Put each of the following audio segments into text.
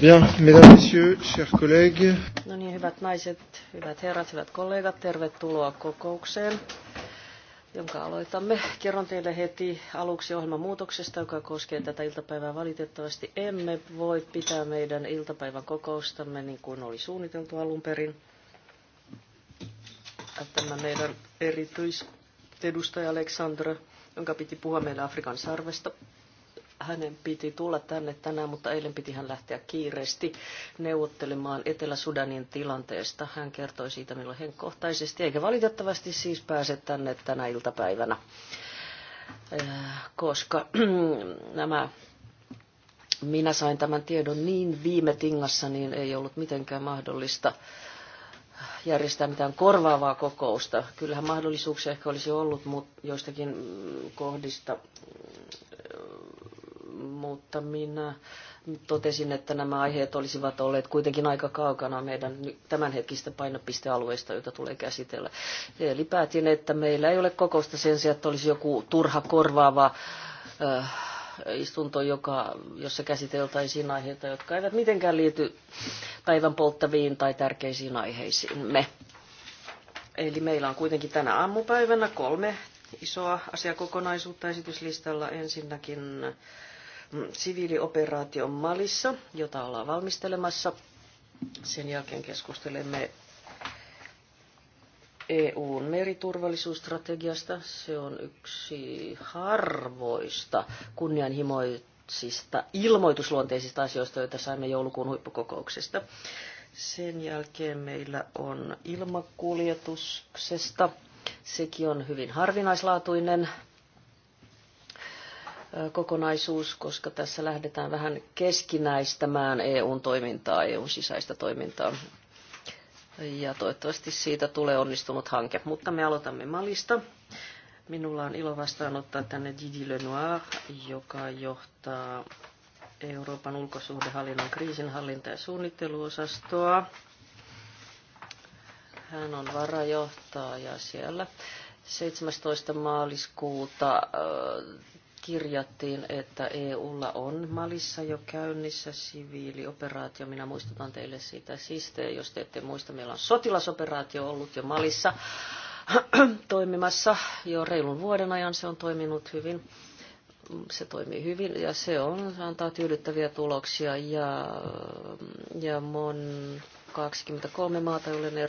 Bien, mesdames, messieurs, chers collègues. No niin, hyvät naiset, hyvät herrat, hyvät kollegat, tervetuloa kokoukseen, jonka aloitamme. Kerron teille heti aluksi ohjelman muutoksesta, joka koskee tätä iltapäivää. Valitettavasti emme voi pitää meidän iltapäivän kokoustamme niin kuin oli suunniteltu alun perin. Tämä meidän erityisedustaja Aleksandra, jonka piti puhua meille Afrikan sarvesta, hänen piti tulla tänne tänään, mutta eilen piti hän lähteä kiireesti neuvottelemaan Etelä-Sudanin tilanteesta. Hän kertoi siitä minulle henkkohtaisesti, eikä valitettavasti siis pääse tänne tänä iltapäivänä, äh, koska nämä minä sain tämän tiedon niin viime tingassa, niin ei ollut mitenkään mahdollista järjestää mitään korvaavaa kokousta. Kyllähän mahdollisuuksia ehkä olisi ollut, mutta joistakin mm, kohdista mm, mutta minä totesin, että nämä aiheet olisivat olleet kuitenkin aika kaukana meidän tämänhetkistä painopistealueista, joita tulee käsitellä. Eli päätin, että meillä ei ole kokousta sen sijaan, että olisi joku turha korvaava äh, istunto, joka, jossa käsiteltäisiin aiheita, jotka eivät mitenkään liity päivän polttaviin tai tärkeisiin aiheisiimme. Eli meillä on kuitenkin tänä aamupäivänä kolme isoa asiakokonaisuutta esityslistalla. Ensinnäkin siviilioperaation Malissa, jota ollaan valmistelemassa. Sen jälkeen keskustelemme EUn meriturvallisuusstrategiasta. Se on yksi harvoista kunnianhimoisista ilmoitusluonteisista asioista, joita saimme joulukuun huippukokouksesta. Sen jälkeen meillä on ilmakuljetuksesta. Sekin on hyvin harvinaislaatuinen kokonaisuus, koska tässä lähdetään vähän keskinäistämään EUn toimintaa, EUn sisäistä toimintaa. Ja toivottavasti siitä tulee onnistunut hanke. Mutta me aloitamme Malista. Minulla on ilo vastaanottaa tänne Didi Lenoir, joka johtaa Euroopan ulkosuhdehallinnon kriisinhallinta- ja suunnitteluosastoa. Hän on varajohtaja siellä. 17. maaliskuuta kirjattiin, että EUlla on Malissa jo käynnissä siviilioperaatio. Minä muistutan teille siitä. Siis jos te ette muista, meillä on sotilasoperaatio ollut jo Malissa toimimassa jo reilun vuoden ajan. Se on toiminut hyvin. Se toimii hyvin ja se on, antaa tyydyttäviä tuloksia ja, ja mon 23 maata, joille ne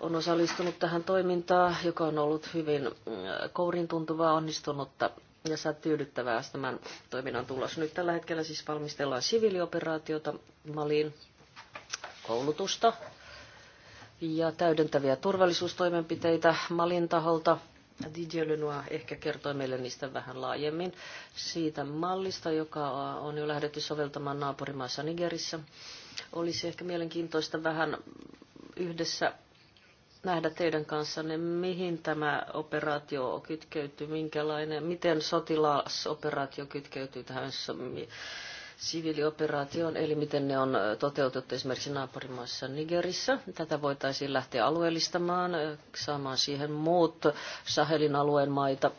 on osallistunut tähän toimintaan, joka on ollut hyvin mm, kourin tuntuvaa, onnistunutta ja saa tyydyttävää tämän toiminnan tulos. Nyt tällä hetkellä siis valmistellaan siviilioperaatiota Maliin koulutusta ja täydentäviä turvallisuustoimenpiteitä Malin taholta. Didier Lenoir ehkä kertoi meille niistä vähän laajemmin siitä mallista, joka on jo lähdetty soveltamaan naapurimaassa Nigerissä. Olisi ehkä mielenkiintoista vähän yhdessä nähdä teidän kanssanne, mihin tämä operaatio kytkeytyy, minkälainen, miten sotilasoperaatio kytkeytyy tähän siviilioperaatioon, eli miten ne on toteutettu esimerkiksi naapurimaassa Nigerissä. Tätä voitaisiin lähteä alueellistamaan, saamaan siihen muut Sahelin alueen maita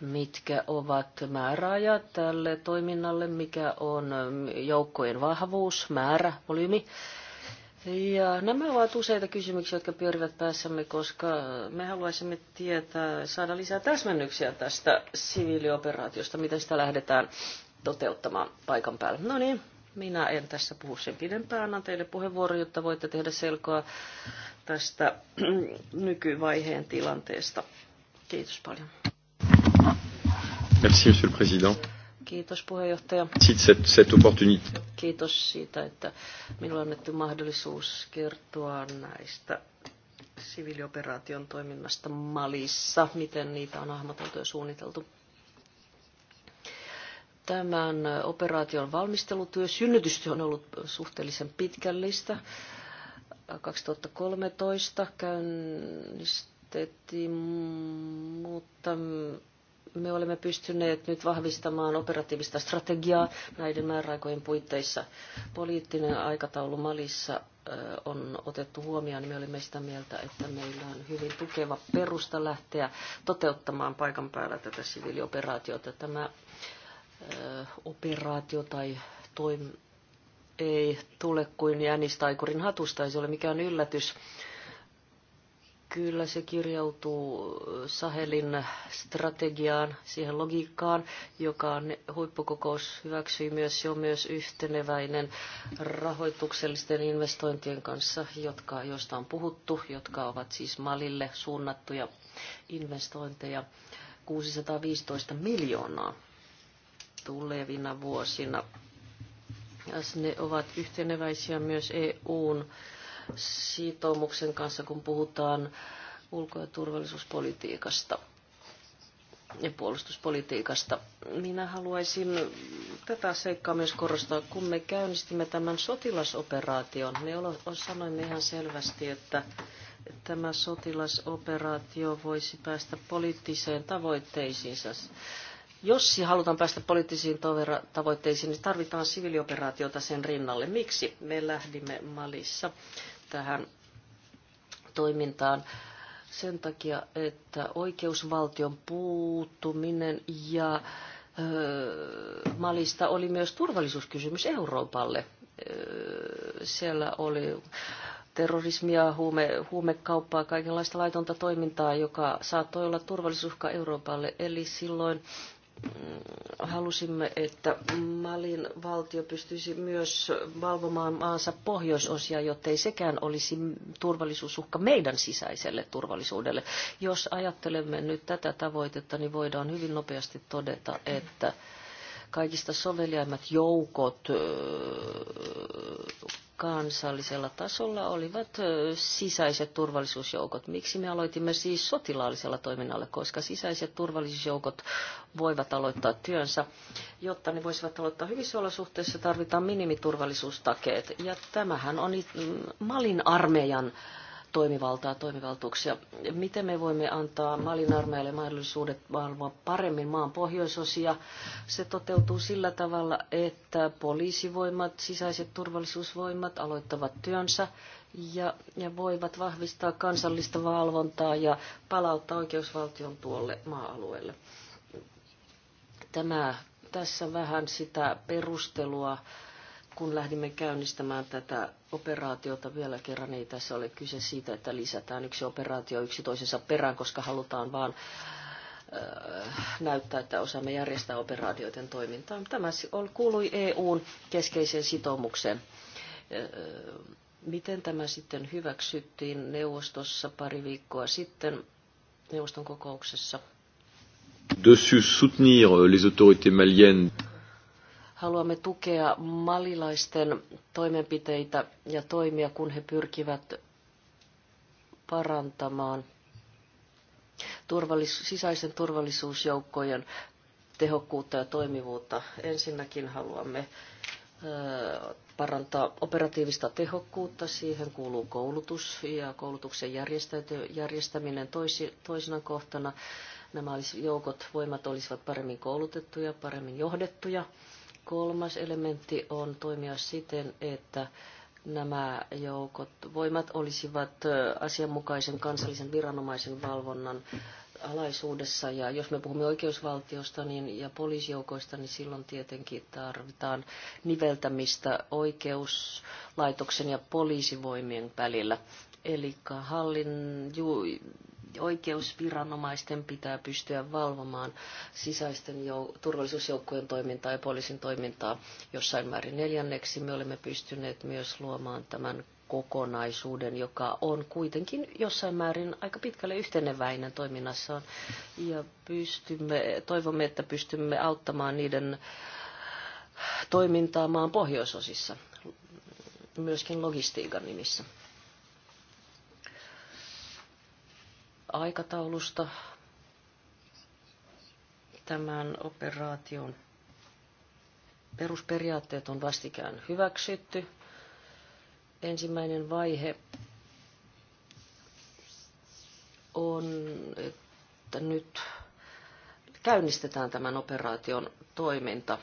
mitkä ovat määräajat tälle toiminnalle, mikä on joukkojen vahvuus, määrä, volyymi ja nämä ovat useita kysymyksiä, jotka pyörivät päässämme, koska me haluaisimme tietää, saada lisää täsmennyksiä tästä siviilioperaatiosta, miten sitä lähdetään toteuttamaan paikan päällä. No niin, minä en tässä puhu sen pidempään. Annan teille puheenvuoron, jotta voitte tehdä selkoa tästä nykyvaiheen tilanteesta. Kiitos paljon. Merci, monsieur le président. Kiitos puheenjohtaja. Kiitos siitä, että minulla on annettu mahdollisuus kertoa näistä siviilioperaation toiminnasta Malissa, miten niitä on hahmoteltu ja suunniteltu. Tämän operaation valmistelutyö, synnytystyö on ollut suhteellisen pitkällistä. 2013 käynnistettiin, mutta me olemme pystyneet nyt vahvistamaan operatiivista strategiaa näiden määräaikojen puitteissa. Poliittinen aikataulu Malissa on otettu huomioon, niin me olimme sitä mieltä, että meillä on hyvin tukeva perusta lähteä toteuttamaan paikan päällä tätä siviilioperaatiota. Tämä operaatio tai toim ei tule kuin jänistaikurin hatusta, ei se ole mikään yllätys Kyllä se kirjautuu Sahelin strategiaan, siihen logiikkaan, joka huippukokous hyväksyi myös. Se on myös yhteneväinen rahoituksellisten investointien kanssa, jotka, joista on puhuttu, jotka ovat siis Malille suunnattuja investointeja. 615 miljoonaa tulevina vuosina. ja Ne ovat yhteneväisiä myös EUn sitoumuksen kanssa, kun puhutaan ulko- ja turvallisuuspolitiikasta ja puolustuspolitiikasta. Minä haluaisin tätä seikkaa myös korostaa, kun me käynnistimme tämän sotilasoperaation. Me sanoimme ihan selvästi, että tämä sotilasoperaatio voisi päästä poliittiseen tavoitteisiinsa. Jos halutaan päästä poliittisiin tavoitteisiin, niin tarvitaan siviilioperaatiota sen rinnalle. Miksi? Me lähdimme Malissa tähän toimintaan sen takia, että oikeusvaltion puuttuminen ja Malista oli myös turvallisuuskysymys Euroopalle. Siellä oli terrorismia, huume, huumekauppaa, kaikenlaista laitonta toimintaa, joka saattoi olla turvallisuuska Euroopalle. Eli silloin halusimme, että Malin valtio pystyisi myös valvomaan maansa pohjoisosia, jotta ei sekään olisi turvallisuusuhka meidän sisäiselle turvallisuudelle. Jos ajattelemme nyt tätä tavoitetta, niin voidaan hyvin nopeasti todeta, että kaikista soveliaimmat joukot kansallisella tasolla olivat sisäiset turvallisuusjoukot. Miksi me aloitimme siis sotilaallisella toiminnalla, koska sisäiset turvallisuusjoukot voivat aloittaa työnsä. Jotta ne voisivat aloittaa hyvissä olosuhteissa, tarvitaan minimiturvallisuustakeet. Ja tämähän on Malin armeijan äh, toimivaltaa, toimivaltuuksia. Miten me voimme antaa Malin armeijalle mahdollisuudet valvoa paremmin maan pohjoisosia? Se toteutuu sillä tavalla, että poliisivoimat, sisäiset turvallisuusvoimat aloittavat työnsä ja, ja voivat vahvistaa kansallista valvontaa ja palauttaa oikeusvaltion tuolle maa-alueelle. Tämä, tässä vähän sitä perustelua kun lähdimme käynnistämään tätä operaatiota vielä kerran, ei niin tässä ole kyse siitä, että lisätään yksi operaatio yksi toisensa perään, koska halutaan vaan äh, näyttää, että osaamme järjestää operaatioiden toimintaa. Tämä kuului EUn keskeiseen sitoumukseen. Äh, miten tämä sitten hyväksyttiin neuvostossa pari viikkoa sitten neuvoston kokouksessa? De soutenir les autorités maliennes Haluamme tukea malilaisten toimenpiteitä ja toimia, kun he pyrkivät parantamaan turvallis- sisäisen turvallisuusjoukkojen tehokkuutta ja toimivuutta. Ensinnäkin haluamme parantaa operatiivista tehokkuutta. Siihen kuuluu koulutus ja koulutuksen järjestäminen toisi, toisena kohtana. Nämä joukot, voimat olisivat paremmin koulutettuja, paremmin johdettuja. Kolmas elementti on toimia siten, että nämä joukot, voimat olisivat asianmukaisen kansallisen viranomaisen valvonnan alaisuudessa. Ja jos me puhumme oikeusvaltiosta niin, ja poliisijoukoista, niin silloin tietenkin tarvitaan niveltämistä oikeuslaitoksen ja poliisivoimien välillä. Eli hallin, ju, oikeusviranomaisten pitää pystyä valvomaan sisäisten jou- turvallisuusjoukkojen toimintaa ja poliisin toimintaa jossain määrin neljänneksi. Me olemme pystyneet myös luomaan tämän kokonaisuuden, joka on kuitenkin jossain määrin aika pitkälle yhteneväinen toiminnassaan. Ja pystymme, toivomme, että pystymme auttamaan niiden toimintaa maan pohjoisosissa, myöskin logistiikan nimissä. aikataulusta tämän operaation perusperiaatteet on vastikään hyväksytty. Ensimmäinen vaihe on, että nyt käynnistetään tämän operaation toiminta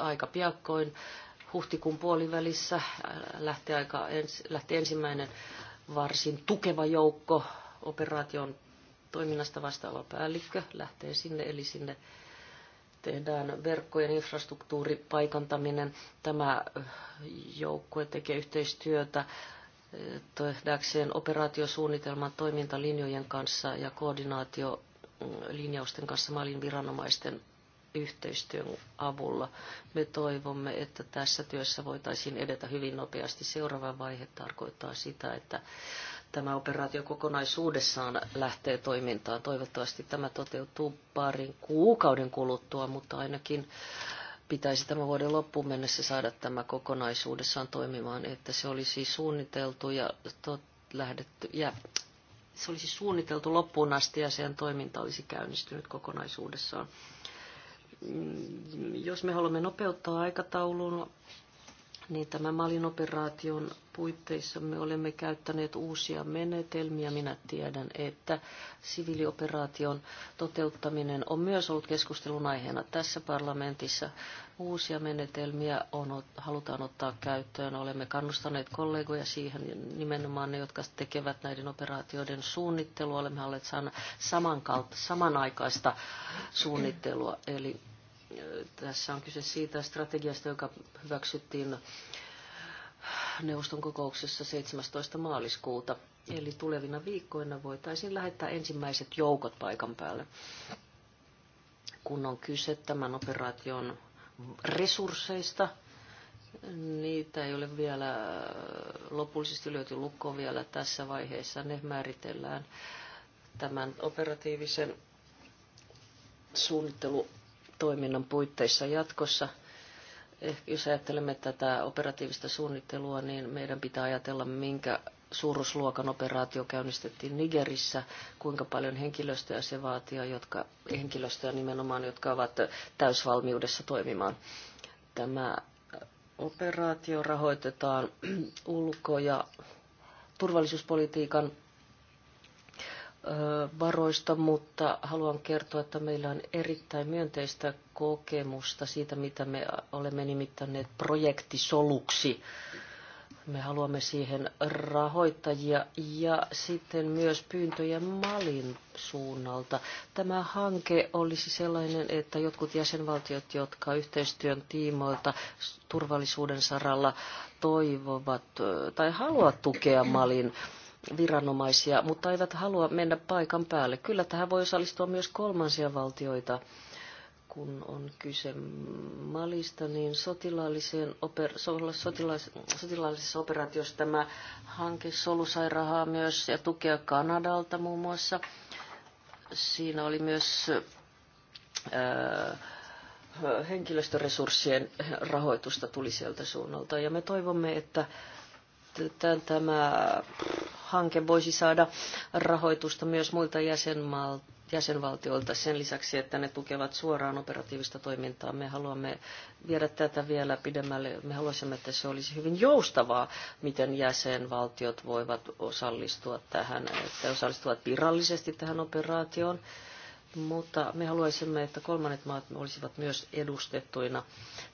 aika piakkoin. Huhtikuun puolivälissä lähti, aika, lähti ensimmäinen varsin tukeva joukko operaation toiminnasta vastaava päällikkö lähtee sinne, eli sinne tehdään verkkojen infrastruktuuripaikantaminen. Tämä joukko tekee yhteistyötä eh, tehdäkseen operaatiosuunnitelman toimintalinjojen kanssa ja koordinaatiolinjausten kanssa maalin viranomaisten yhteistyön avulla. Me toivomme, että tässä työssä voitaisiin edetä hyvin nopeasti. Seuraava vaihe tarkoittaa sitä, että tämä operaatio kokonaisuudessaan lähtee toimintaan. Toivottavasti tämä toteutuu parin kuukauden kuluttua, mutta ainakin pitäisi tämän vuoden loppuun mennessä saada tämä kokonaisuudessaan toimimaan, että se olisi suunniteltu ja tot, lähdetty, ja se olisi suunniteltu loppuun asti ja sen toiminta olisi käynnistynyt kokonaisuudessaan jos me haluamme nopeuttaa aikataulun niin tämän Malin operaation puitteissa me olemme käyttäneet uusia menetelmiä. Minä tiedän, että siviilioperaation toteuttaminen on myös ollut keskustelun aiheena tässä parlamentissa. Uusia menetelmiä on, halutaan ottaa käyttöön. Olemme kannustaneet kollegoja siihen, nimenomaan ne, jotka tekevät näiden operaatioiden suunnittelua. Olemme halleet saman samankaltaista, samanaikaista suunnittelua, eli tässä on kyse siitä strategiasta, joka hyväksyttiin neuvoston kokouksessa 17. maaliskuuta. Eli tulevina viikkoina voitaisiin lähettää ensimmäiset joukot paikan päälle, kun on kyse tämän operaation resursseista. Niitä ei ole vielä lopullisesti lyöty lukkoon vielä tässä vaiheessa. Ne määritellään tämän operatiivisen suunnittelu toiminnan puitteissa jatkossa. Ehkä jos ajattelemme tätä operatiivista suunnittelua, niin meidän pitää ajatella, minkä suuruusluokan operaatio käynnistettiin Nigerissä, kuinka paljon henkilöstöä se vaatii, jotka, henkilöstöä nimenomaan, jotka ovat täysvalmiudessa toimimaan. Tämä operaatio rahoitetaan ulko- ja turvallisuuspolitiikan varoista, mutta haluan kertoa, että meillä on erittäin myönteistä kokemusta siitä, mitä me olemme nimittäneet projektisoluksi. Me haluamme siihen rahoittajia ja sitten myös pyyntöjä Malin suunnalta. Tämä hanke olisi sellainen, että jotkut jäsenvaltiot, jotka yhteistyön tiimoilta turvallisuuden saralla toivovat tai haluavat tukea Malin viranomaisia, mutta eivät halua mennä paikan päälle. Kyllä tähän voi osallistua myös kolmansia valtioita kun on kyse Malista, niin sotilaalliseen oper, sotilais, sotilaallisessa operaatiossa tämä hanke Solu sai rahaa myös ja tukea Kanadalta muun muassa. Siinä oli myös ää, henkilöstöresurssien rahoitusta tuli sieltä suunnalta. Ja me toivomme, että tämä hanke voisi saada rahoitusta myös muilta jäsenmailta jäsenvaltioilta sen lisäksi, että ne tukevat suoraan operatiivista toimintaa. Me haluamme viedä tätä vielä pidemmälle. Me haluaisimme, että se olisi hyvin joustavaa, miten jäsenvaltiot voivat osallistua tähän, että osallistuvat virallisesti tähän operaatioon mutta me haluaisimme, että kolmannet maat olisivat myös edustettuina.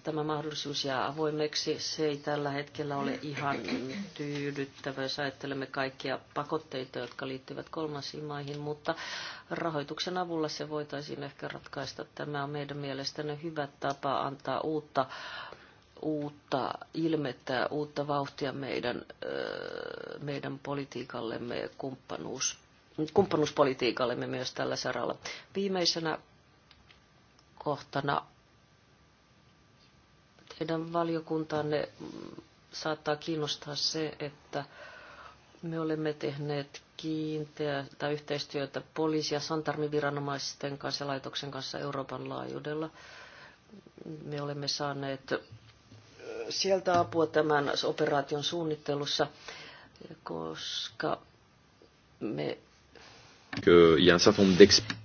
Tämä mahdollisuus jää avoimeksi. Se ei tällä hetkellä ole ihan tyydyttävä, jos ajattelemme kaikkia pakotteita, jotka liittyvät kolmansiin maihin, mutta rahoituksen avulla se voitaisiin ehkä ratkaista. Tämä on meidän mielestämme hyvä tapa antaa uutta uutta ilmettä, uutta vauhtia meidän, meidän politiikallemme kumppanuus kumppanuuspolitiikallemme myös tällä saralla. Viimeisenä kohtana teidän valiokuntanne saattaa kiinnostaa se, että me olemme tehneet kiinteää yhteistyötä poliisi- ja santarmiviranomaisten kanssa ja laitoksen kanssa Euroopan laajuudella. Me olemme saaneet sieltä apua tämän operaation suunnittelussa, koska me qu'il y a un certain nombre d'experts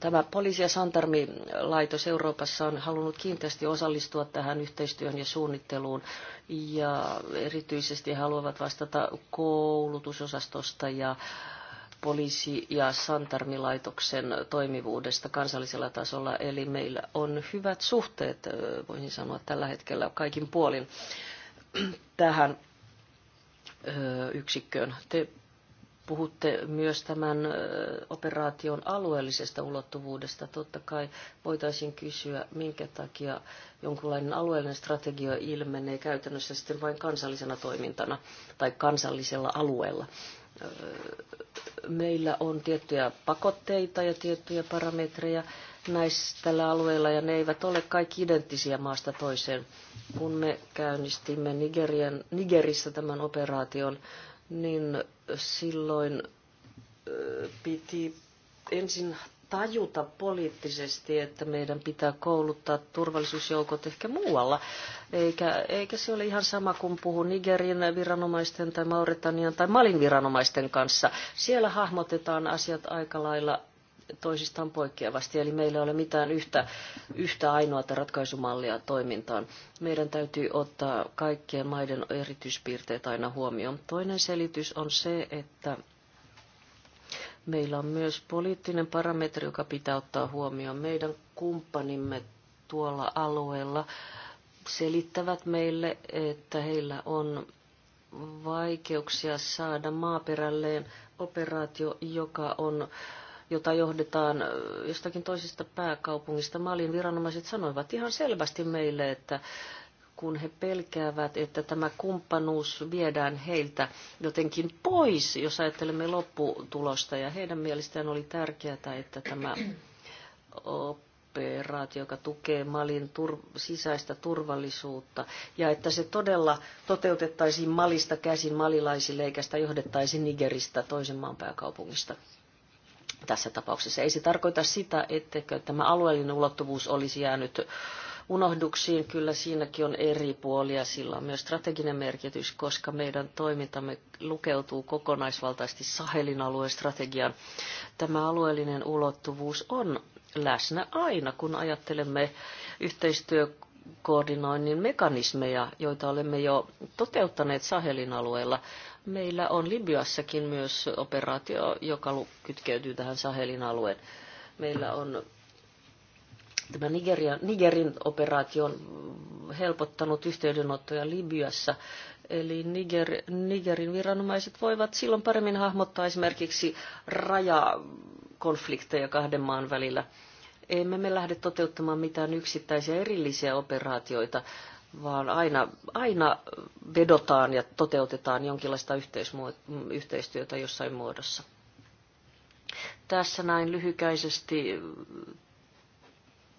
tämä poliisi- ja santarmilaitos Euroopassa on halunnut kiinteästi osallistua tähän yhteistyöhön ja suunnitteluun. Ja erityisesti haluavat vastata koulutusosastosta ja poliisi- ja santarmilaitoksen toimivuudesta kansallisella tasolla. Eli meillä on hyvät suhteet, voisin sanoa tällä hetkellä kaikin puolin tähän yksikköön. Te Puhutte myös tämän operaation alueellisesta ulottuvuudesta. Totta kai voitaisiin kysyä, minkä takia jonkunlainen alueellinen strategia ilmenee käytännössä sitten vain kansallisena toimintana tai kansallisella alueella. Meillä on tiettyjä pakotteita ja tiettyjä parametreja näissä tällä alueella ja ne eivät ole kaikki identtisiä maasta toiseen. Kun me käynnistimme Nigerian, Nigerissä tämän operaation, niin silloin piti ensin tajuta poliittisesti, että meidän pitää kouluttaa turvallisuusjoukot ehkä muualla. Eikä, eikä se ole ihan sama kuin puhu Nigerin viranomaisten tai Mauritanian tai Malin viranomaisten kanssa. Siellä hahmotetaan asiat aika lailla toisistaan poikkeavasti, eli meillä ei ole mitään yhtä, yhtä ainoata ratkaisumallia toimintaan. Meidän täytyy ottaa kaikkien maiden erityispiirteet aina huomioon. Toinen selitys on se, että meillä on myös poliittinen parametri, joka pitää ottaa huomioon. Meidän kumppanimme tuolla alueella selittävät meille, että heillä on vaikeuksia saada maaperälleen operaatio, joka on äh, jota johdetaan jostakin toisesta pääkaupungista. Malin viranomaiset sanoivat ihan selvästi meille, että kun he pelkäävät, että tämä kumppanuus viedään heiltä jotenkin pois, jos ajattelemme lopputulosta. Ja heidän mielestään oli tärkeää, että tämä operaatio, joka tukee Malin tur- sisäistä turvallisuutta, ja että se todella toteutettaisiin Malista käsin malilaisille, eikä sitä johdettaisiin Nigeristä toisen maan pääkaupungista tässä tapauksessa. Ei se tarkoita sitä, että tämä alueellinen ulottuvuus olisi jäänyt unohduksiin. Kyllä siinäkin on eri puolia. Sillä on myös strateginen merkitys, koska meidän toimintamme lukeutuu kokonaisvaltaisesti Sahelin alueen strategiaan. Tämä alueellinen ulottuvuus on läsnä aina, kun ajattelemme yhteistyö koordinoinnin mekanismeja, joita olemme jo toteuttaneet Sahelin alueella. Meillä on Libyassakin myös operaatio, joka kytkeytyy tähän Sahelin alueen. Meillä on tämä Nigerian, Nigerin operaatio on helpottanut yhteydenottoja Libyassa. Eli Niger, Nigerin viranomaiset voivat silloin paremmin hahmottaa esimerkiksi rajakonflikteja kahden maan välillä. Emme me lähde toteuttamaan mitään yksittäisiä erillisiä operaatioita, vaan aina, aina vedotaan ja toteutetaan jonkinlaista yhteistyötä jossain muodossa. Tässä näin lyhykäisesti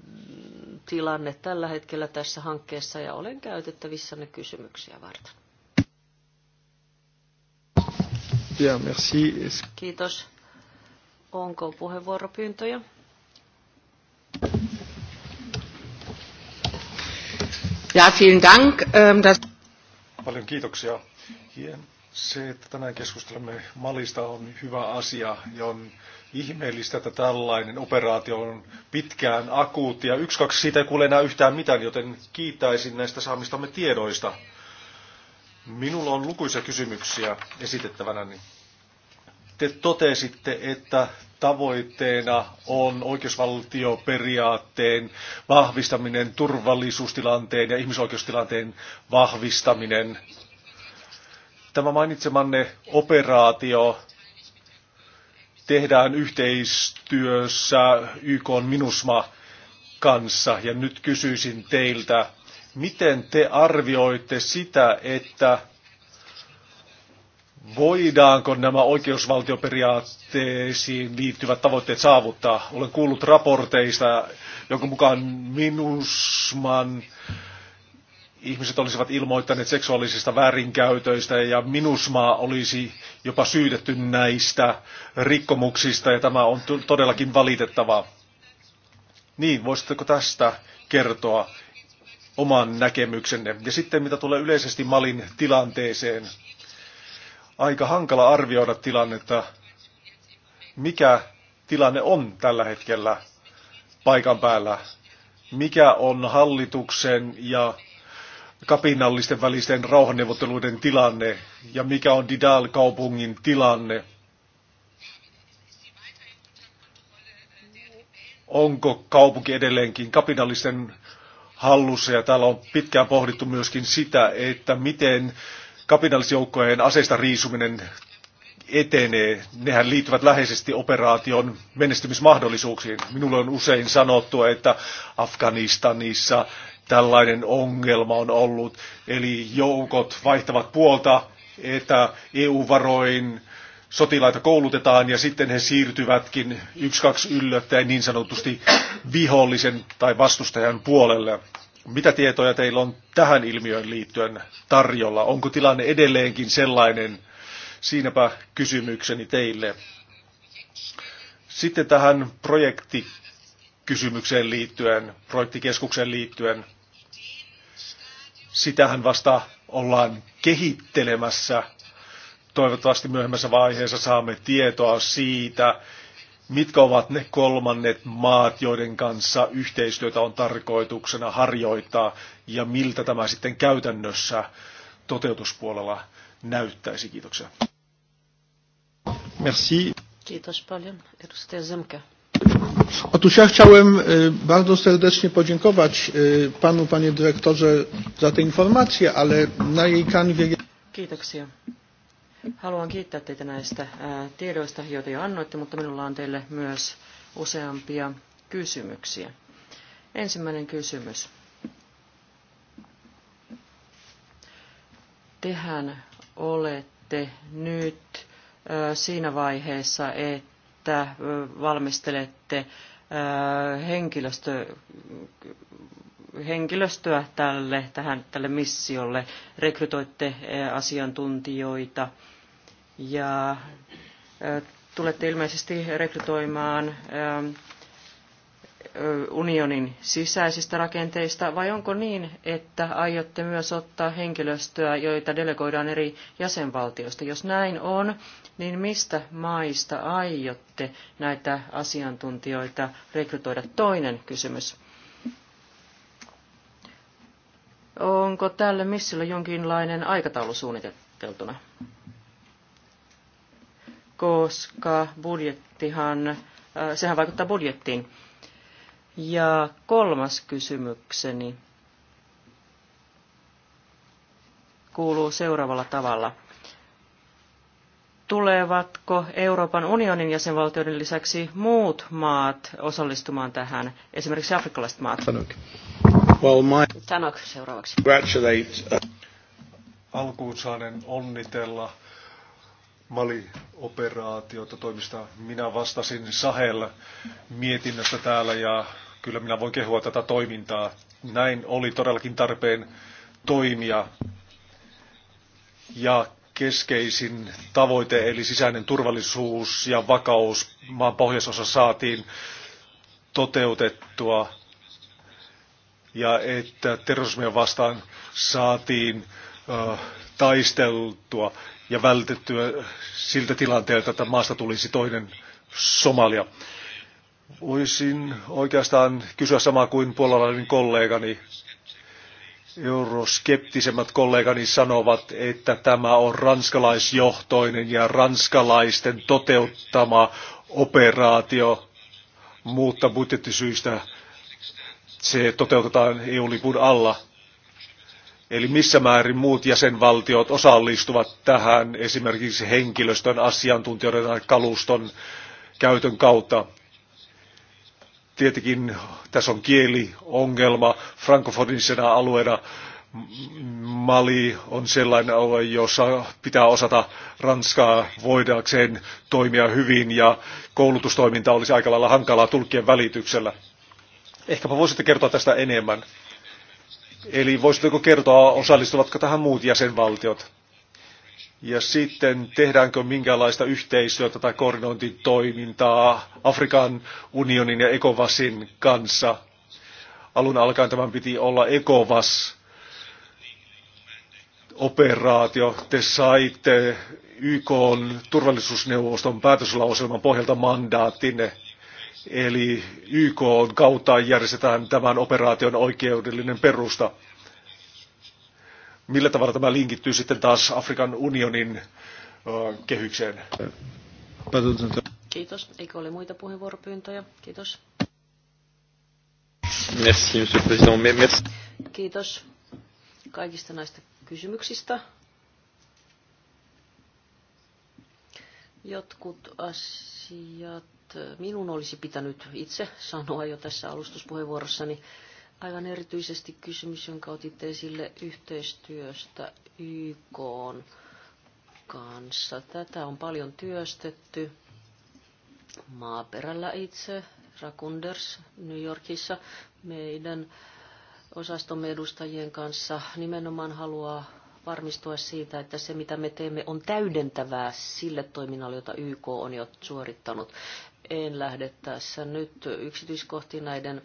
mm, tilanne tällä hetkellä tässä hankkeessa ja olen käytettävissä ne kysymyksiä varten. Bien, merci. Kiitos. Onko puheenvuoropyyntöjä? Ja, vielen Dank. Ähm, das... Paljon kiitoksia. Se, että tänään keskustelemme Malista on hyvä asia ja on ihmeellistä, että tällainen operaatio on pitkään akuutti ja yksi kaksi siitä ei kuule enää yhtään mitään, joten kiittäisin näistä saamistamme tiedoista. Minulla on lukuisia kysymyksiä esitettävänä, te totesitte, että tavoitteena on oikeusvaltioperiaatteen vahvistaminen, turvallisuustilanteen ja ihmisoikeustilanteen vahvistaminen. Tämä mainitsemanne operaatio tehdään yhteistyössä YK Minusma kanssa. Ja nyt kysyisin teiltä, miten te arvioitte sitä, että voidaanko nämä oikeusvaltioperiaatteisiin liittyvät tavoitteet saavuttaa. Olen kuullut raporteista, jonka mukaan minusman ihmiset olisivat ilmoittaneet seksuaalisista väärinkäytöistä ja Minusma olisi jopa syytetty näistä rikkomuksista ja tämä on todellakin valitettavaa. Niin, voisitteko tästä kertoa oman näkemyksenne? Ja sitten mitä tulee yleisesti Malin tilanteeseen, aika hankala arvioida tilannetta, mikä tilanne on tällä hetkellä paikan päällä, mikä on hallituksen ja kapinallisten välisten rauhanneuvotteluiden tilanne ja mikä on Didal-kaupungin tilanne. Onko kaupunki edelleenkin kapinallisten hallussa ja täällä on pitkään pohdittu myöskin sitä, että miten kapinallisjoukkojen aseista riisuminen etenee. Nehän liittyvät läheisesti operaation menestymismahdollisuuksiin. Minulle on usein sanottu, että Afganistanissa tällainen ongelma on ollut. Eli joukot vaihtavat puolta, että EU-varoin sotilaita koulutetaan ja sitten he siirtyvätkin yksi kaksi yllättäen niin sanotusti vihollisen tai vastustajan puolelle. Mitä tietoja teillä on tähän ilmiöön liittyen tarjolla? Onko tilanne edelleenkin sellainen? Siinäpä kysymykseni teille. Sitten tähän projektikysymykseen liittyen, projektikeskukseen liittyen. Sitähän vasta ollaan kehittelemässä. Toivottavasti myöhemmässä vaiheessa saamme tietoa siitä, mitkä ovat ne kolmannet maat, joiden kanssa yhteistyötä on tarkoituksena harjoittaa ja miltä tämä sitten käytännössä toteutuspuolella näyttäisi. Kiitoksia. Merci. Kiitos paljon. Edustaja Zemke. Otóż ja chciałem e, bardzo serdecznie podziękować e, panu, panie dyrektorze, za tę informację, ale na jej kanwie... Kiitoksia. Haluan kiittää teitä näistä tiedoista, joita jo annoitte, mutta minulla on teille myös useampia kysymyksiä. Ensimmäinen kysymys. Tehän olette nyt siinä vaiheessa, että valmistelette henkilöstö, henkilöstöä tälle, tähän, tälle missiolle, rekrytoitte eh, asiantuntijoita ja eh, tulette ilmeisesti rekrytoimaan eh, unionin sisäisistä rakenteista, vai onko niin, että aiotte myös ottaa henkilöstöä, joita delegoidaan eri jäsenvaltioista? Jos näin on, niin mistä maista aiotte näitä asiantuntijoita rekrytoida? Toinen kysymys. Onko tälle missillä jonkinlainen aikataulu suunniteltuna? Koska budjettihan, äh, sehän vaikuttaa budjettiin. Ja kolmas kysymykseni kuuluu seuraavalla tavalla. Tulevatko Euroopan unionin jäsenvaltioiden lisäksi muut maat osallistumaan tähän, esimerkiksi afrikkalaiset maat? Sanoinkin. Well, my... Tanok seuraavaksi. Congratulate. Uh, Alkuun saanen onnitella Mali-operaatiota toimista. Minä vastasin Sahel mietinnöstä täällä ja kyllä minä voin kehua tätä toimintaa. Näin oli todellakin tarpeen toimia. Ja keskeisin tavoite eli sisäinen turvallisuus ja vakaus maan pohjoisosa saatiin toteutettua ja että terrorismia vastaan saatiin äh, taisteltua ja vältettyä siltä tilanteelta, että maasta tulisi toinen Somalia. Voisin oikeastaan kysyä samaa kuin puolalainen kollegani. Euroskeptisemmat kollegani sanovat, että tämä on ranskalaisjohtoinen ja ranskalaisten toteuttama operaatio, mutta budjettisyistä se toteutetaan EU-lipun alla. Eli missä määrin muut jäsenvaltiot osallistuvat tähän esimerkiksi henkilöstön, asiantuntijoiden tai kaluston käytön kautta. Tietenkin tässä on kieliongelma. Frankofonisena alueena Mali on sellainen alue, jossa pitää osata ranskaa voidakseen toimia hyvin ja koulutustoiminta olisi aika lailla hankalaa tulkkien välityksellä. Ehkäpä voisitte kertoa tästä enemmän. Eli voisitteko kertoa, osallistuvatko tähän muut jäsenvaltiot? Ja sitten tehdäänkö minkälaista yhteistyötä tai koordinointitoimintaa Afrikan unionin ja ECOWASin kanssa? Alun alkaen tämän piti olla ECOWAS operaatio. Te saitte YK turvallisuusneuvoston päätöslauselman pohjalta mandaattinne. Eli YK on kautta järjestetään tämän operaation oikeudellinen perusta. Millä tavalla tämä linkittyy sitten taas Afrikan unionin kehykseen? Kiitos. Eikö ole muita puheenvuoropyyntöjä? Kiitos. Merci, monsieur président. Merci. Kiitos kaikista näistä kysymyksistä. Jotkut asiat minun olisi pitänyt itse sanoa jo tässä alustuspuheenvuorossani. Aivan erityisesti kysymys, jonka otitte esille yhteistyöstä YK kanssa. Tätä on paljon työstetty maaperällä itse, Rakunders New Yorkissa, meidän osastomme edustajien kanssa nimenomaan haluaa varmistua siitä, että se mitä me teemme on täydentävää sille toiminnalle, jota YK on jo suorittanut. En lähde tässä nyt yksityiskohtiin näiden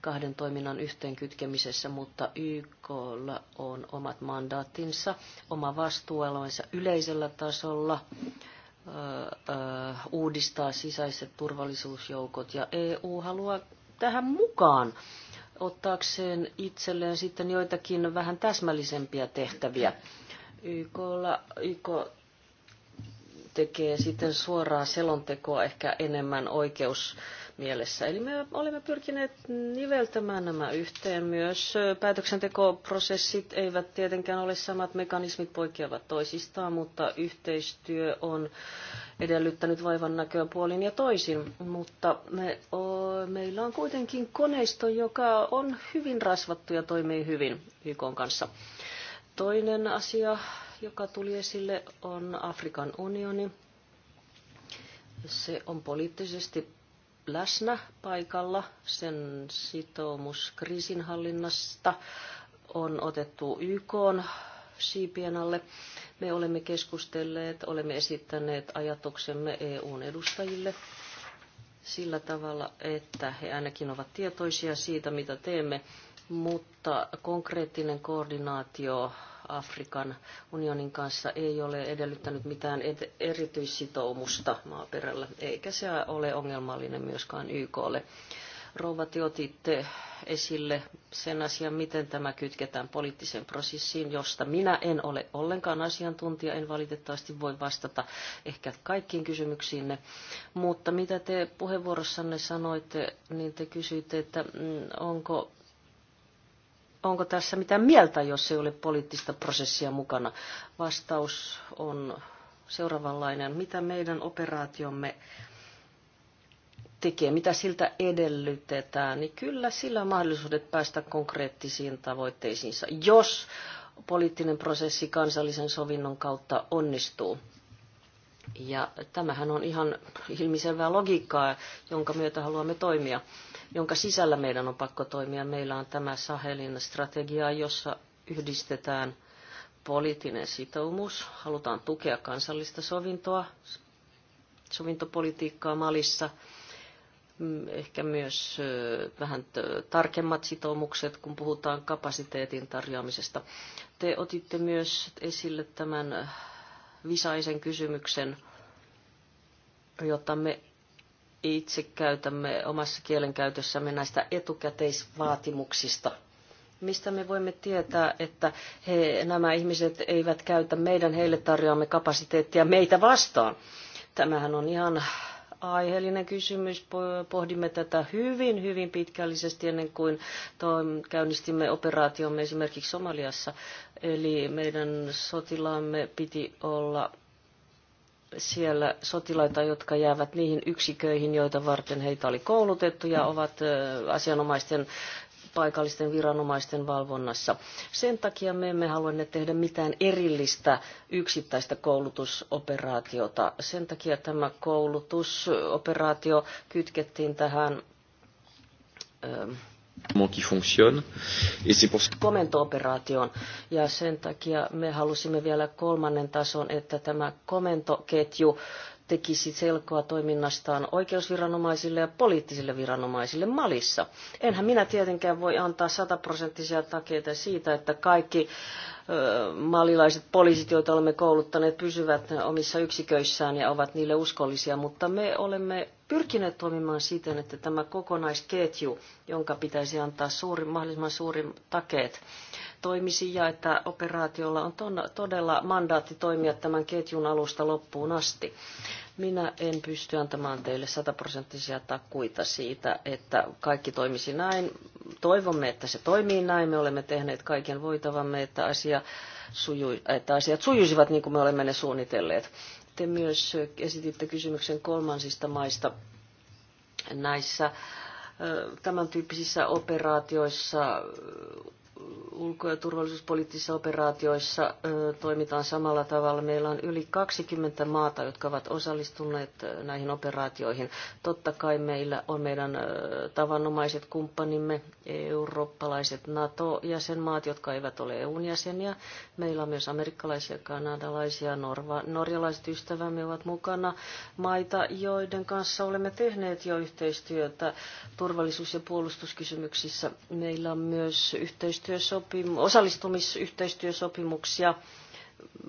kahden toiminnan yhteenkytkemisessä, mutta YK on omat mandaattinsa, oma vastuualueensa yleisellä tasolla uudistaa sisäiset turvallisuusjoukot ja EU haluaa tähän mukaan ottaakseen itselleen sitten joitakin vähän täsmällisempiä tehtäviä. YK, YK tekee sitten suoraa selontekoa ehkä enemmän oikeusmielessä. Eli me olemme pyrkineet niveltämään nämä yhteen myös. Päätöksentekoprosessit eivät tietenkään ole samat, mekanismit poikkeavat toisistaan, mutta yhteistyö on edellyttänyt vaivan näköä puolin ja toisin. Mutta me, o, meillä on kuitenkin koneisto, joka on hyvin rasvattu ja toimii hyvin YK kanssa. Toinen asia, joka tuli esille, on Afrikan unioni. Se on poliittisesti läsnä paikalla. Sen sitoumus kriisinhallinnasta on otettu YK siipien alle. Me olemme keskustelleet, olemme esittäneet ajatuksemme EUn edustajille sillä tavalla, että he ainakin ovat tietoisia siitä, mitä teemme mutta konkreettinen koordinaatio Afrikan unionin kanssa ei ole edellyttänyt mitään erityissitoumusta maaperällä, eikä se ole ongelmallinen myöskään YKlle. Rouva, te otitte esille sen asian, miten tämä kytketään poliittiseen prosessiin, josta minä en ole ollenkaan asiantuntija, en valitettavasti voi vastata ehkä kaikkiin kysymyksiinne. Mutta mitä te puheenvuorossanne sanoitte, niin te kysyitte, että mm, onko onko tässä mitään mieltä, jos ei ole poliittista prosessia mukana? Vastaus on seuraavanlainen. Mitä meidän operaatiomme tekee, mitä siltä edellytetään, niin kyllä sillä on mahdollisuudet päästä konkreettisiin tavoitteisiinsa, jos poliittinen prosessi kansallisen sovinnon kautta onnistuu. Ja tämähän on ihan ilmiselvää logiikkaa, jonka myötä haluamme toimia, jonka sisällä meidän on pakko toimia. Meillä on tämä Sahelin strategia, jossa yhdistetään poliittinen sitoumus, halutaan tukea kansallista sovintoa, sovintopolitiikkaa Malissa, mm, ehkä myös vähän tarkemmat sitoumukset, kun puhutaan kapasiteetin tarjoamisesta. Te otitte myös esille tämän visaisen kysymyksen, jota me itse käytämme omassa kielenkäytössämme näistä etukäteisvaatimuksista – mistä me voimme tietää, että he, nämä ihmiset eivät käytä meidän heille tarjoamme kapasiteettia meitä vastaan. Tämähän on ihan aiheellinen kysymys. Pohdimme tätä hyvin, hyvin pitkällisesti ennen kuin käynnistimme operaatiomme esimerkiksi Somaliassa. Eli meidän sotilaamme piti olla siellä sotilaita, jotka jäävät niihin yksiköihin, joita varten heitä oli koulutettu ja ovat asianomaisten paikallisten viranomaisten valvonnassa. Sen takia me emme halua tehdä mitään erillistä yksittäistä koulutusoperaatiota. Sen takia tämä koulutusoperaatio kytkettiin tähän ähm, qui fonctionne. Et c'est pour... komentooperaatioon. Ja sen takia me halusimme vielä kolmannen tason, että tämä komentoketju tekisi selkoa toiminnastaan oikeusviranomaisille ja poliittisille viranomaisille Malissa. Enhän minä tietenkään voi antaa sataprosenttisia takeita siitä, että kaikki malilaiset poliisit, joita olemme kouluttaneet, pysyvät omissa yksiköissään ja ovat niille uskollisia, mutta me olemme pyrkineet toimimaan siten, että tämä kokonaisketju, jonka pitäisi antaa suuri, mahdollisimman suurin takeet, toimisi ja että operaatiolla on todella mandaatti toimia tämän ketjun alusta loppuun asti. Minä en pysty antamaan teille sataprosenttisia takuita siitä, että kaikki toimisi näin. Toivomme, että se toimii näin. Me olemme tehneet kaiken voitavamme, että, asia sujui, että asiat sujuisivat niin kuin me olemme ne suunnitelleet. Te myös esititte kysymyksen kolmansista maista näissä tämän tyyppisissä operaatioissa ulko- ja turvallisuuspoliittisissa operaatioissa toimitaan samalla tavalla. Meillä on yli 20 maata, jotka ovat osallistuneet näihin operaatioihin. Totta kai meillä on meidän tavanomaiset kumppanimme, eurooppalaiset NATO-jäsenmaat, jotka eivät ole EUn jäseniä. Meillä on myös amerikkalaisia, kanadalaisia, norva, norjalaiset ystävämme ovat mukana. Maita, joiden kanssa olemme tehneet jo yhteistyötä turvallisuus- ja puolustuskysymyksissä. Meillä on myös yhteistyötä osallistumisyhteistyösopimuksia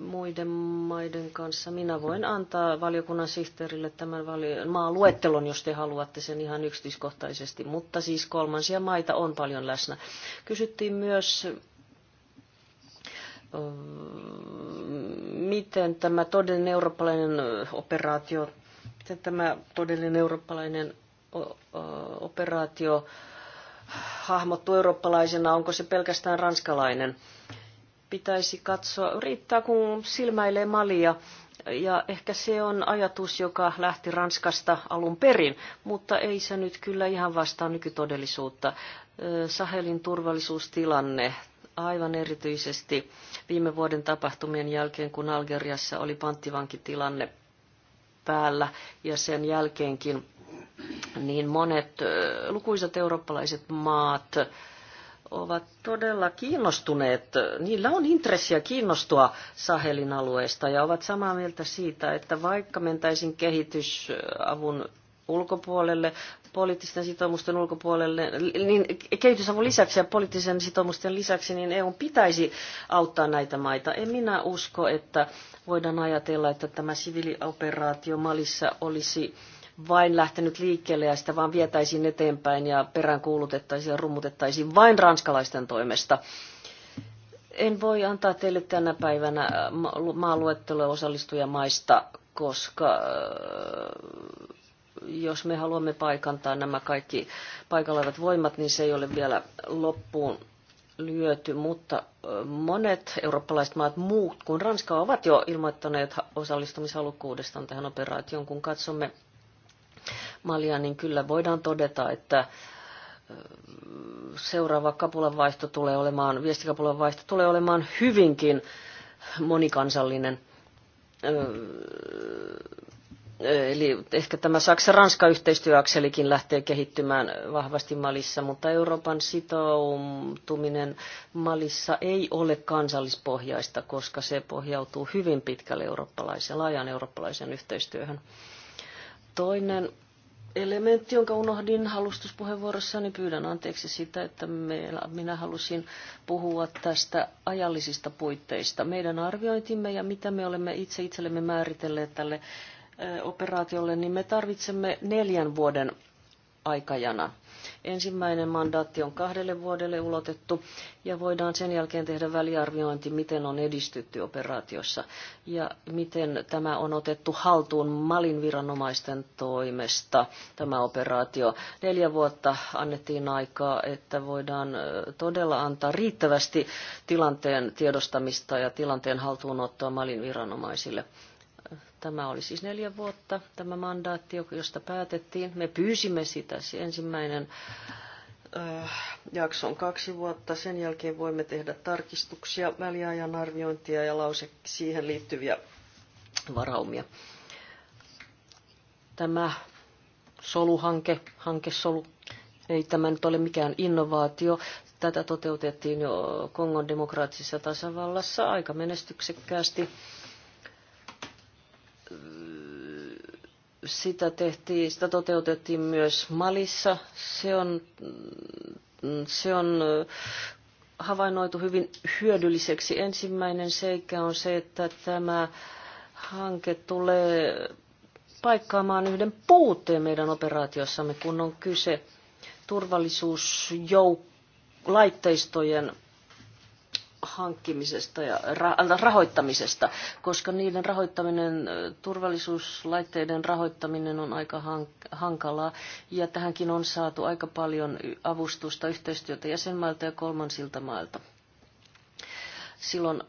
muiden maiden kanssa. Minä voin antaa valiokunnan sihteerille tämän maaluettelon, jos te haluatte sen ihan yksityiskohtaisesti, mutta siis kolmansia maita on paljon läsnä. Kysyttiin myös mm, miten tämä todellinen eurooppalainen operaatio, miten tämä todellinen eurooppalainen operaatio hahmottu eurooppalaisena, onko se pelkästään ranskalainen. Pitäisi katsoa, riittää kun silmäilee malia, ja ehkä se on ajatus, joka lähti Ranskasta alun perin, mutta ei se nyt kyllä ihan vastaa nykytodellisuutta. Sahelin turvallisuustilanne aivan erityisesti viime vuoden tapahtumien jälkeen, kun Algeriassa oli panttivankitilanne päällä ja sen jälkeenkin niin monet lukuisat eurooppalaiset maat ovat todella kiinnostuneet, niillä on intressiä kiinnostua Sahelin alueesta ja ovat samaa mieltä siitä, että vaikka mentäisin kehitysavun ulkopuolelle, poliittisten sitoumusten ulkopuolelle, niin kehitysavun lisäksi ja poliittisen sitoumusten lisäksi, niin EU pitäisi auttaa näitä maita. En minä usko, että voidaan ajatella, että tämä siviilioperaatio Malissa olisi vain lähtenyt liikkeelle ja sitä vaan vietäisiin eteenpäin ja peräänkuulutettaisiin ja rummutettaisiin vain ranskalaisten toimesta. En voi antaa teille tänä päivänä äh, maaluettelua osallistujamaista, koska äh, jos me haluamme paikantaa nämä kaikki paikalla voimat, niin se ei ole vielä loppuun lyöty, mutta äh, monet eurooppalaiset maat muut kuin Ranska ovat jo ilmoittaneet osallistumishalukkuudestaan tähän operaatioon. Kun katsomme mallia, niin kyllä voidaan todeta, että seuraava kapulan vaihto tulee olemaan, viestikapulan vaihto tulee olemaan hyvinkin monikansallinen. Eli ehkä tämä Saksa-Ranska-yhteistyöakselikin lähtee kehittymään vahvasti Malissa, mutta Euroopan sitoutuminen Malissa ei ole kansallispohjaista, koska se pohjautuu hyvin pitkälle eurooppalaisen, laajan eurooppalaisen yhteistyöhön. Toinen elementti, jonka unohdin halustuspuheenvuorossani. Pyydän anteeksi sitä, että me, minä halusin puhua tästä ajallisista puitteista. Meidän arviointimme ja mitä me olemme itse itsellemme määritelleet tälle operaatiolle, niin me tarvitsemme neljän vuoden aikajana. Ensimmäinen mandaatti on kahdelle vuodelle ulotettu ja voidaan sen jälkeen tehdä väliarviointi, miten on edistytty operaatiossa ja miten tämä on otettu haltuun Malin viranomaisten toimesta, tämä operaatio. Neljä vuotta annettiin aikaa, että voidaan todella antaa riittävästi tilanteen tiedostamista ja tilanteen haltuunottoa Malin viranomaisille. Tämä oli siis neljä vuotta, tämä mandaatti, josta päätettiin. Me pyysimme sitä, ensimmäinen äh, jakso on kaksi vuotta. Sen jälkeen voimme tehdä tarkistuksia, väliajan arviointia ja lause siihen liittyviä varaumia. Tämä soluhanke, hankesolu, ei tämä nyt ole mikään innovaatio. Tätä toteutettiin jo Kongon demokraattisessa tasavallassa aika menestyksekkäästi sitä, tehtiin, sitä toteutettiin myös Malissa. Se on, se on havainnoitu hyvin hyödylliseksi. Ensimmäinen seikka on se, että tämä hanke tulee paikkaamaan yhden puutteen meidän operaatiossamme, kun on kyse turvallisuusjouk- laitteistojen hankkimisesta ja rahoittamisesta, koska niiden rahoittaminen, turvallisuuslaitteiden rahoittaminen on aika hankalaa. Ja tähänkin on saatu aika paljon avustusta, yhteistyötä jäsenmailta ja kolmansilta mailta. Silloin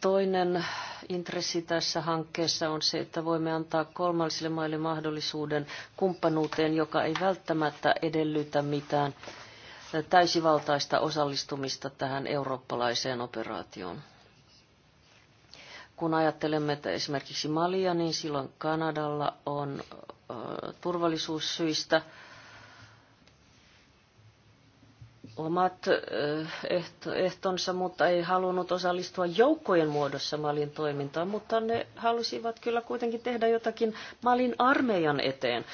toinen intressi tässä hankkeessa on se, että voimme antaa kolmansille maille mahdollisuuden kumppanuuteen, joka ei välttämättä edellytä mitään täysivaltaista osallistumista tähän eurooppalaiseen operaatioon. Kun ajattelemme että esimerkiksi Malia, niin silloin Kanadalla on turvallisuussyistä omat ehtonsa, mutta ei halunnut osallistua joukkojen muodossa Malin toimintaan, mutta ne halusivat kyllä kuitenkin tehdä jotakin Malin armeijan eteen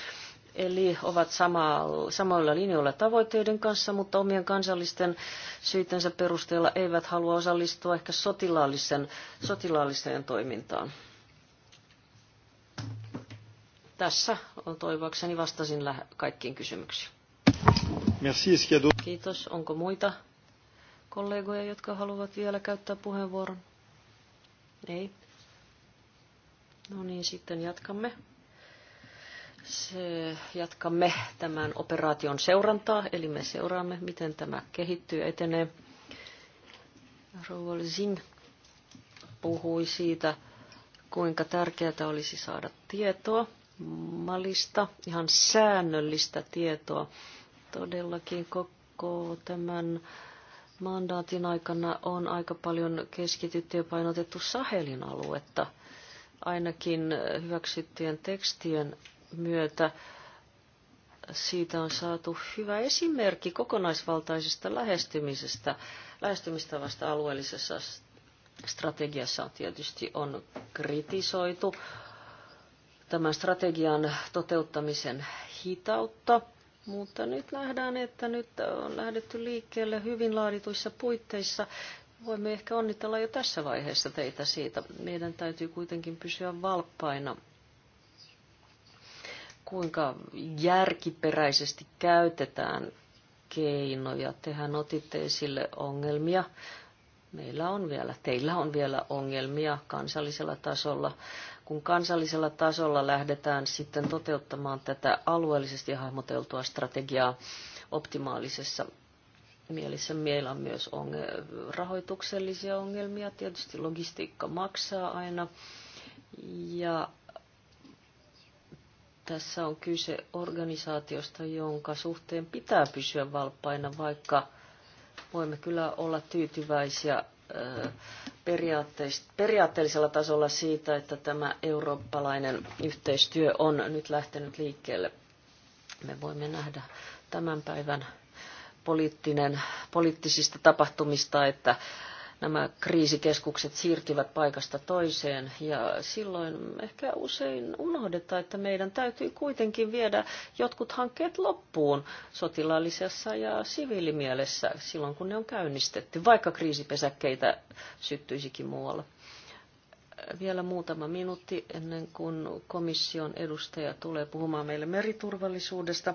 eli ovat sama, samoilla linjoilla tavoitteiden kanssa, mutta omien kansallisten syytensä perusteella eivät halua osallistua ehkä sotilaalliseen, sotilaalliseen toimintaan. Tässä on toivokseni vastasin kaikkiin kysymyksiin. Kiitos. Onko muita kollegoja, jotka haluavat vielä käyttää puheenvuoron? Ei. No niin, sitten jatkamme se, jatkamme tämän operaation seurantaa, eli me seuraamme, miten tämä kehittyy ja etenee. Zin puhui siitä, kuinka tärkeää olisi saada tietoa Malista, ihan säännöllistä tietoa. Todellakin koko tämän mandaatin aikana on aika paljon keskitytty ja painotettu Sahelin aluetta. Ainakin hyväksyttyjen tekstien myötä siitä on saatu hyvä esimerkki kokonaisvaltaisesta lähestymisestä, lähestymistavasta alueellisessa strategiassa on tietysti on kritisoitu tämän strategian toteuttamisen hitautta, mutta nyt nähdään, että nyt on lähdetty liikkeelle hyvin laadituissa puitteissa. Voimme ehkä onnitella jo tässä vaiheessa teitä siitä. Meidän täytyy kuitenkin pysyä valppaina kuinka järkiperäisesti käytetään keinoja. Tehän otitte esille ongelmia. Meillä on vielä, teillä on vielä ongelmia kansallisella tasolla. Kun kansallisella tasolla lähdetään sitten toteuttamaan tätä alueellisesti hahmoteltua strategiaa optimaalisessa mielessä, meillä on myös rahoituksellisia ongelmia. Tietysti logistiikka maksaa aina. Ja tässä on kyse organisaatiosta, jonka suhteen pitää pysyä valppaina, vaikka voimme kyllä olla tyytyväisiä periaatteellisella tasolla siitä, että tämä eurooppalainen yhteistyö on nyt lähtenyt liikkeelle. Me voimme nähdä tämän päivän poliittinen, poliittisista tapahtumista, että nämä kriisikeskukset siirtyvät paikasta toiseen ja silloin ehkä usein unohdetaan, että meidän täytyy kuitenkin viedä jotkut hankkeet loppuun sotilaallisessa ja siviilimielessä silloin, kun ne on käynnistetty, vaikka kriisipesäkkeitä syttyisikin muualla. Vielä muutama minuutti ennen kuin komission edustaja tulee puhumaan meille meriturvallisuudesta.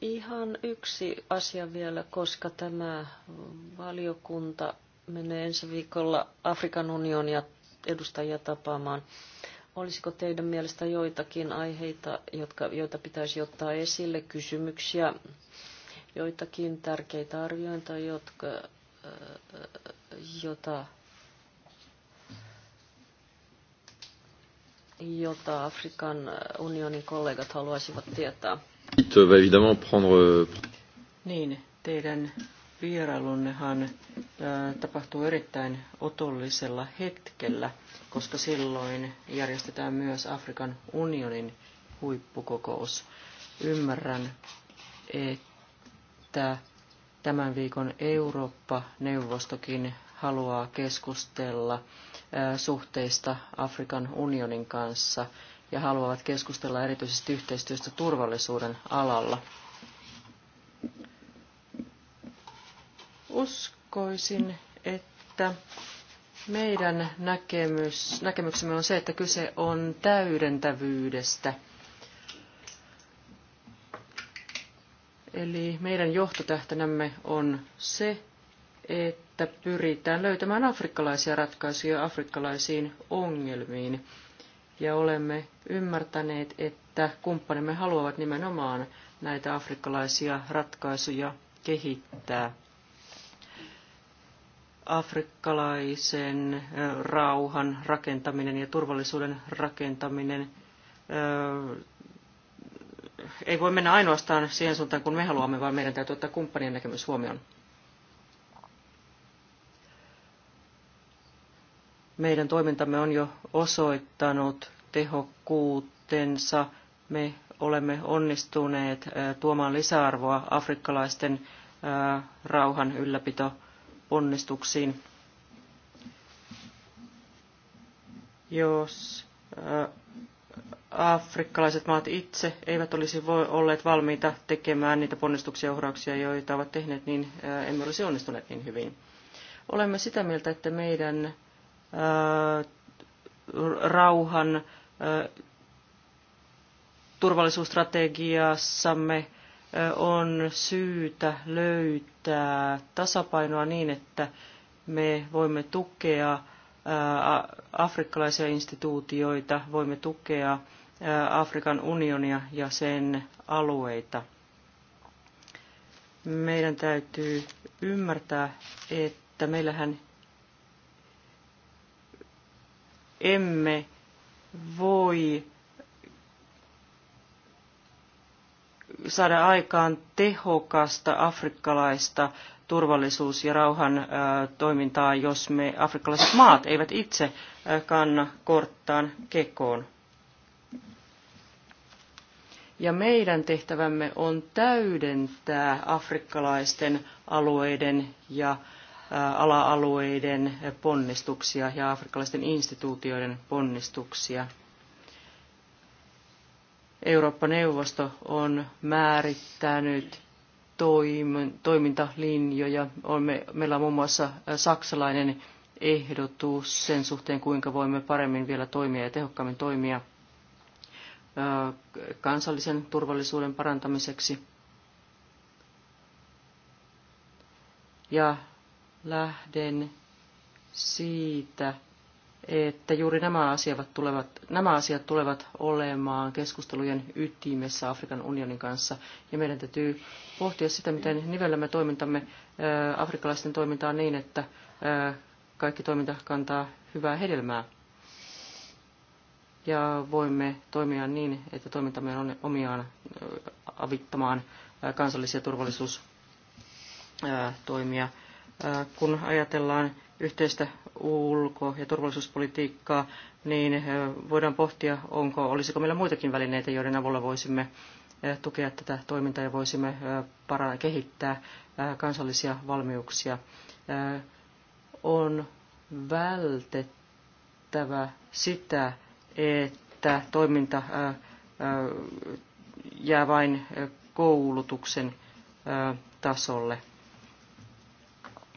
Ihan yksi asia vielä, koska tämä valiokunta menee ensi viikolla Afrikan unionia edustajia tapaamaan. Olisiko teidän mielestä joitakin aiheita, jotka, joita pitäisi ottaa esille, kysymyksiä, joitakin tärkeitä arviointia, jotka, äh, jota, jota Afrikan unionin kollegat haluaisivat tietää? Euh, niin, teidän vierailunnehan tapahtuu erittäin otollisella hetkellä, koska silloin järjestetään myös Afrikan unionin huippukokous. Ymmärrän, että tämän viikon Eurooppa-neuvostokin haluaa keskustella suhteista Afrikan unionin kanssa ja haluavat keskustella erityisesti yhteistyöstä turvallisuuden alalla. Uskoisin, että meidän näkemys, näkemyksemme on se, että kyse on täydentävyydestä. Eli meidän johtotähtänämme on se, että pyritään löytämään afrikkalaisia ratkaisuja afrikkalaisiin ongelmiin. Ja olemme ymmärtäneet, että kumppanimme haluavat nimenomaan näitä afrikkalaisia ratkaisuja kehittää afrikkalaisen rauhan rakentaminen ja turvallisuuden rakentaminen ei voi mennä ainoastaan siihen suuntaan, kun me haluamme, vaan meidän täytyy ottaa kumppanien näkemys huomioon. Meidän toimintamme on jo osoittanut tehokkuutensa. Me olemme onnistuneet tuomaan lisäarvoa afrikkalaisten rauhan ylläpito ponnistuksiin. Jos äh, afrikkalaiset maat itse eivät olisi voi olleet valmiita tekemään niitä ponnistuksia ja uhrauksia, joita ovat tehneet, niin äh, emme olisi onnistuneet niin hyvin. Olemme sitä mieltä, että meidän ää, äh, rauhan ää, turvallisuusstrategiassamme on syytä löytää tasapainoa niin, että me voimme tukea afrikkalaisia instituutioita, voimme tukea Afrikan unionia ja sen alueita. Meidän täytyy ymmärtää, että meillähän emme voi saada aikaan tehokasta afrikkalaista turvallisuus- ja rauhan toimintaa, jos me afrikkalaiset maat eivät itse kanna korttaan kekoon. Ja meidän tehtävämme on täydentää afrikkalaisten alueiden ja ala-alueiden ponnistuksia ja afrikkalaisten instituutioiden ponnistuksia. Eurooppa-neuvosto on määrittänyt toimintalinjoja. meillä on muun muassa äh, saksalainen ehdotus sen suhteen, kuinka voimme paremmin vielä toimia ja tehokkaammin toimia äh, kansallisen turvallisuuden parantamiseksi. Ja lähden siitä, että juuri nämä asiat, tulevat, nämä asiat tulevat olemaan keskustelujen ytimessä Afrikan unionin kanssa. Ja meidän täytyy pohtia sitä, miten nivellämme toimintamme äh, afrikkalaisten toimintaa niin, että äh, kaikki toiminta kantaa hyvää hedelmää. Ja voimme toimia niin, että toimintamme on omiaan äh, avittamaan kansallisia turvallisuustoimia. Kun ajatellaan yhteistä ulko- ja turvallisuuspolitiikkaa, niin eh, voidaan pohtia, onko, olisiko meillä muitakin välineitä, joiden avulla voisimme eh, tukea tätä toimintaa ja voisimme eh, para- kehittää kansallisia valmiuksia. On vältettävä sitä, että toiminta jää vain koulutuksen tasolle.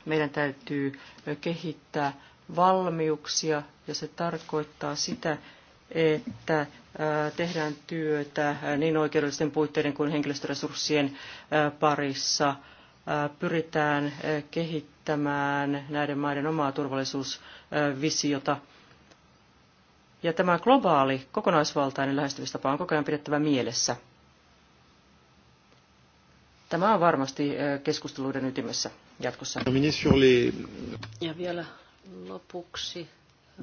Meidän täytyy kehittää valmiuksia ja se tarkoittaa sitä, että tehdään työtä niin oikeudellisten puitteiden kuin henkilöstöresurssien parissa. Pyritään kehittämään näiden maiden omaa turvallisuusvisiota. Ja tämä globaali, kokonaisvaltainen lähestymistapa on koko ajan pidettävä mielessä. Tämä on varmasti keskusteluiden ytimessä jatkossa. Ja vielä Lopuksi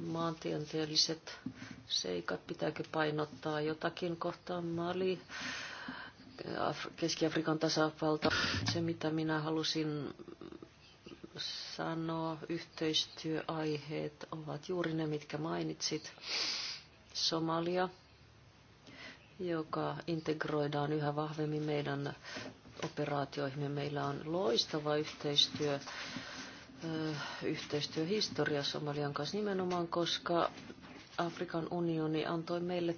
maantieteelliset seikat, pitääkö painottaa jotakin kohtaa Mali, Keski-Afrikan tasavalta. Se, mitä minä halusin sanoa, yhteistyöaiheet ovat juuri ne, mitkä mainitsit. Somalia, joka integroidaan yhä vahvemmin meidän operaatioihin. Meillä on loistava yhteistyö yhteistyöhistoria Somalian kanssa nimenomaan, koska Afrikan unioni antoi meille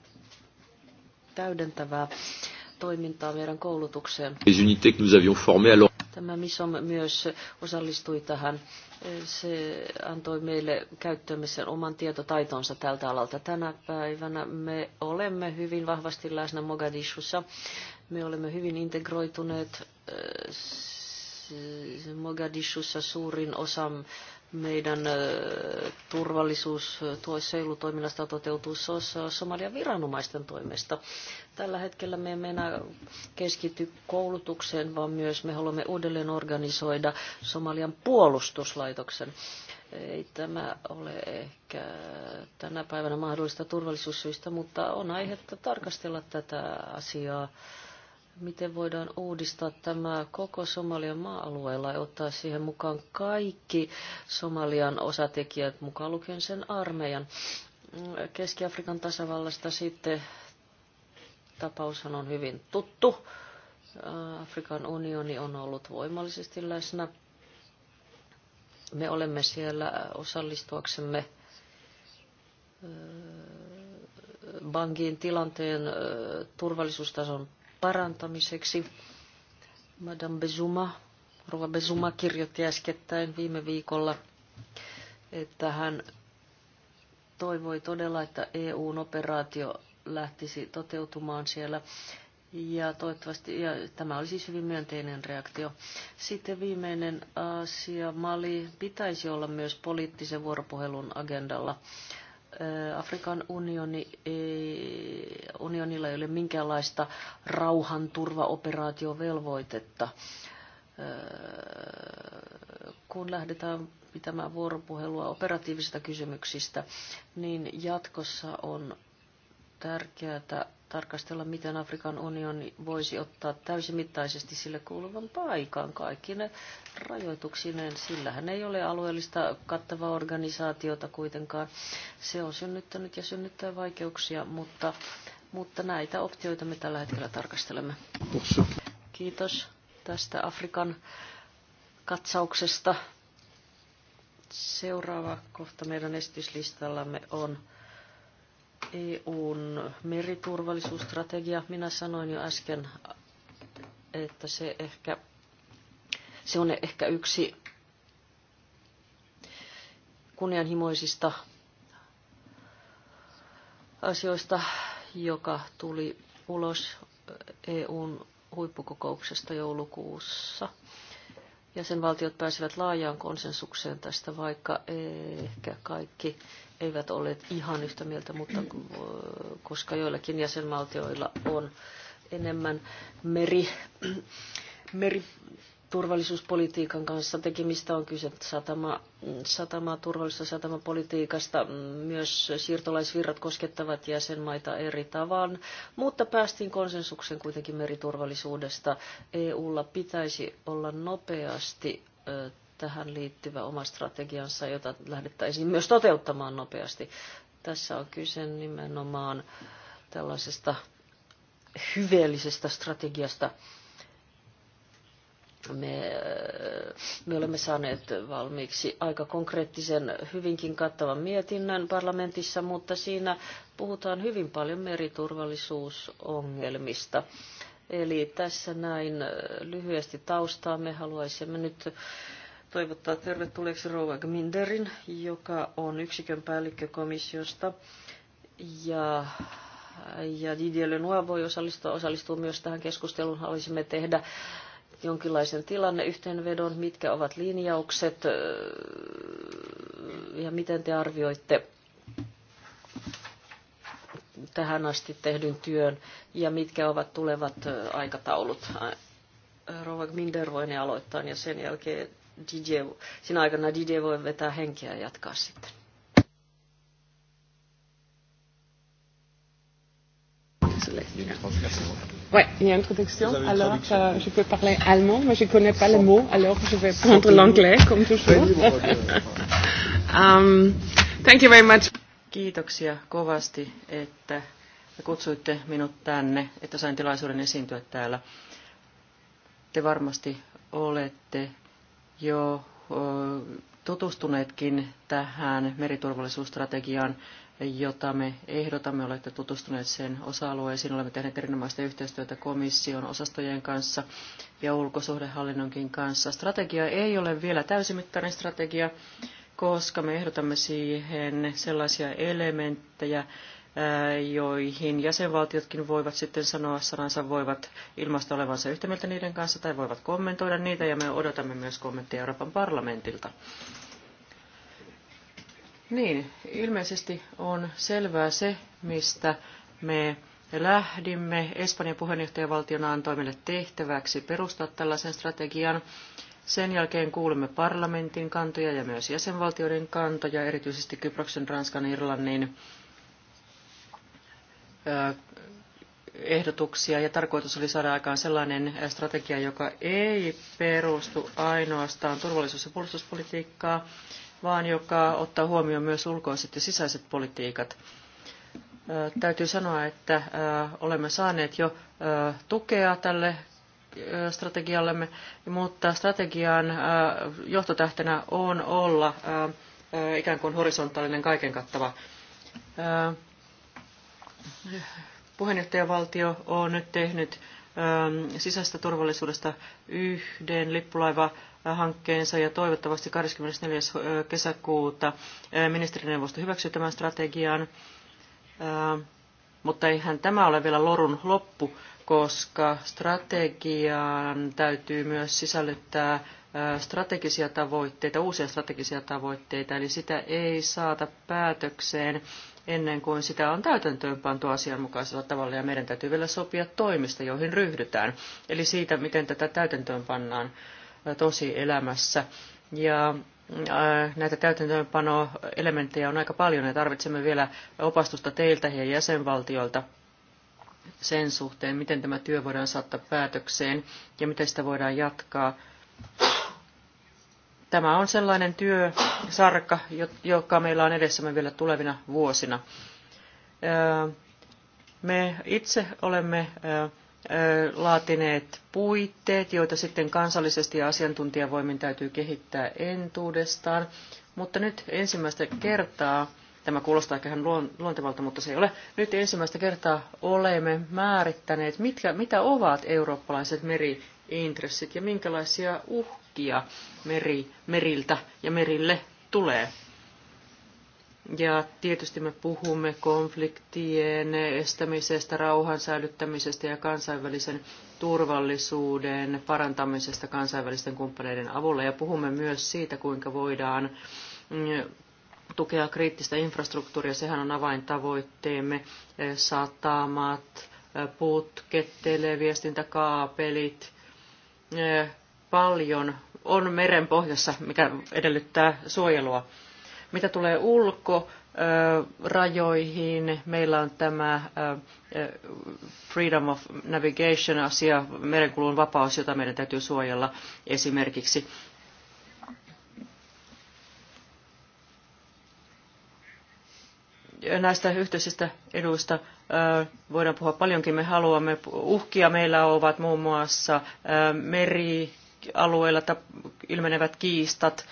täydentävää toimintaa meidän koulutukseen. Tämä MISOM myös osallistui tähän. Se antoi meille käyttöömme sen oman tietotaitonsa tältä alalta. Tänä päivänä me olemme hyvin vahvasti läsnä Mogadishussa. Me olemme hyvin integroituneet Siis Mogadishussa suurin osa meidän turvallisuus seilutoiminnasta toteutuu Somalian viranomaisten toimesta. Tällä hetkellä me emme enää keskity koulutukseen, vaan myös me haluamme uudelleen organisoida Somalian puolustuslaitoksen. Ei tämä ole ehkä tänä päivänä mahdollista turvallisuussyistä, mutta on aihetta tarkastella tätä asiaa miten voidaan uudistaa tämä koko Somalian maa-alueella ja ottaa siihen mukaan kaikki Somalian osatekijät, mukaan lukien sen armeijan. Keski-Afrikan tasavallasta sitten tapaushan on hyvin tuttu. Afrikan unioni on ollut voimallisesti läsnä. Me olemme siellä osallistuaksemme Bangin tilanteen turvallisuustason parantamiseksi. Madame Bezuma, Rova Bezuma kirjoitti äskettäin viime viikolla, että hän toivoi todella, että EUn operaatio lähtisi toteutumaan siellä. Ja toivottavasti, ja tämä oli siis hyvin myönteinen reaktio. Sitten viimeinen asia, Mali pitäisi olla myös poliittisen vuoropuhelun agendalla. Afrikan unioni, e, unionilla ei ole minkäänlaista rauhanturvaoperaatiovelvoitetta. Kun lähdetään pitämään vuoropuhelua operatiivisista kysymyksistä, niin jatkossa on tärkeää tarkastella, miten Afrikan unioni voisi ottaa täysimittaisesti sille kuuluvan paikan kaikkine rajoituksineen. Sillähän ei ole alueellista kattavaa organisaatiota kuitenkaan. Se on synnyttänyt ja synnyttää vaikeuksia, mutta, mutta näitä optioita me tällä hetkellä tarkastelemme. Kiitos tästä Afrikan katsauksesta. Seuraava kohta meidän esityslistallamme on EUn meriturvallisuusstrategia. Minä sanoin jo äsken, että se, ehkä, se on ehkä yksi kunnianhimoisista asioista, joka tuli ulos EUn huippukokouksesta joulukuussa. Jäsenvaltiot pääsivät laajaan konsensukseen tästä, vaikka ehkä kaikki eivät olleet ihan yhtä mieltä, mutta äh, koska joillakin jäsenvaltioilla on enemmän meri, meri turvallisuuspolitiikan kanssa tekemistä on kyse satama, satama turvallisesta satamapolitiikasta. Myös siirtolaisvirrat koskettavat jäsenmaita eri tavan, mutta päästiin konsensuksen kuitenkin meriturvallisuudesta. EUlla pitäisi olla nopeasti äh, tähän liittyvä oma strategiansa, jota lähdettäisiin myös toteuttamaan nopeasti. Tässä on kyse nimenomaan tällaisesta hyveellisestä strategiasta. Me, me olemme saaneet valmiiksi aika konkreettisen, hyvinkin kattavan mietinnön parlamentissa, mutta siinä puhutaan hyvin paljon meriturvallisuusongelmista. Eli tässä näin lyhyesti taustaa me haluaisimme nyt toivottaa tervetulleeksi Rouva Gminderin, joka on yksikön päällikkö komissiosta. Ja, ja Didier Lenoir voi osallistua, osallistua myös tähän keskusteluun. Haluaisimme tehdä jonkinlaisen tilanneyhteenvedon, mitkä ovat linjaukset ja miten te arvioitte tähän asti tehdyn työn ja mitkä ovat tulevat aikataulut. Rova Gminder voi ne aloittaa ja sen jälkeen DJ, sinä aikana DJ voi vetää henkeä ja jatkaa sitten. Ouais, il y a une traduction. Alors, euh, je peux parler allemand, mais je ne connais pas les mots, alors je vais prendre l'anglais, comme toujours. um, thank you very much. Kiitoksia kovasti, että kutsuitte minut tänne, että sain tilaisuuden esiintyä täällä. Te varmasti olette jo tutustuneetkin tähän meriturvallisuusstrategiaan, jota me ehdotamme. Olette tutustuneet sen osa-alueisiin. Olemme tehneet erinomaista yhteistyötä komission osastojen kanssa ja ulkosuhdehallinnonkin kanssa. Strategia ei ole vielä täysimittainen strategia, koska me ehdotamme siihen sellaisia elementtejä, joihin jäsenvaltiotkin voivat sitten sanoa sanansa, voivat ilmaista olevansa yhtä mieltä niiden kanssa tai voivat kommentoida niitä ja me odotamme myös kommentteja Euroopan parlamentilta. Niin, ilmeisesti on selvää se, mistä me lähdimme. Espanjan puheenjohtajavaltiona antoi meille tehtäväksi perustaa tällaisen strategian. Sen jälkeen kuulemme parlamentin kantoja ja myös jäsenvaltioiden kantoja, erityisesti Kyproksen, Ranskan, Irlannin, ehdotuksia ja tarkoitus oli saada aikaan sellainen strategia, joka ei perustu ainoastaan turvallisuus- ja puolustuspolitiikkaa, vaan joka ottaa huomioon myös ulkoiset ja sisäiset politiikat. Täytyy sanoa, että olemme saaneet jo tukea tälle strategiallemme, mutta strategian johtotähtenä on olla ikään kuin horisontaalinen kaiken kattava Puheenjohtajavaltio on nyt tehnyt ähm, sisäistä turvallisuudesta yhden lippulaivahankkeensa hankkeensa ja toivottavasti 24. Äh, kesäkuuta äh, ministerineuvosto hyväksyy tämän strategian. Ähm, mutta eihän tämä ole vielä lorun loppu, koska strategiaan täytyy myös sisällyttää äh, strategisia tavoitteita, uusia strategisia tavoitteita, eli sitä ei saata päätökseen ennen kuin sitä on täytäntöönpantu asianmukaisella tavalla ja meidän täytyy vielä sopia toimista, joihin ryhdytään. Eli siitä, miten tätä täytäntöönpannaan tosi elämässä. Ja näitä täytäntöönpanoelementtejä on aika paljon ja tarvitsemme vielä opastusta teiltä ja jäsenvaltiolta sen suhteen, miten tämä työ voidaan saattaa päätökseen ja miten sitä voidaan jatkaa Tämä on sellainen työsarka, joka meillä on edessämme vielä tulevina vuosina. Me itse olemme laatineet puitteet, joita sitten kansallisesti ja asiantuntijavoimin täytyy kehittää entuudestaan. Mutta nyt ensimmäistä kertaa, tämä kuulostaa ehkä ihan luontevalta, mutta se ei ole, nyt ensimmäistä kertaa olemme määrittäneet, mitkä, mitä ovat eurooppalaiset meriintressit ja minkälaisia uhkia takia meri, meriltä ja merille tulee. Ja tietysti me puhumme konfliktien estämisestä, rauhan säilyttämisestä ja kansainvälisen turvallisuuden parantamisesta kansainvälisten kumppaneiden avulla. Ja puhumme myös siitä, kuinka voidaan mm, tukea kriittistä infrastruktuuria. Sehän on avaintavoitteemme. Satamat, putket, televiestintäkaapelit, eh, paljon on meren pohjassa, mikä edellyttää suojelua. Mitä tulee ulkorajoihin, Meillä on tämä freedom of navigation asia, merenkulun vapaus, jota meidän täytyy suojella esimerkiksi. Näistä yhteisistä eduista voidaan puhua paljonkin. Me haluamme, uhkia meillä ovat muun muassa meri, alueilla ilmenevät kiistat,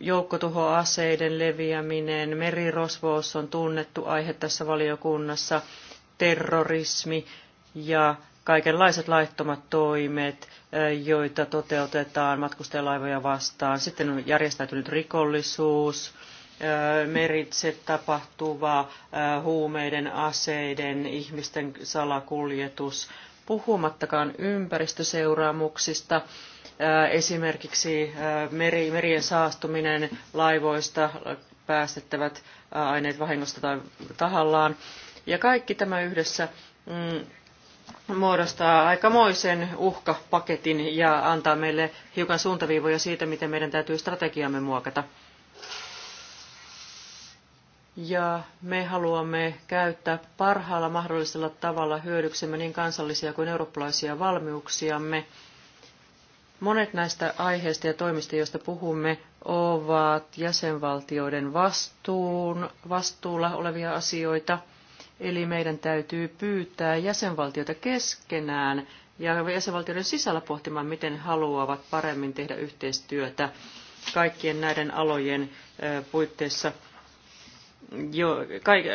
joukkotuhoaseiden leviäminen, merirosvous on tunnettu aihe tässä valiokunnassa, terrorismi ja kaikenlaiset laittomat toimet, joita toteutetaan matkustajalaivoja vastaan. Sitten on järjestäytynyt rikollisuus, meritse tapahtuva huumeiden, aseiden, ihmisten salakuljetus – puhumattakaan ympäristöseuraamuksista, esimerkiksi meri, merien saastuminen, laivoista päästettävät aineet vahingosta tai tahallaan. Ja kaikki tämä yhdessä mm, muodostaa aikamoisen uhkapaketin ja antaa meille hiukan suuntaviivoja siitä, miten meidän täytyy strategiamme muokata ja me haluamme käyttää parhaalla mahdollisella tavalla hyödyksemme niin kansallisia kuin eurooppalaisia valmiuksiamme. Monet näistä aiheista ja toimista, joista puhumme, ovat jäsenvaltioiden vastuun, vastuulla olevia asioita. Eli meidän täytyy pyytää jäsenvaltioita keskenään ja jäsenvaltioiden sisällä pohtimaan, miten haluavat paremmin tehdä yhteistyötä kaikkien näiden alojen puitteissa – jo,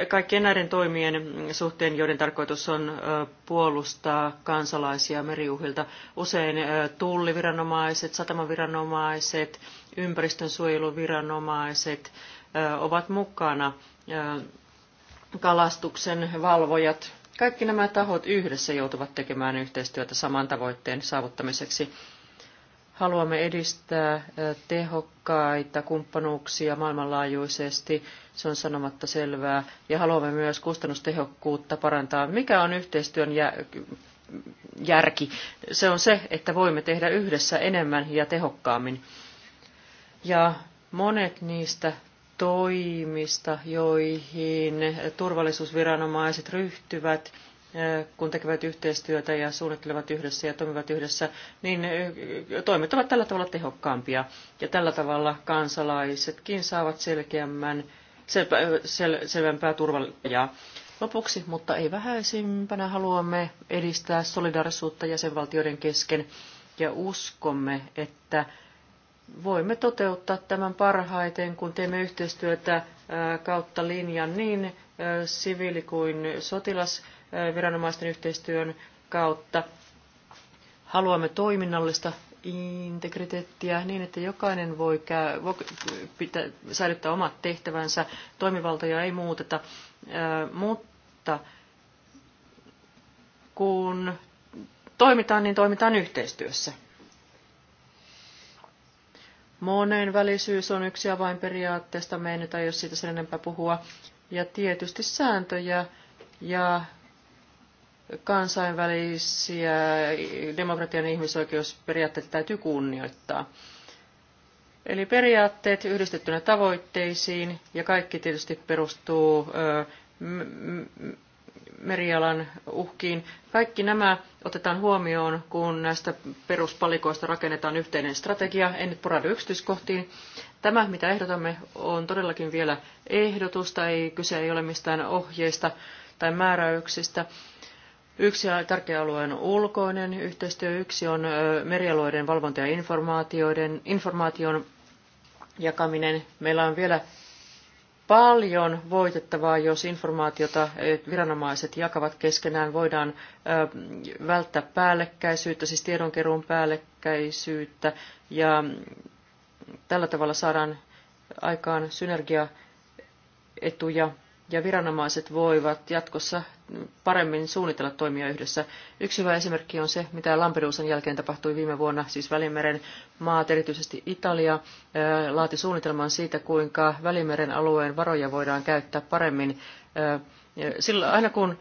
kaikkien näiden toimien suhteen, joiden tarkoitus on puolustaa kansalaisia meriuhilta. Usein tulliviranomaiset, satamaviranomaiset, ympäristönsuojeluviranomaiset ovat mukana, kalastuksen valvojat. Kaikki nämä tahot yhdessä joutuvat tekemään yhteistyötä saman tavoitteen saavuttamiseksi. Haluamme edistää tehokkaita kumppanuuksia maailmanlaajuisesti, se on sanomatta selvää, ja haluamme myös kustannustehokkuutta parantaa. Mikä on yhteistyön järki? Se on se, että voimme tehdä yhdessä enemmän ja tehokkaammin. Ja monet niistä toimista, joihin turvallisuusviranomaiset ryhtyvät, kun tekevät yhteistyötä ja suunnittelevat yhdessä ja toimivat yhdessä, niin toimet ovat tällä tavalla tehokkaampia. Ja tällä tavalla kansalaisetkin saavat selkeämmän, sel, sel, selvempää turvallisuutta. Lopuksi, mutta ei vähäisimpänä, haluamme edistää solidarisuutta jäsenvaltioiden kesken ja uskomme, että voimme toteuttaa tämän parhaiten, kun teemme yhteistyötä kautta linjan niin siviili- kuin sotilas viranomaisten yhteistyön kautta. Haluamme toiminnallista integriteettiä niin, että jokainen voi, käy, voi pitää, säilyttää omat tehtävänsä, toimivaltoja ei muuteta, mutta kun toimitaan, niin toimitaan yhteistyössä. Monenvälisyys on yksi avainperiaatteesta, me ei nyt aio siitä sen enempää puhua. Ja tietysti sääntöjä ja kansainvälisiä demokratian ja ihmisoikeusperiaatteita täytyy kunnioittaa. Eli periaatteet yhdistettynä tavoitteisiin ja kaikki tietysti perustuu merialan uhkiin. Kaikki nämä otetaan huomioon, kun näistä peruspalikoista rakennetaan yhteinen strategia. En nyt poradu yksityiskohtiin. Tämä, mitä ehdotamme, on todellakin vielä ehdotusta. Ei, kyse ei ole mistään ohjeista tai määräyksistä. Yksi tärkeä alue on ulkoinen yhteistyö, yksi on merialueiden valvonta ja informaatioiden, informaation jakaminen. Meillä on vielä paljon voitettavaa, jos informaatiota viranomaiset jakavat keskenään. Voidaan välttää päällekkäisyyttä, siis tiedonkeruun päällekkäisyyttä, ja mm, tällä tavalla saadaan aikaan synergiaetuja ja viranomaiset voivat jatkossa paremmin suunnitella toimia yhdessä. Yksi hyvä esimerkki on se, mitä Lampedusan jälkeen tapahtui viime vuonna, siis Välimeren maat, erityisesti Italia, laati suunnitelman siitä, kuinka Välimeren alueen varoja voidaan käyttää paremmin. Sillä aina kun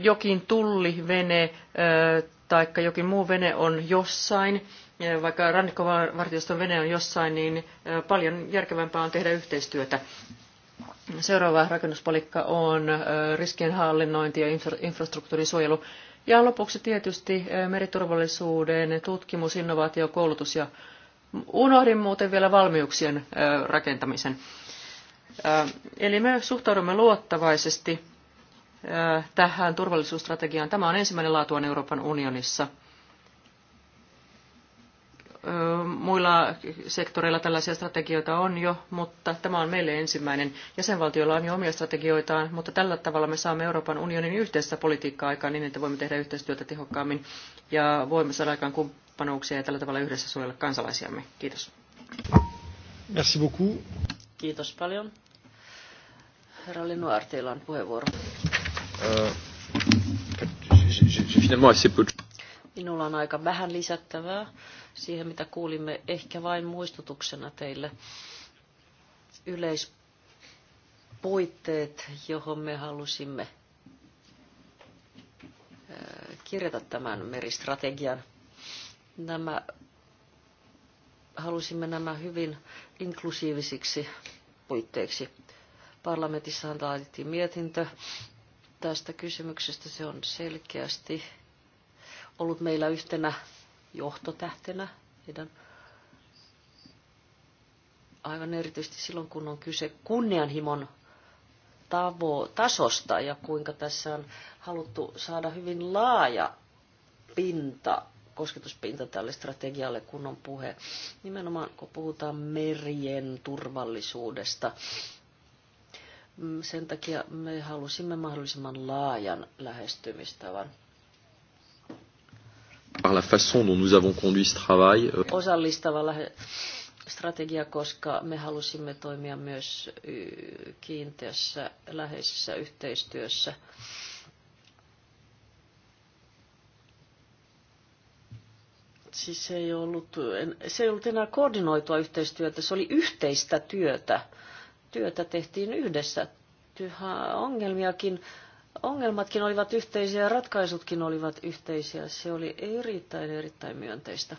jokin vene tai jokin muu vene on jossain, vaikka rannikkovartioston vene on jossain, niin paljon järkevämpää on tehdä yhteistyötä Seuraava rakennuspalikka on riskien ja infrastruktuurin suojelu. Ja lopuksi tietysti meriturvallisuuden tutkimus, innovaatio, koulutus ja unohdin muuten vielä valmiuksien rakentamisen. Eli me suhtaudumme luottavaisesti tähän turvallisuusstrategiaan. Tämä on ensimmäinen laatuaan Euroopan unionissa – Muilla sektoreilla tällaisia strategioita on jo, mutta tämä on meille ensimmäinen. Jäsenvaltioilla on jo omia strategioitaan, mutta tällä tavalla me saamme Euroopan unionin yhteistä politiikkaa aikaan niin, että voimme tehdä yhteistyötä tehokkaammin ja voimme saada aikaan kumppanuuksia ja tällä tavalla yhdessä suojella kansalaisiamme. Kiitos. Merci beaucoup. Kiitos paljon. Herra Lenoir, teillä on puheenvuoro. Euh, Minulla on aika vähän lisättävää siihen, mitä kuulimme, ehkä vain muistutuksena teille yleispuitteet, johon me halusimme äh, kirjata tämän meristrategian. Nämä, halusimme nämä hyvin inklusiivisiksi puitteiksi. Parlamentissahan laitettiin mietintö tästä kysymyksestä. Se on selkeästi ollut meillä yhtenä johtotähtenä meidän aivan erityisesti silloin, kun on kyse kunnianhimon tavo, tasosta ja kuinka tässä on haluttu saada hyvin laaja pinta, kosketuspinta tälle strategialle, kun on puhe nimenomaan, kun puhutaan merien turvallisuudesta. Mm, sen takia me halusimme mahdollisimman laajan lähestymistavan par la façon dont nous avons conduit ce travail. Euh, strategia, koska me halusimme toimia myös kiinteässä läheisessä yhteistyössä. Siis ei ollut, se ei ollut enää koordinoitua yhteistyötä, se oli yhteistä työtä. Työtä tehtiin yhdessä. Tyhä ongelmiakin Ongelmatkin olivat yhteisiä ja ratkaisutkin olivat yhteisiä. Se oli erittäin, erittäin myönteistä.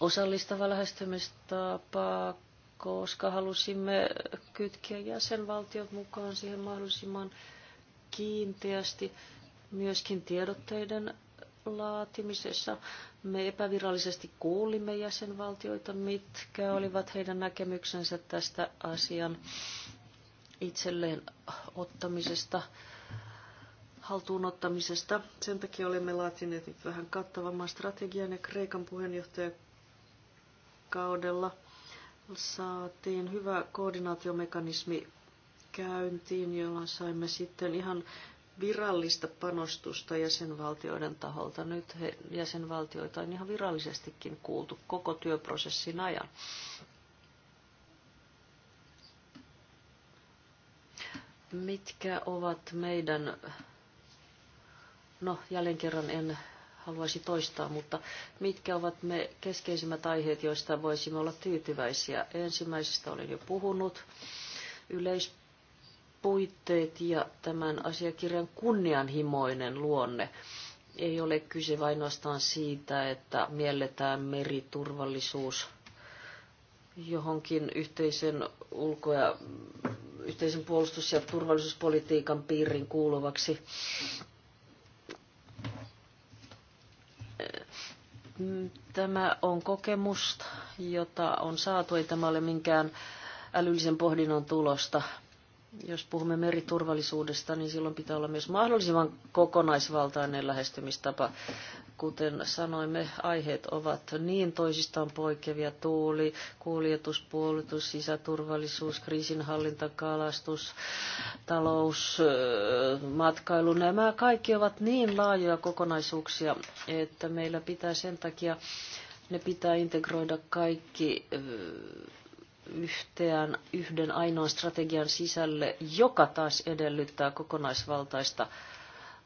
Osallistava lähestymistapa, koska halusimme kytkeä jäsenvaltiot mukaan siihen mahdollisimman kiinteästi myöskin tiedotteiden laatimisessa. Me epävirallisesti kuulimme jäsenvaltioita, mitkä olivat heidän näkemyksensä tästä asian itselleen ottamisesta, haltuun ottamisesta. Sen takia olemme laatineet nyt vähän kattavamman strategian ja Kreikan puheenjohtajakaudella saatiin hyvä koordinaatiomekanismi käyntiin, jolla saimme sitten ihan virallista panostusta jäsenvaltioiden taholta. Nyt he, jäsenvaltioita on ihan virallisestikin kuultu koko työprosessin ajan. Mitkä ovat meidän, no jälleen kerran en haluaisi toistaa, mutta mitkä ovat me keskeisimmät aiheet, joista voisimme olla tyytyväisiä? Ensimmäisestä olen jo puhunut. Yleispuitteet ja tämän asiakirjan kunnianhimoinen luonne. Ei ole kyse vain ainoastaan siitä, että mielletään meriturvallisuus johonkin yhteisen ulko- ja yhteisen puolustus- ja turvallisuuspolitiikan piirin kuuluvaksi. Tämä on kokemus, jota on saatu. Ei tämä ole minkään älyllisen pohdinnan tulosta. Jos puhumme meriturvallisuudesta, niin silloin pitää olla myös mahdollisimman kokonaisvaltainen lähestymistapa Kuten sanoimme, aiheet ovat niin toisistaan poikkeavia. Tuuli, kuljetus, puolutus, sisäturvallisuus, kriisinhallinta, kalastus, talous, matkailu. Nämä kaikki ovat niin laajoja kokonaisuuksia, että meillä pitää sen takia ne pitää integroida kaikki yhteen, yhden ainoan strategian sisälle, joka taas edellyttää kokonaisvaltaista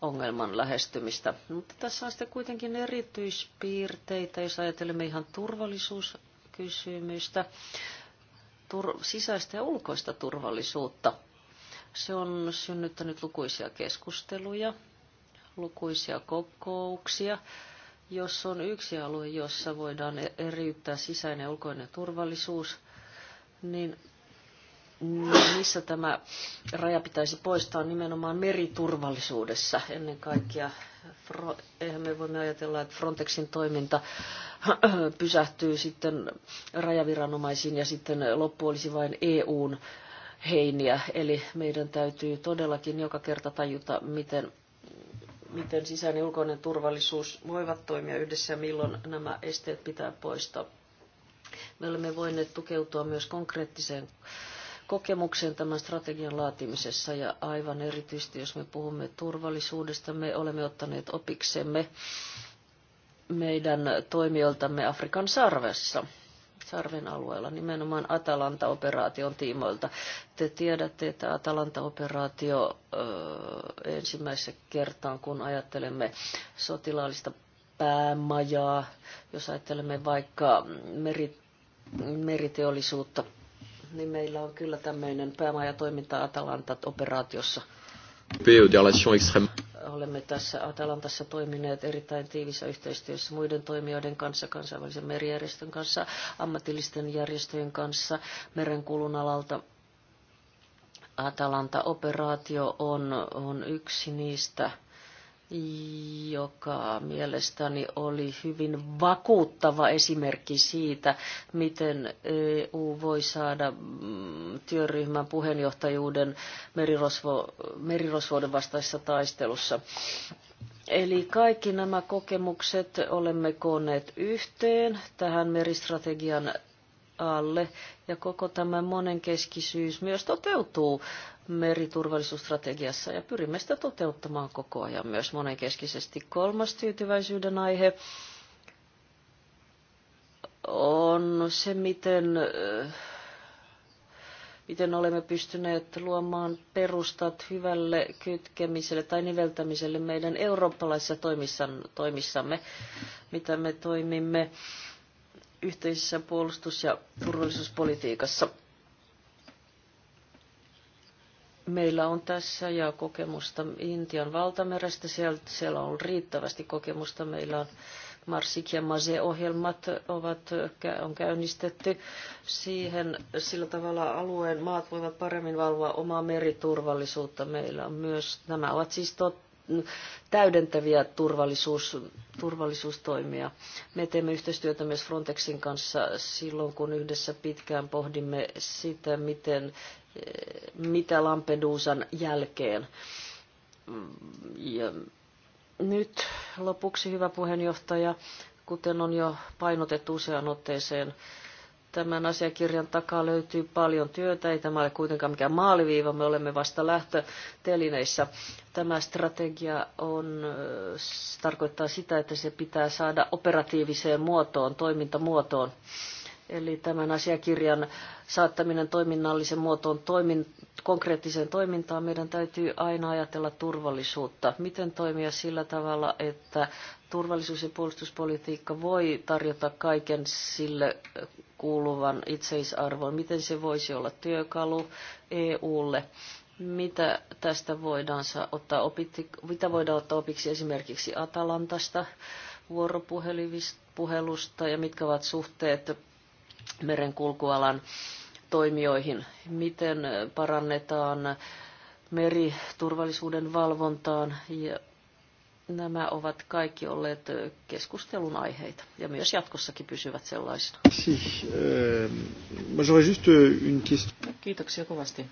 ongelman lähestymistä. Mutta tässä on sitten kuitenkin erityispiirteitä, jos ajatelemme ihan turvallisuuskysymystä, tur- sisäistä ja ulkoista turvallisuutta. Se on synnyttänyt lukuisia keskusteluja, lukuisia kokouksia. Jos on yksi alue, jossa voidaan eriyttää sisäinen ja ulkoinen turvallisuus, niin niin, missä tämä raja pitäisi poistaa nimenomaan meriturvallisuudessa ennen kaikkea. Eihän me voimme ajatella, että Frontexin toiminta pysähtyy sitten rajaviranomaisiin ja sitten loppu olisi vain EUn heiniä. Eli meidän täytyy todellakin joka kerta tajuta, miten miten sisäinen ja ulkoinen turvallisuus voivat toimia yhdessä ja milloin nämä esteet pitää poistaa. Me olemme voineet tukeutua myös konkreettiseen kokemuksen tämän strategian laatimisessa ja aivan erityisesti, jos me puhumme turvallisuudesta, me olemme ottaneet opiksemme meidän toimijoiltamme Afrikan sarvessa sarven alueella, nimenomaan Atalanta-operaation tiimoilta. Te tiedätte, että Atalanta-operaatio ensimmäisessä kertaan, kun ajattelemme sotilaallista päämajaa, jos ajattelemme vaikka meri, meriteollisuutta, niin meillä on kyllä tämmöinen päämajatoiminta Atalanta-operaatiossa. Olemme tässä Atalantassa toimineet erittäin tiivissä yhteistyössä muiden toimijoiden kanssa, kansainvälisen merijärjestön kanssa, ammatillisten järjestöjen kanssa, merenkulun alalta. Atalanta-operaatio on, on yksi niistä joka mielestäni oli hyvin vakuuttava esimerkki siitä, miten EU voi saada mm, työryhmän puheenjohtajuuden merirosvo, merirosvoiden vastaisessa taistelussa. Eli kaikki nämä kokemukset olemme koonneet yhteen tähän meristrategian alle ja koko tämä monenkeskisyys myös toteutuu meriturvallisuusstrategiassa ja pyrimme sitä toteuttamaan koko ajan myös monenkeskisesti. Kolmas tyytyväisyyden aihe on se, miten, eh, miten olemme pystyneet luomaan perustat hyvälle kytkemiselle tai niveltämiselle meidän eurooppalaisissa toimissamme, mitä me toimimme yhteisessä puolustus- ja turvallisuuspolitiikassa – Meillä on tässä ja kokemusta Intian valtamerestä, siellä, siellä on riittävästi kokemusta. Meillä on Marsik ja Mase-ohjelmat ovat, on käynnistetty siihen. Sillä tavalla alueen maat voivat paremmin valvoa omaa meriturvallisuutta. Meillä on myös, nämä ovat siis totta täydentäviä turvallisuus, turvallisuustoimia. Me teemme yhteistyötä myös Frontexin kanssa silloin, kun yhdessä pitkään pohdimme sitä, miten, mitä Lampedusan jälkeen. Ja nyt lopuksi, hyvä puheenjohtaja, kuten on jo painotettu useaan otteeseen, Tämän asiakirjan takaa löytyy paljon työtä. Ei tämä ole kuitenkaan mikään maaliviiva, me olemme vasta lähtötelineissä. Tämä strategia on, tarkoittaa sitä, että se pitää saada operatiiviseen muotoon, toimintamuotoon. Eli tämän asiakirjan saattaminen toiminnallisen muotoon toimin, konkreettiseen toimintaan meidän täytyy aina ajatella turvallisuutta. Miten toimia sillä tavalla, että turvallisuus- ja puolustuspolitiikka voi tarjota kaiken sille kuuluvan itseisarvon. Miten se voisi olla työkalu EUlle? Mitä tästä voidaan ottaa opiksi, mitä voidaan ottaa opiksi esimerkiksi Atalantasta, vuoropuhelusta ja mitkä ovat suhteet merenkulkualan toimijoihin? Miten parannetaan meriturvallisuuden valvontaan ja Nämä ovat kaikki olleet keskustelun aiheita ja myös jatkossakin pysyvät sellaisina. Eh, Kiitoksia kovasti.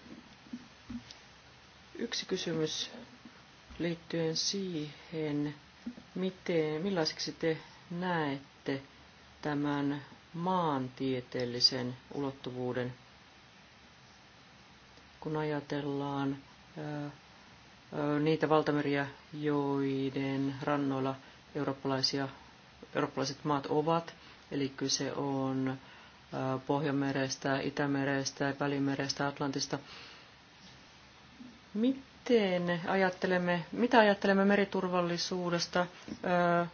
Yksi kysymys liittyen siihen, miten, millaiseksi te näette tämän maantieteellisen ulottuvuuden, kun ajatellaan niitä valtameriä, joiden rannoilla eurooppalaisia, eurooppalaiset maat ovat. Eli kyse on Pohjanmerestä, Itämerestä, Välimerestä, Atlantista. Miten ajattelemme, mitä ajattelemme meriturvallisuudesta ää,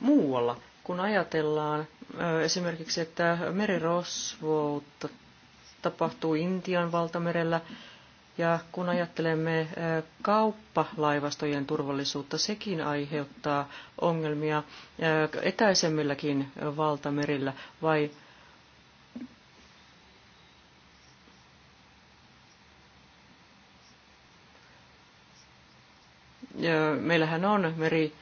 muualla, kun ajatellaan ää, esimerkiksi, että merirosvoutta tapahtuu Intian valtamerellä, ja kun ajattelemme kauppalaivastojen turvallisuutta, sekin aiheuttaa ongelmia etäisemmilläkin valtamerillä, vai meillähän on meri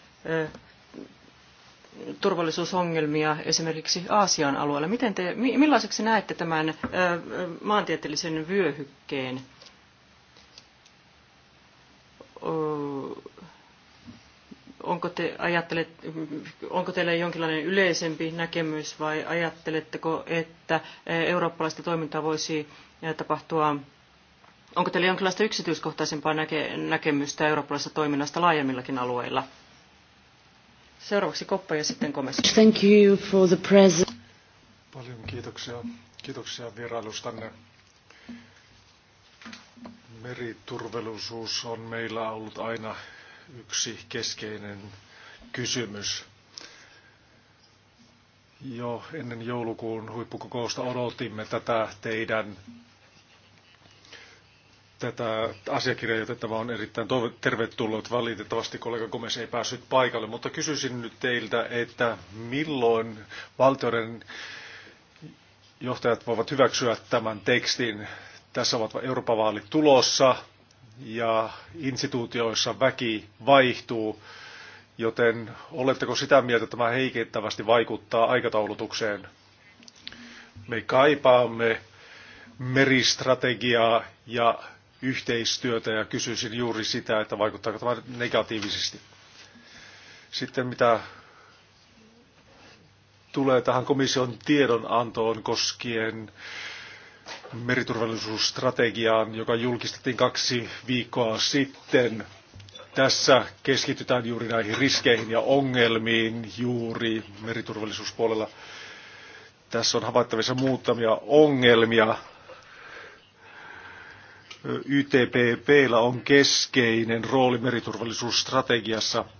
turvallisuusongelmia esimerkiksi Aasian alueella. Miten te, millaiseksi näette tämän maantieteellisen vyöhykkeen? onko, te, ajattelet, onko teillä jonkinlainen yleisempi näkemys vai ajatteletteko, että eurooppalaista toimintaa voisi tapahtua, onko teillä jonkinlaista yksityiskohtaisempaa näke, näkemystä eurooppalaisesta toiminnasta laajemmillakin alueilla? Seuraavaksi Koppa ja sitten Komes. Thank you for the present. Paljon kiitoksia. Kiitoksia vierailustanne. Meriturvallisuus on meillä ollut aina yksi keskeinen kysymys. Jo ennen joulukuun huippukokousta odotimme tätä teidän tätä asiakirjaa, joten tämä on erittäin tervetullut. Valitettavasti kollega Gomes ei päässyt paikalle, mutta kysyisin nyt teiltä, että milloin valtioiden johtajat voivat hyväksyä tämän tekstin tässä ovat Euroopan vaalit tulossa ja instituutioissa väki vaihtuu, joten oletteko sitä mieltä, että tämä heikentävästi vaikuttaa aikataulutukseen? Me kaipaamme meristrategiaa ja yhteistyötä ja kysyisin juuri sitä, että vaikuttaako tämä negatiivisesti. Sitten mitä tulee tähän komission tiedonantoon koskien meriturvallisuusstrategiaan, joka julkistettiin kaksi viikkoa sitten. Tässä keskitytään juuri näihin riskeihin ja ongelmiin juuri meriturvallisuuspuolella. Tässä on havaittavissa muutamia ongelmia. YTPPllä on keskeinen rooli meriturvallisuusstrategiassa –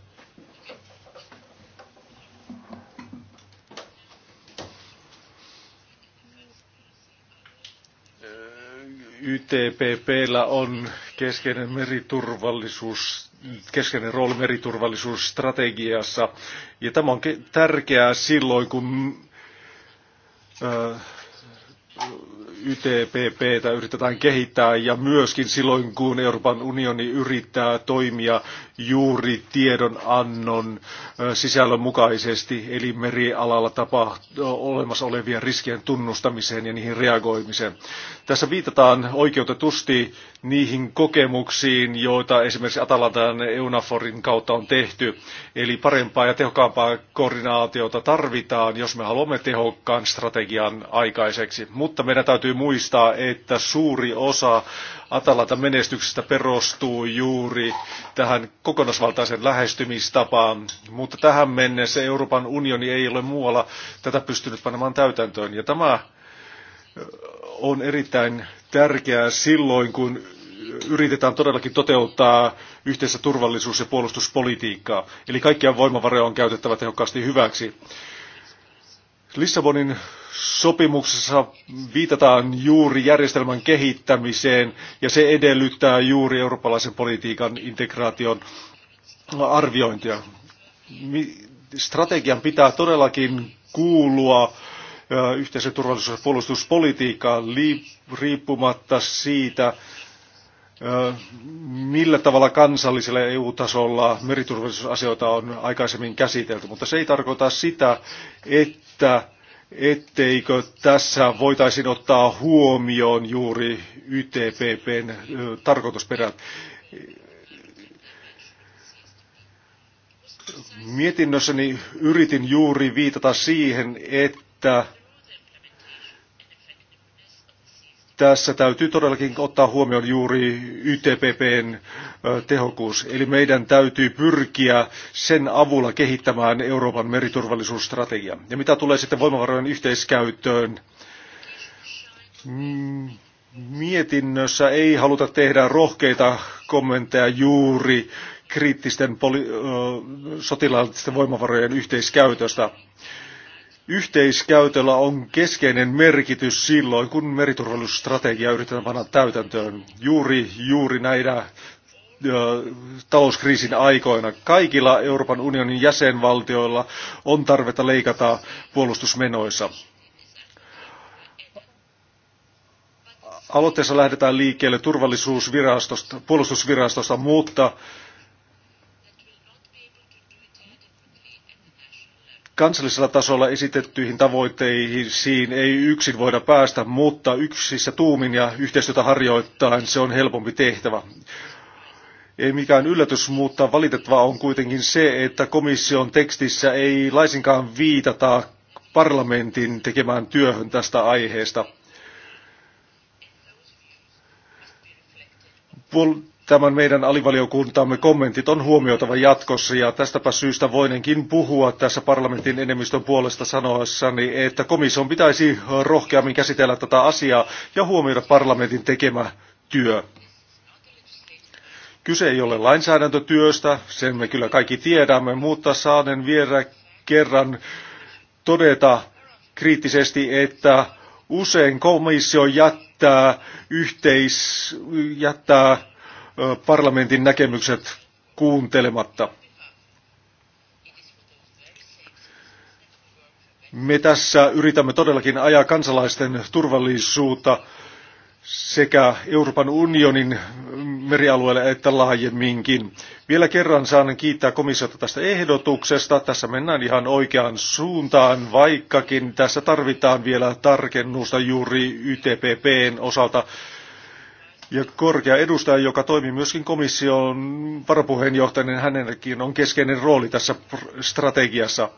YTPPllä on keskeinen meriturvallisuus keskeinen rooli meriturvallisuusstrategiassa. Ja tämä on tärkeää silloin, kun YTPPtä yritetään kehittää ja myöskin silloin, kun Euroopan unioni yrittää toimia juuri tiedonannon sisällön mukaisesti, eli merialalla tapaht- olemassa olevien riskien tunnustamiseen ja niihin reagoimiseen. Tässä viitataan oikeutetusti niihin kokemuksiin, joita esimerkiksi Atalantan EUNAFORin kautta on tehty. Eli parempaa ja tehokkaampaa koordinaatiota tarvitaan, jos me haluamme tehokkaan strategian aikaiseksi. Mutta meidän täytyy muistaa, että suuri osa Atalantan menestyksestä perustuu juuri tähän kokonaisvaltaisen lähestymistapaan. Mutta tähän mennessä Euroopan unioni ei ole muualla tätä pystynyt panemaan täytäntöön. Ja tämä on erittäin tärkeää silloin, kun yritetään todellakin toteuttaa yhteistä turvallisuus- ja puolustuspolitiikkaa. Eli kaikkia voimavaroja on käytettävä tehokkaasti hyväksi. Lissabonin sopimuksessa viitataan juuri järjestelmän kehittämiseen ja se edellyttää juuri eurooppalaisen politiikan integraation arviointia. Strategian pitää todellakin kuulua yhteisen turvallisuus- ja puolustuspolitiikkaa riippumatta siitä, millä tavalla kansallisella EU-tasolla meriturvallisuusasioita on aikaisemmin käsitelty, mutta se ei tarkoita sitä, että etteikö tässä voitaisiin ottaa huomioon juuri YTPPn tarkoitusperät. Mietinnössäni yritin juuri viitata siihen, että tässä täytyy todellakin ottaa huomioon juuri YTPPn tehokkuus. Eli meidän täytyy pyrkiä sen avulla kehittämään Euroopan meriturvallisuusstrategia. Ja mitä tulee sitten voimavarojen yhteiskäyttöön, mm, mietinnössä ei haluta tehdä rohkeita kommentteja juuri kriittisten poli- sotilaallisten voimavarojen yhteiskäytöstä. Yhteiskäytöllä on keskeinen merkitys silloin, kun meriturvallisuusstrategia yritetään panna täytäntöön juuri, juuri näinä talouskriisin aikoina. Kaikilla Euroopan unionin jäsenvaltioilla on tarvetta leikata puolustusmenoissa. Aloitteessa lähdetään liikkeelle turvallisuusvirastosta, puolustusvirastosta, mutta kansallisella tasolla esitettyihin tavoitteisiin ei yksin voida päästä, mutta yksissä tuumin ja yhteistyötä harjoittain se on helpompi tehtävä. Ei mikään yllätys, mutta valitettavaa on kuitenkin se, että komission tekstissä ei laisinkaan viitata parlamentin tekemään työhön tästä aiheesta. Puol- Tämän meidän alivaliokuntamme kommentit on huomioitava jatkossa ja tästäpä syystä voinenkin puhua tässä parlamentin enemmistön puolesta sanoessani, että komission pitäisi rohkeammin käsitellä tätä asiaa ja huomioida parlamentin tekemä työ. Kyse ei ole lainsäädäntötyöstä, sen me kyllä kaikki tiedämme, mutta saanen vielä kerran todeta kriittisesti, että usein komissio jättää yhteis, jättää parlamentin näkemykset kuuntelematta. Me tässä yritämme todellakin ajaa kansalaisten turvallisuutta sekä Euroopan unionin merialueelle että laajemminkin. Vielä kerran saan kiittää komissiota tästä ehdotuksesta. Tässä mennään ihan oikeaan suuntaan, vaikkakin tässä tarvitaan vielä tarkennusta juuri YTPPn osalta ja korkea edustaja, joka toimii myöskin komission varapuheenjohtajana, niin hänelläkin on keskeinen rooli tässä strategiassa.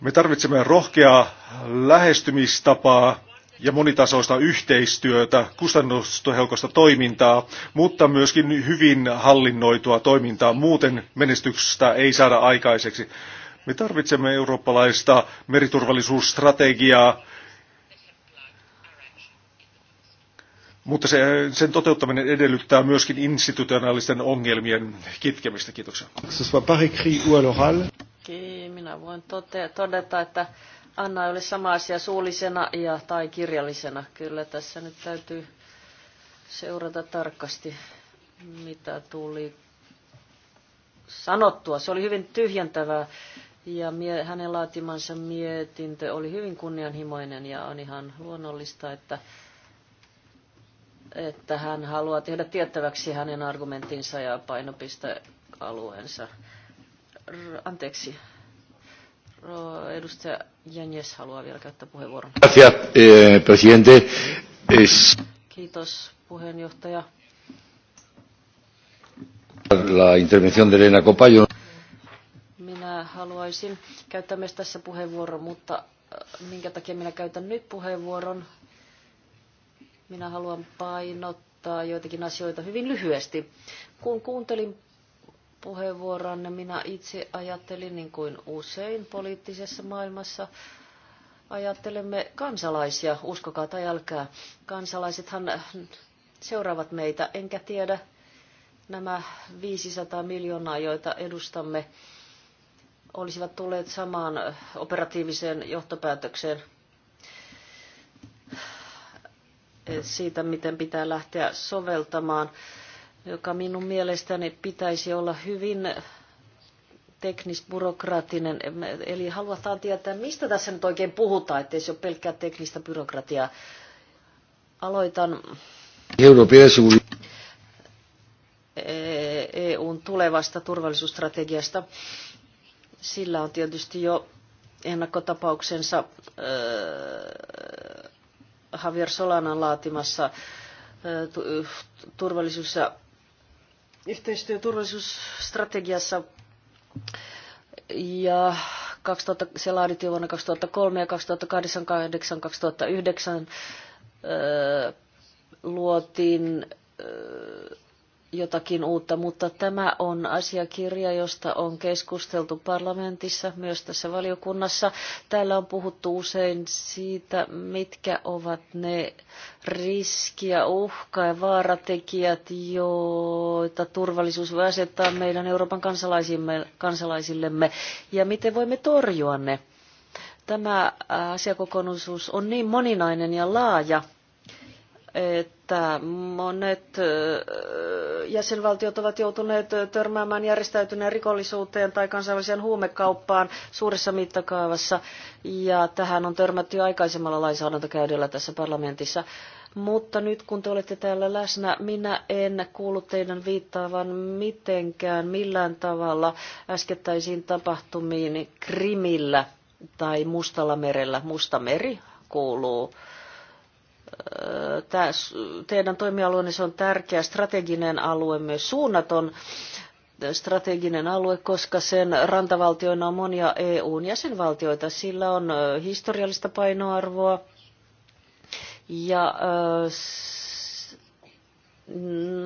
Me tarvitsemme rohkeaa lähestymistapaa ja monitasoista yhteistyötä, kustannustehokasta toimintaa, mutta myöskin hyvin hallinnoitua toimintaa. Muuten menestyksestä ei saada aikaiseksi. Me tarvitsemme eurooppalaista meriturvallisuusstrategiaa, Mutta se, sen toteuttaminen edellyttää myöskin institutionaalisten ongelmien kitkemistä. Kiitoksia. Minä voin tote- todeta, että Anna oli sama asia suullisena ja tai kirjallisena. Kyllä tässä nyt täytyy seurata tarkasti, mitä tuli sanottua. Se oli hyvin tyhjentävää ja mie- hänen laatimansa mietintö oli hyvin kunnianhimoinen ja on ihan luonnollista, että että hän haluaa tehdä tiettäväksi hänen argumentinsa ja painopistealueensa. R- anteeksi. edustaja Jänjes haluaa vielä käyttää puheenvuoron. Eh, Kiitos, puheenjohtaja. La intervención de Elena Minä haluaisin käyttää myös tässä puheenvuoron, mutta äh, minkä takia minä käytän nyt puheenvuoron, minä haluan painottaa joitakin asioita hyvin lyhyesti. Kun kuuntelin puheenvuoronne, minä itse ajattelin, niin kuin usein poliittisessa maailmassa, ajattelemme kansalaisia, uskokaa tai älkää. Kansalaisethan seuraavat meitä, enkä tiedä nämä 500 miljoonaa, joita edustamme, olisivat tulleet samaan operatiiviseen johtopäätökseen siitä, miten pitää lähteä soveltamaan, joka minun mielestäni pitäisi olla hyvin teknisbyrokraattinen. Eli halutaan tietää, mistä tässä nyt oikein puhutaan, ettei se ole pelkkää teknistä byrokratiaa. Aloitan EUn e tulevasta turvallisuusstrategiasta. Sillä on tietysti jo ennakkotapauksensa Javier Solanan laatimassa turvallisuus- ja yhteistyöturvallisuusstrategiassa ja 2000, se laadittiin vuonna 2003 ja 2008 2009 luotiin jotakin uutta, mutta tämä on asiakirja, josta on keskusteltu parlamentissa, myös tässä valiokunnassa. Täällä on puhuttu usein siitä, mitkä ovat ne riski ja uhka ja vaaratekijät, joita turvallisuus voi asettaa meidän Euroopan kansalaisillemme ja miten voimme torjua ne. Tämä asiakokonaisuus on niin moninainen ja laaja, että monet jäsenvaltiot ovat joutuneet törmäämään järjestäytyneen rikollisuuteen tai kansainväliseen huumekauppaan suuressa mittakaavassa. Ja tähän on törmätty jo aikaisemmalla lainsäädäntökäydellä tässä parlamentissa. Mutta nyt kun te olette täällä läsnä, minä en kuullut teidän viittaavan mitenkään millään tavalla äskettäisiin tapahtumiin Krimillä tai Mustalla merellä. Musta meri kuuluu Tämä, teidän toimialueenne se on tärkeä strateginen alue, myös suunnaton strateginen alue, koska sen rantavaltioina on monia EUn jäsenvaltioita. Sillä on historiallista painoarvoa ja Mm,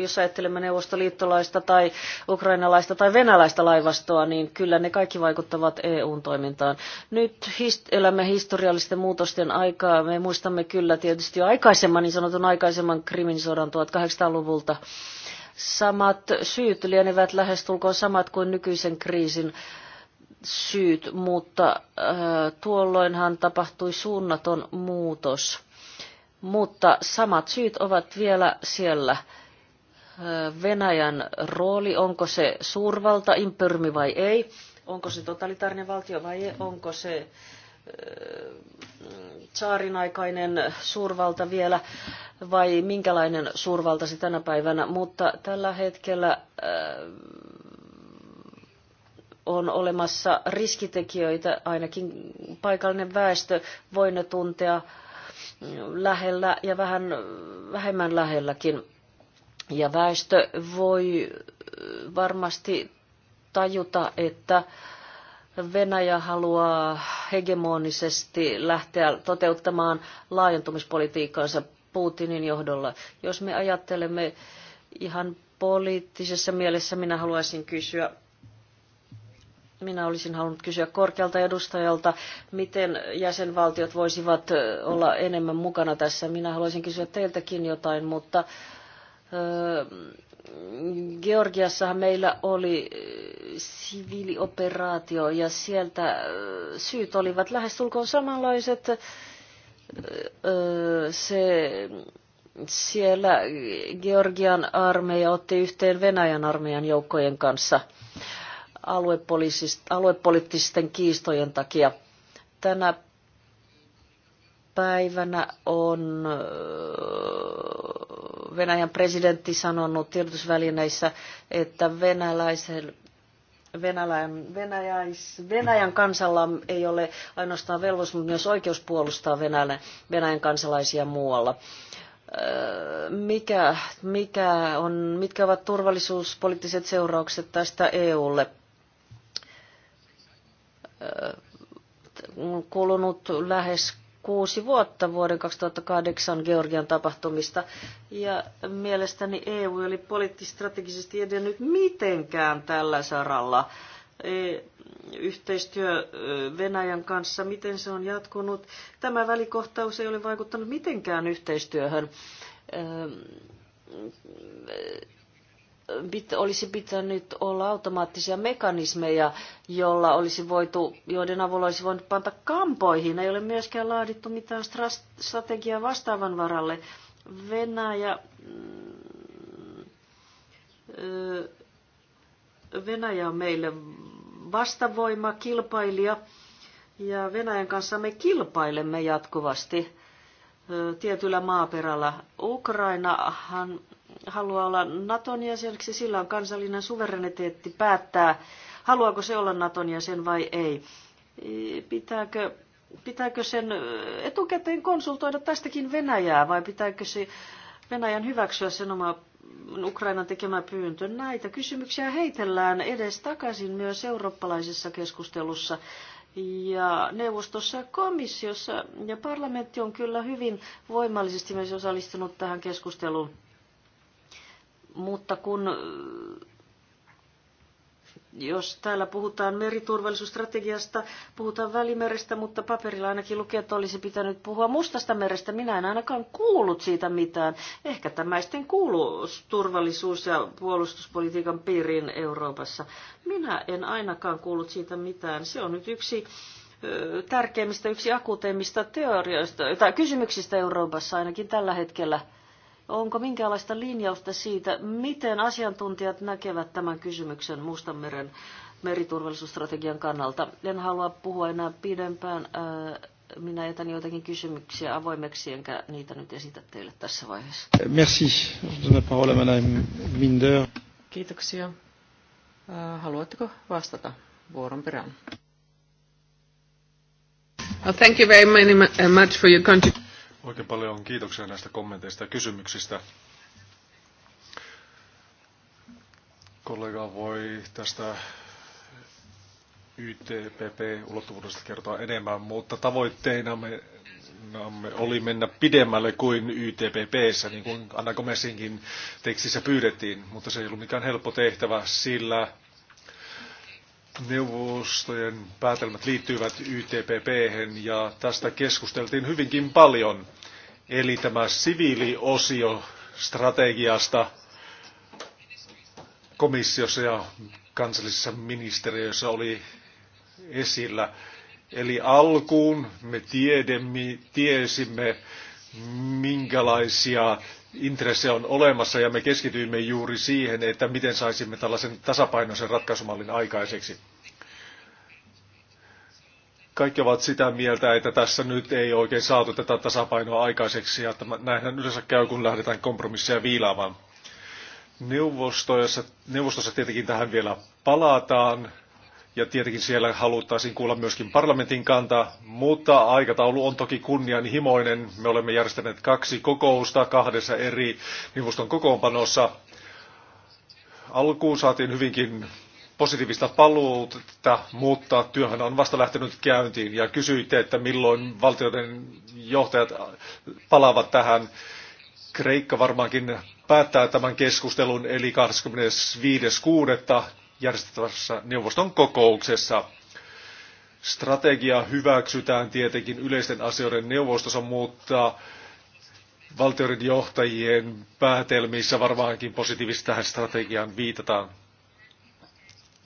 jos ajattelemme neuvostoliittolaista tai ukrainalaista tai venäläistä laivastoa, niin kyllä ne kaikki vaikuttavat EUn toimintaan. Nyt hist- elämme historiallisten muutosten aikaa. Me muistamme kyllä tietysti jo aikaisemman, niin sanotun aikaisemman Krimin sodan 1800-luvulta. Samat syyt lienevät lähestulkoon samat kuin nykyisen kriisin syyt, mutta äh, tuolloinhan tapahtui suunnaton muutos – mutta samat syyt ovat vielä siellä. Venäjän rooli, onko se suurvalta, imperiumi vai ei, onko se totalitaarinen valtio vai ei, onko se aikainen suurvalta vielä vai minkälainen suurvalta se tänä päivänä, mutta tällä hetkellä on olemassa riskitekijöitä, ainakin paikallinen väestö voi ne tuntea lähellä ja vähän vähemmän lähelläkin. Ja väestö voi varmasti tajuta, että Venäjä haluaa hegemonisesti lähteä toteuttamaan laajentumispolitiikkaansa Putinin johdolla. Jos me ajattelemme ihan poliittisessa mielessä, minä haluaisin kysyä minä olisin halunnut kysyä korkealta edustajalta, miten jäsenvaltiot voisivat olla enemmän mukana tässä. Minä haluaisin kysyä teiltäkin jotain, mutta Georgiassahan meillä oli siviilioperaatio ja sieltä syyt olivat lähestulkoon samanlaiset. Se, siellä Georgian armeija otti yhteen Venäjän armeijan joukkojen kanssa aluepoliittisten kiistojen takia. Tänä päivänä on öö, Venäjän presidentti sanonut tiedotusvälineissä, että venäläisen Venäjän, Venäjäis, Venäjän kansalla ei ole ainoastaan velvollisuus, mutta myös oikeus puolustaa Venäjän, Venäjän kansalaisia muualla. Öö, mikä, mikä on, mitkä ovat turvallisuuspoliittiset seuraukset tästä EUlle? kulunut lähes kuusi vuotta vuoden 2008 Georgian tapahtumista. Ja mielestäni EU ei ole strategisesti edennyt mitenkään tällä saralla. E, yhteistyö Venäjän kanssa, miten se on jatkunut. Tämä välikohtaus ei ole vaikuttanut mitenkään yhteistyöhön olisi pitänyt olla automaattisia mekanismeja, jolla olisi voitu, joiden avulla olisi voinut panta kampoihin. Ei ole myöskään laadittu mitään strategiaa vastaavan varalle. Venäjä, mm, Venäjä on meille vastavoima, kilpailija, ja Venäjän kanssa me kilpailemme jatkuvasti tietyllä maaperällä. Ukrainahan haluaa olla Naton jäseneksi, sillä on kansallinen suvereniteetti päättää, haluaako se olla Naton jäsen vai ei. E, pitääkö, pitääkö sen etukäteen konsultoida tästäkin Venäjää vai pitääkö se Venäjän hyväksyä sen oma Ukrainan tekemä pyyntö. Näitä kysymyksiä heitellään edes takaisin myös eurooppalaisessa keskustelussa. Ja neuvostossa, komissiossa ja parlamentti on kyllä hyvin voimallisesti myös osallistunut tähän keskusteluun. Mutta kun äh, jos täällä puhutaan meriturvallisuusstrategiasta, puhutaan välimerestä, mutta paperilla ainakin lukee, että olisi pitänyt puhua mustasta merestä. Minä en ainakaan kuullut siitä mitään. Ehkä tämä sitten kuuluu turvallisuus- ja puolustuspolitiikan piiriin Euroopassa. Minä en ainakaan kuullut siitä mitään. Se on nyt yksi tärkeimmistä, yksi akuuteimmista teorioista, tai kysymyksistä Euroopassa ainakin tällä hetkellä – Onko minkäänlaista linjausta siitä, miten asiantuntijat näkevät tämän kysymyksen Mustanmeren meriturvallisuusstrategian kannalta? En halua puhua enää pidempään. Äh, minä jätän joitakin kysymyksiä avoimeksi, enkä niitä nyt esitä teille tässä vaiheessa. Merci. Minder. Kiitoksia. Äh, haluatteko vastata vuoron perään? Well, thank you very uh, much for your contribution. Oikein paljon kiitoksia näistä kommenteista ja kysymyksistä. Kollega voi tästä YTPP-ulottuvuudesta kertoa enemmän, mutta tavoitteinamme me oli mennä pidemmälle kuin YTPPssä, niin kuin Anna Gomesinkin tekstissä pyydettiin, mutta se ei ollut mikään helppo tehtävä, sillä neuvostojen päätelmät liittyvät YTPP ja tästä keskusteltiin hyvinkin paljon. Eli tämä siviiliosio strategiasta komissiossa ja kansallisissa ministeriöissä oli esillä. Eli alkuun me tiedemme, tiesimme, minkälaisia intressejä on olemassa ja me keskityimme juuri siihen, että miten saisimme tällaisen tasapainoisen ratkaisumallin aikaiseksi kaikki ovat sitä mieltä, että tässä nyt ei oikein saatu tätä tasapainoa aikaiseksi ja näinhän yleensä käy, kun lähdetään kompromisseja viilaamaan. Neuvostossa, neuvostossa tietenkin tähän vielä palataan ja tietenkin siellä haluttaisiin kuulla myöskin parlamentin kantaa, mutta aikataulu on toki kunnianhimoinen. Me olemme järjestäneet kaksi kokousta kahdessa eri neuvoston kokoonpanossa. Alkuun saatiin hyvinkin positiivista paluuta muuttaa työhön on vasta lähtenyt käyntiin ja kysyitte, että milloin valtioiden johtajat palaavat tähän. Kreikka varmaankin päättää tämän keskustelun eli 25.6. järjestettävässä neuvoston kokouksessa. Strategia hyväksytään tietenkin yleisten asioiden neuvostossa, mutta valtioiden johtajien päätelmissä varmaankin positiivisesti tähän strategiaan viitataan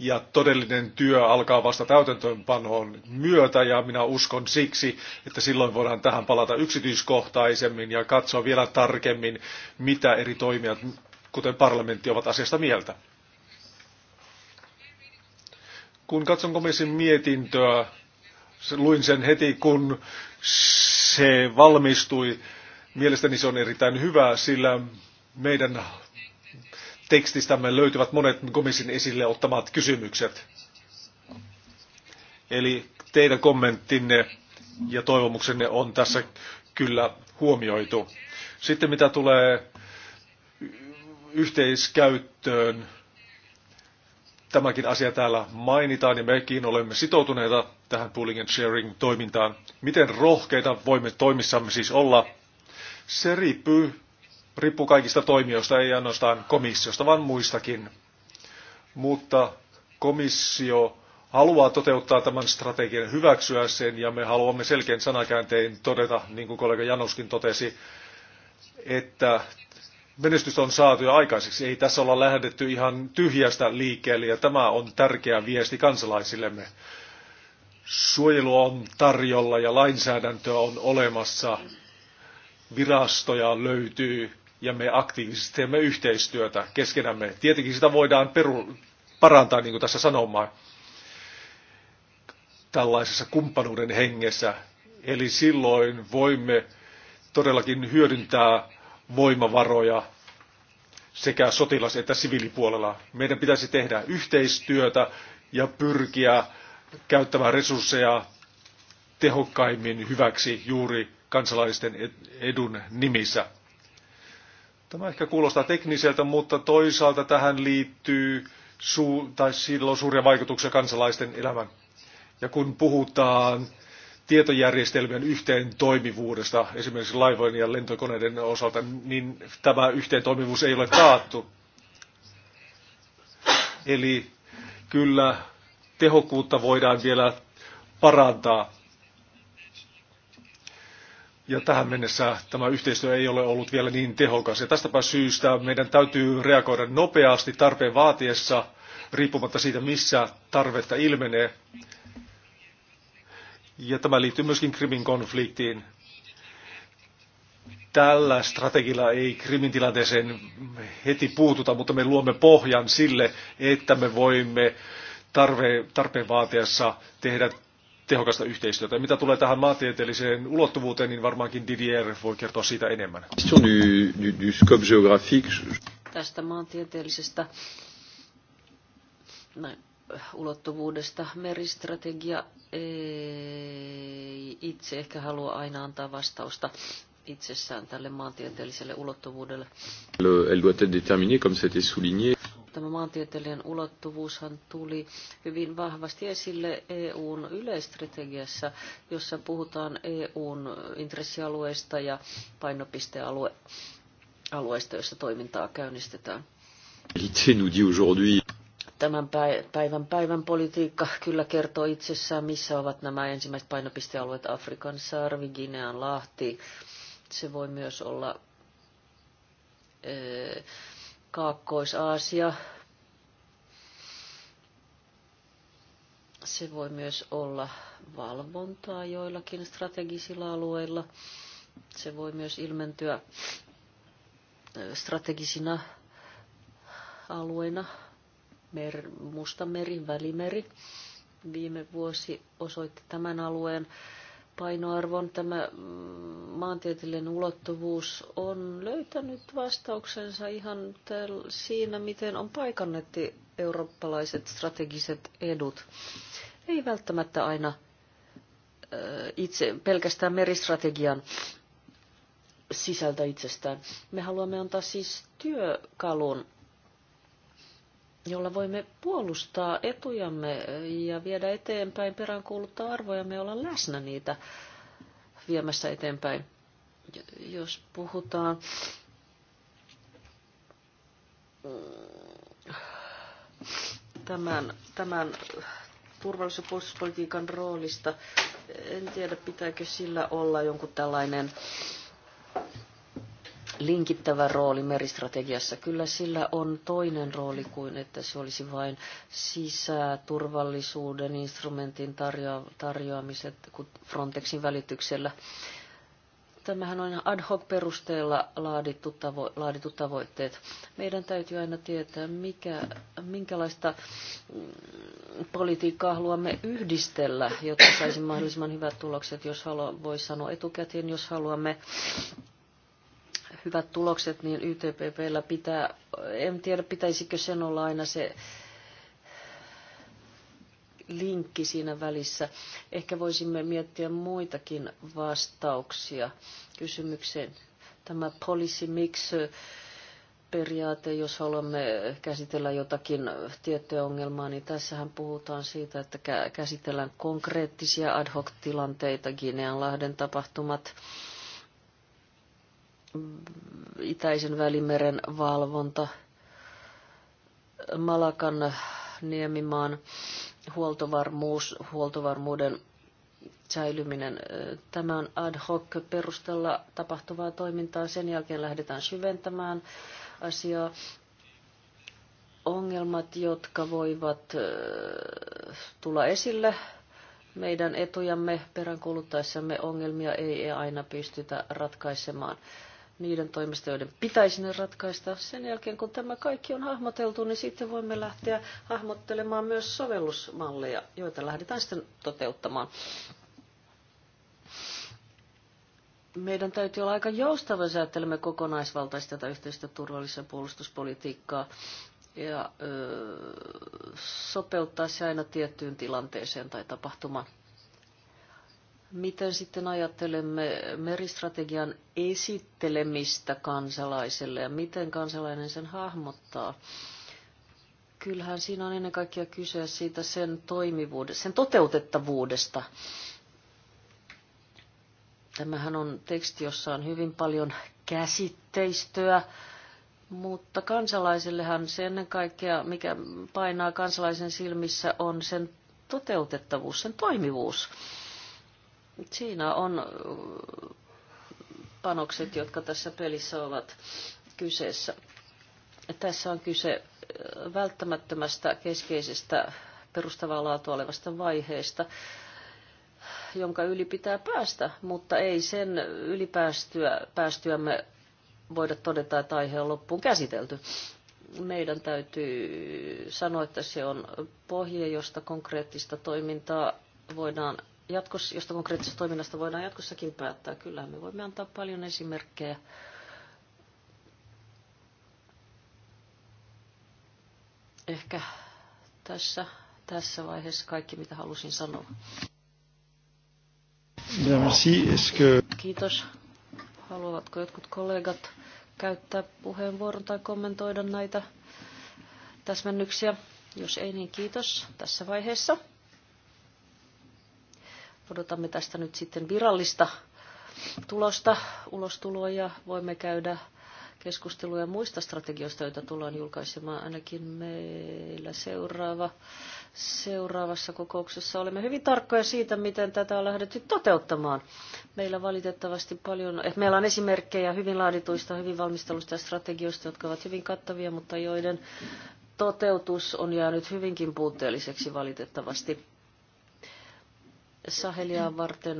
ja todellinen työ alkaa vasta täytäntöönpanoon myötä ja minä uskon siksi, että silloin voidaan tähän palata yksityiskohtaisemmin ja katsoa vielä tarkemmin, mitä eri toimijat, kuten parlamentti, ovat asiasta mieltä. Kun katson komission mietintöä, luin sen heti kun se valmistui. Mielestäni se on erittäin hyvä, sillä meidän tekstistämme löytyvät monet komission esille ottamat kysymykset. Eli teidän kommenttinne ja toivomuksenne on tässä kyllä huomioitu. Sitten mitä tulee yhteiskäyttöön, tämäkin asia täällä mainitaan ja mekin olemme sitoutuneita tähän pooling and sharing toimintaan. Miten rohkeita voimme toimissamme siis olla? Se riippuu riippuu kaikista toimijoista, ei ainoastaan komissiosta, vaan muistakin. Mutta komissio haluaa toteuttaa tämän strategian, hyväksyä sen, ja me haluamme selkeän sanakääntein todeta, niin kuin kollega Januskin totesi, että menestys on saatu jo aikaiseksi. Ei tässä olla lähdetty ihan tyhjästä liikkeelle, ja tämä on tärkeä viesti kansalaisillemme. Suojelu on tarjolla ja lainsäädäntöä on olemassa. Virastoja löytyy, ja me aktiivisesti teemme yhteistyötä keskenämme. Tietenkin sitä voidaan peru- parantaa, niin kuin tässä sanomaan, tällaisessa kumppanuuden hengessä. Eli silloin voimme todellakin hyödyntää voimavaroja sekä sotilas- että siviilipuolella. Meidän pitäisi tehdä yhteistyötä ja pyrkiä käyttämään resursseja tehokkaimmin hyväksi juuri kansalaisten edun nimissä. Tämä ehkä kuulostaa tekniseltä, mutta toisaalta tähän liittyy su- tai sillä on suuria vaikutuksia kansalaisten elämään. Ja kun puhutaan tietojärjestelmien yhteen toimivuudesta, esimerkiksi laivojen ja lentokoneiden osalta, niin tämä yhteen toimivuus ei ole taattu. Eli kyllä tehokkuutta voidaan vielä parantaa. Ja tähän mennessä tämä yhteistyö ei ole ollut vielä niin tehokas. Ja tästäpä syystä meidän täytyy reagoida nopeasti tarpeen vaatiessa, riippumatta siitä, missä tarvetta ilmenee. Ja tämä liittyy myöskin Krimin konfliktiin. Tällä strategilla ei Krimin tilanteeseen heti puututa, mutta me luomme pohjan sille, että me voimme tarve, tarpeen vaatiessa tehdä tehokasta yhteistyötä. Mitä tulee tähän maantieteelliseen ulottuvuuteen, niin varmaankin Didier voi kertoa siitä enemmän. Tästä maantieteellisestä näin, ulottuvuudesta meristrategia ei itse ehkä halua aina antaa vastausta itsessään tälle maantieteelliselle ulottuvuudelle. Elle doit être déterminée, comme c'était souligné. Tämä maantieteellinen ulottuvuushan tuli hyvin vahvasti esille EUn yleistrategiassa, jossa puhutaan EUn intressialueista ja painopistealueista, joissa toimintaa käynnistetään. Tämän päivän päivän politiikka kyllä kertoo itsessään, missä ovat nämä ensimmäiset painopistealueet Afrikan sarvi, Ginean lahti. Se voi myös olla eh, Kaakkois-Aasia. Se voi myös olla valvontaa joillakin strategisilla alueilla. Se voi myös ilmentyä strategisina alueina, mer, Mustameri, Välimeri. Viime vuosi osoitti tämän alueen painoarvon. Tämä mm, maantieteellinen ulottuvuus on löytänyt vastauksensa ihan siinä, miten on paikannettu eurooppalaiset strategiset edut. Ei välttämättä aina itse pelkästään meristrategian sisältä itsestään. Me haluamme antaa siis työkalun jolla voimme puolustaa etujamme ja viedä eteenpäin peräänkuuluttaa arvoja, me olla läsnä niitä viemässä eteenpäin. Jos puhutaan mm, tämän, tämän turvallisuus- ja puolustuspolitiikan roolista, en tiedä pitääkö sillä olla jonkun tällainen linkittävä rooli meristrategiassa. Kyllä sillä on toinen rooli kuin että se olisi vain sisäturvallisuuden instrumentin tarjoa, tarjoamiset Frontexin välityksellä. Tämähän on ad hoc perusteella laadittu, tavo, laadittu tavoitteet. Meidän täytyy aina tietää, mikä, minkälaista mm, politiikkaa haluamme yhdistellä, jotta saisimme mahdollisimman hyvät tulokset, jos haluamme, voi sanoa etukäteen, jos haluamme hyvät tulokset, niin YTPPllä pitää, en tiedä pitäisikö sen olla aina se linkki siinä välissä. Ehkä voisimme miettiä muitakin vastauksia kysymykseen. Tämä policy mix periaate, jos haluamme käsitellä jotakin tiettyä ongelmaa, niin tässähän puhutaan siitä, että käsitellään konkreettisia ad hoc tilanteita, lahden tapahtumat, itäisen välimeren valvonta, Malakan niemimaan huoltovarmuus, huoltovarmuuden säilyminen. Tämä on ad hoc perustella tapahtuvaa toimintaa. Sen jälkeen lähdetään syventämään asiaa. Ongelmat, jotka voivat tulla esille meidän etujamme peräänkuuluttaessamme ongelmia ei aina pystytä ratkaisemaan niiden toimesta, joiden pitäisi ne ratkaista. Sen jälkeen, kun tämä kaikki on hahmoteltu, niin sitten voimme lähteä hahmottelemaan myös sovellusmalleja, joita lähdetään sitten toteuttamaan. Meidän täytyy olla aika joustava, jos ajattelemme kokonaisvaltaista tätä yhteistä turvallis- ja puolustuspolitiikkaa ja öö, sopeuttaa se aina tiettyyn tilanteeseen tai tapahtumaan. Miten sitten ajattelemme meristrategian esittelemistä kansalaiselle ja miten kansalainen sen hahmottaa? Kyllähän siinä on ennen kaikkea kyse siitä sen toimivuudesta, sen toteutettavuudesta. Tämähän on teksti, jossa on hyvin paljon käsitteistöä, mutta kansalaisellehan se ennen kaikkea, mikä painaa kansalaisen silmissä, on sen toteutettavuus, sen toimivuus. Siinä on panokset, jotka tässä pelissä ovat kyseessä. Tässä on kyse välttämättömästä keskeisestä perustavaa laatua olevasta vaiheesta, jonka yli pitää päästä, mutta ei sen ylipäästyä päästyämme voida todeta, että aihe on loppuun käsitelty. Meidän täytyy sanoa, että se on pohje, josta konkreettista toimintaa voidaan jatkossa, josta konkreettisesta toiminnasta voidaan jatkossakin päättää. Kyllä me voimme antaa paljon esimerkkejä. Ehkä tässä, tässä vaiheessa kaikki, mitä halusin sanoa. Kiitos. Haluavatko jotkut kollegat käyttää puheenvuoron tai kommentoida näitä täsmennyksiä? Jos ei, niin kiitos tässä vaiheessa. Odotamme tästä nyt sitten virallista tulosta, ulostuloa ja voimme käydä keskusteluja muista strategioista, joita tullaan julkaisemaan ainakin meillä seuraava, seuraavassa kokouksessa. Olemme hyvin tarkkoja siitä, miten tätä on lähdetty toteuttamaan. Meillä valitettavasti paljon, että eh, meillä on esimerkkejä hyvin laadituista, hyvin valmistelusta ja strategioista, jotka ovat hyvin kattavia, mutta joiden toteutus on jäänyt hyvinkin puutteelliseksi valitettavasti. Sahelia varten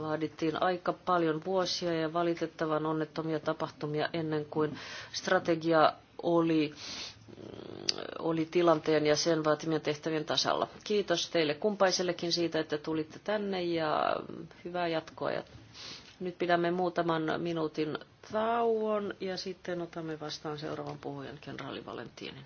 vaadittiin aika paljon vuosia ja valitettavan onnettomia tapahtumia ennen kuin strategia oli, mm, oli tilanteen ja sen vaatimien tehtävien tasalla. Kiitos teille kumpaisellekin siitä, että tulitte tänne ja hyvää jatkoa. Ja nyt pidämme muutaman minuutin tauon ja sitten otamme vastaan seuraavan puhujan, kenraali Valentinin.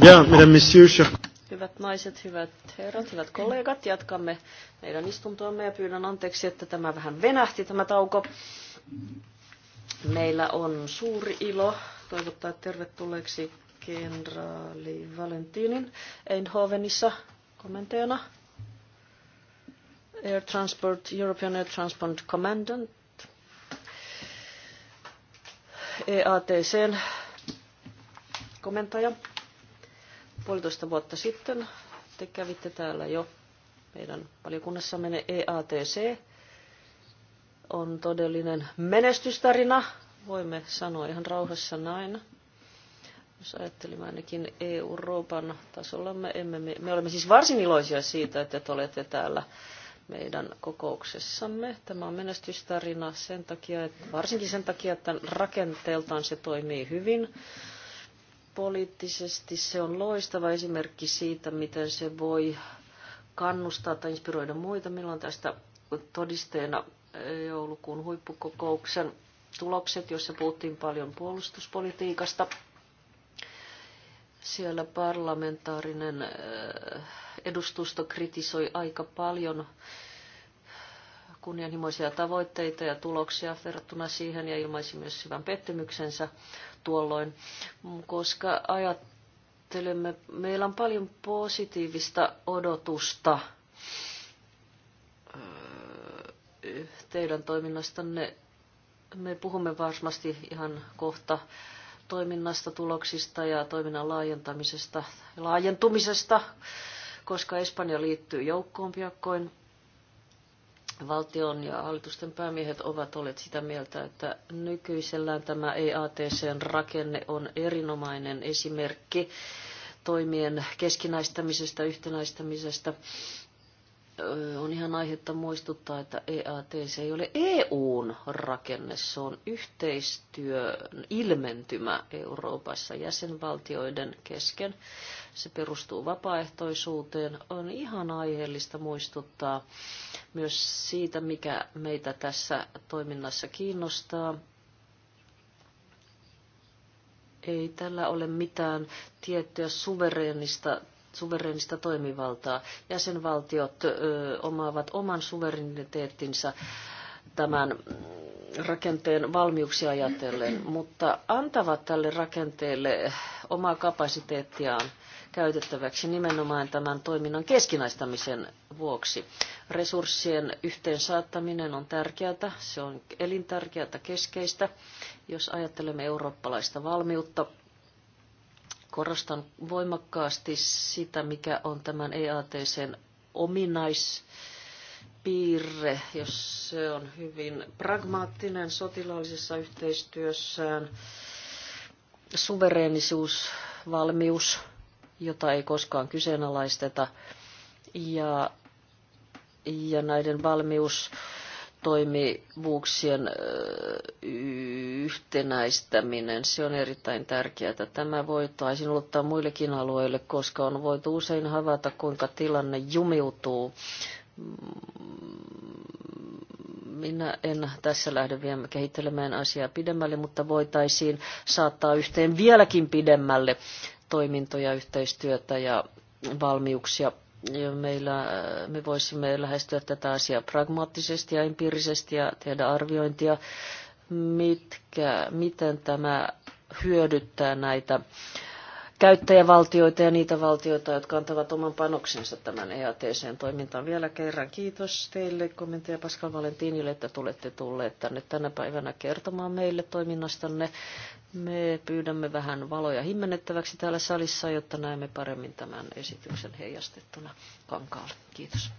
Bien, mesdames, messieurs, chers... Hyvät naiset, hyvät herrat, hyvät kollegat, jatkamme meidän istuntoamme ja pyydän anteeksi, että tämä vähän venähti tämä tauko. Meillä on suuri ilo toivottaa tervetulleeksi kenraali Valentinin Eindhovenissa kommenteena. Air Transport, European Air Transport Commandant, EATCn komentaja. Puolitoista vuotta sitten te kävitte täällä jo meidän valiokunnassamme EATC. E on todellinen menestystarina, voimme sanoa ihan rauhassa näin jos ajattelimme ainakin Euroopan tasolla, me, emme, me, me olemme siis varsin iloisia siitä, että te olette täällä meidän kokouksessamme. Tämä on menestystarina sen takia, että, varsinkin sen takia, että rakenteeltaan se toimii hyvin poliittisesti se on loistava esimerkki siitä, miten se voi kannustaa tai inspiroida muita. Meillä on tästä todisteena eh, joulukuun huippukokouksen tulokset, jossa puhuttiin paljon puolustuspolitiikasta. Siellä parlamentaarinen eh, edustusto kritisoi aika paljon kunnianhimoisia tavoitteita ja tuloksia verrattuna siihen ja ilmaisi myös syvän pettymyksensä tuolloin, koska ajattelemme, meillä on paljon positiivista odotusta öö, teidän toiminnastanne. Me puhumme varmasti ihan kohta toiminnasta, tuloksista ja toiminnan laajentamisesta, laajentumisesta, koska Espanja liittyy joukkoon piakkoin valtion ja hallitusten päämiehet ovat olleet sitä mieltä, että nykyisellään tämä EATCn rakenne on erinomainen esimerkki toimien keskinäistämisestä, yhtenäistämisestä. On ihan aihetta muistuttaa, että EATC ei ole EUn rakenne, se on yhteistyön ilmentymä Euroopassa jäsenvaltioiden kesken se perustuu vapaaehtoisuuteen, on ihan aiheellista muistuttaa myös siitä, mikä meitä tässä toiminnassa kiinnostaa. Ei tällä ole mitään tiettyä suvereenista suverenista toimivaltaa. Jäsenvaltiot ö, omaavat oman suvereniteettinsa tämän rakenteen valmiuksia ajatellen, mutta antavat tälle rakenteelle omaa kapasiteettiaan käytettäväksi nimenomaan tämän toiminnan keskinäistämisen vuoksi. Resurssien yhteen saattaminen on tärkeää, se on elintärkeää keskeistä, jos ajattelemme eurooppalaista valmiutta. Korostan voimakkaasti sitä, mikä on tämän EATCn ominais piirre, jos se on hyvin pragmaattinen sotilaallisessa yhteistyössään, suvereenisuus, valmius, jota ei koskaan kyseenalaisteta. Ja, ja näiden valmius yhtenäistäminen, se on erittäin tärkeää. Tämä voitaisiin ottaa muillekin alueille, koska on voitu usein havaita, kuinka tilanne jumiutuu. Minä en tässä lähde vielä kehittelemään asiaa pidemmälle, mutta voitaisiin saattaa yhteen vieläkin pidemmälle toimintoja, yhteistyötä ja valmiuksia. Ja meillä, me voisimme lähestyä tätä asiaa pragmaattisesti ja empiirisesti ja tehdä arviointia, mitkä, miten tämä hyödyttää näitä käyttäjävaltioita ja niitä valtioita, jotka antavat oman panoksensa tämän EATC-toimintaan. Vielä kerran kiitos teille, kommentteja Pascal Valentinille, että tulette tulleet tänne tänä päivänä kertomaan meille toiminnastanne. Me pyydämme vähän valoja himmennettäväksi täällä salissa, jotta näemme paremmin tämän esityksen heijastettuna kankaalle. Kiitos.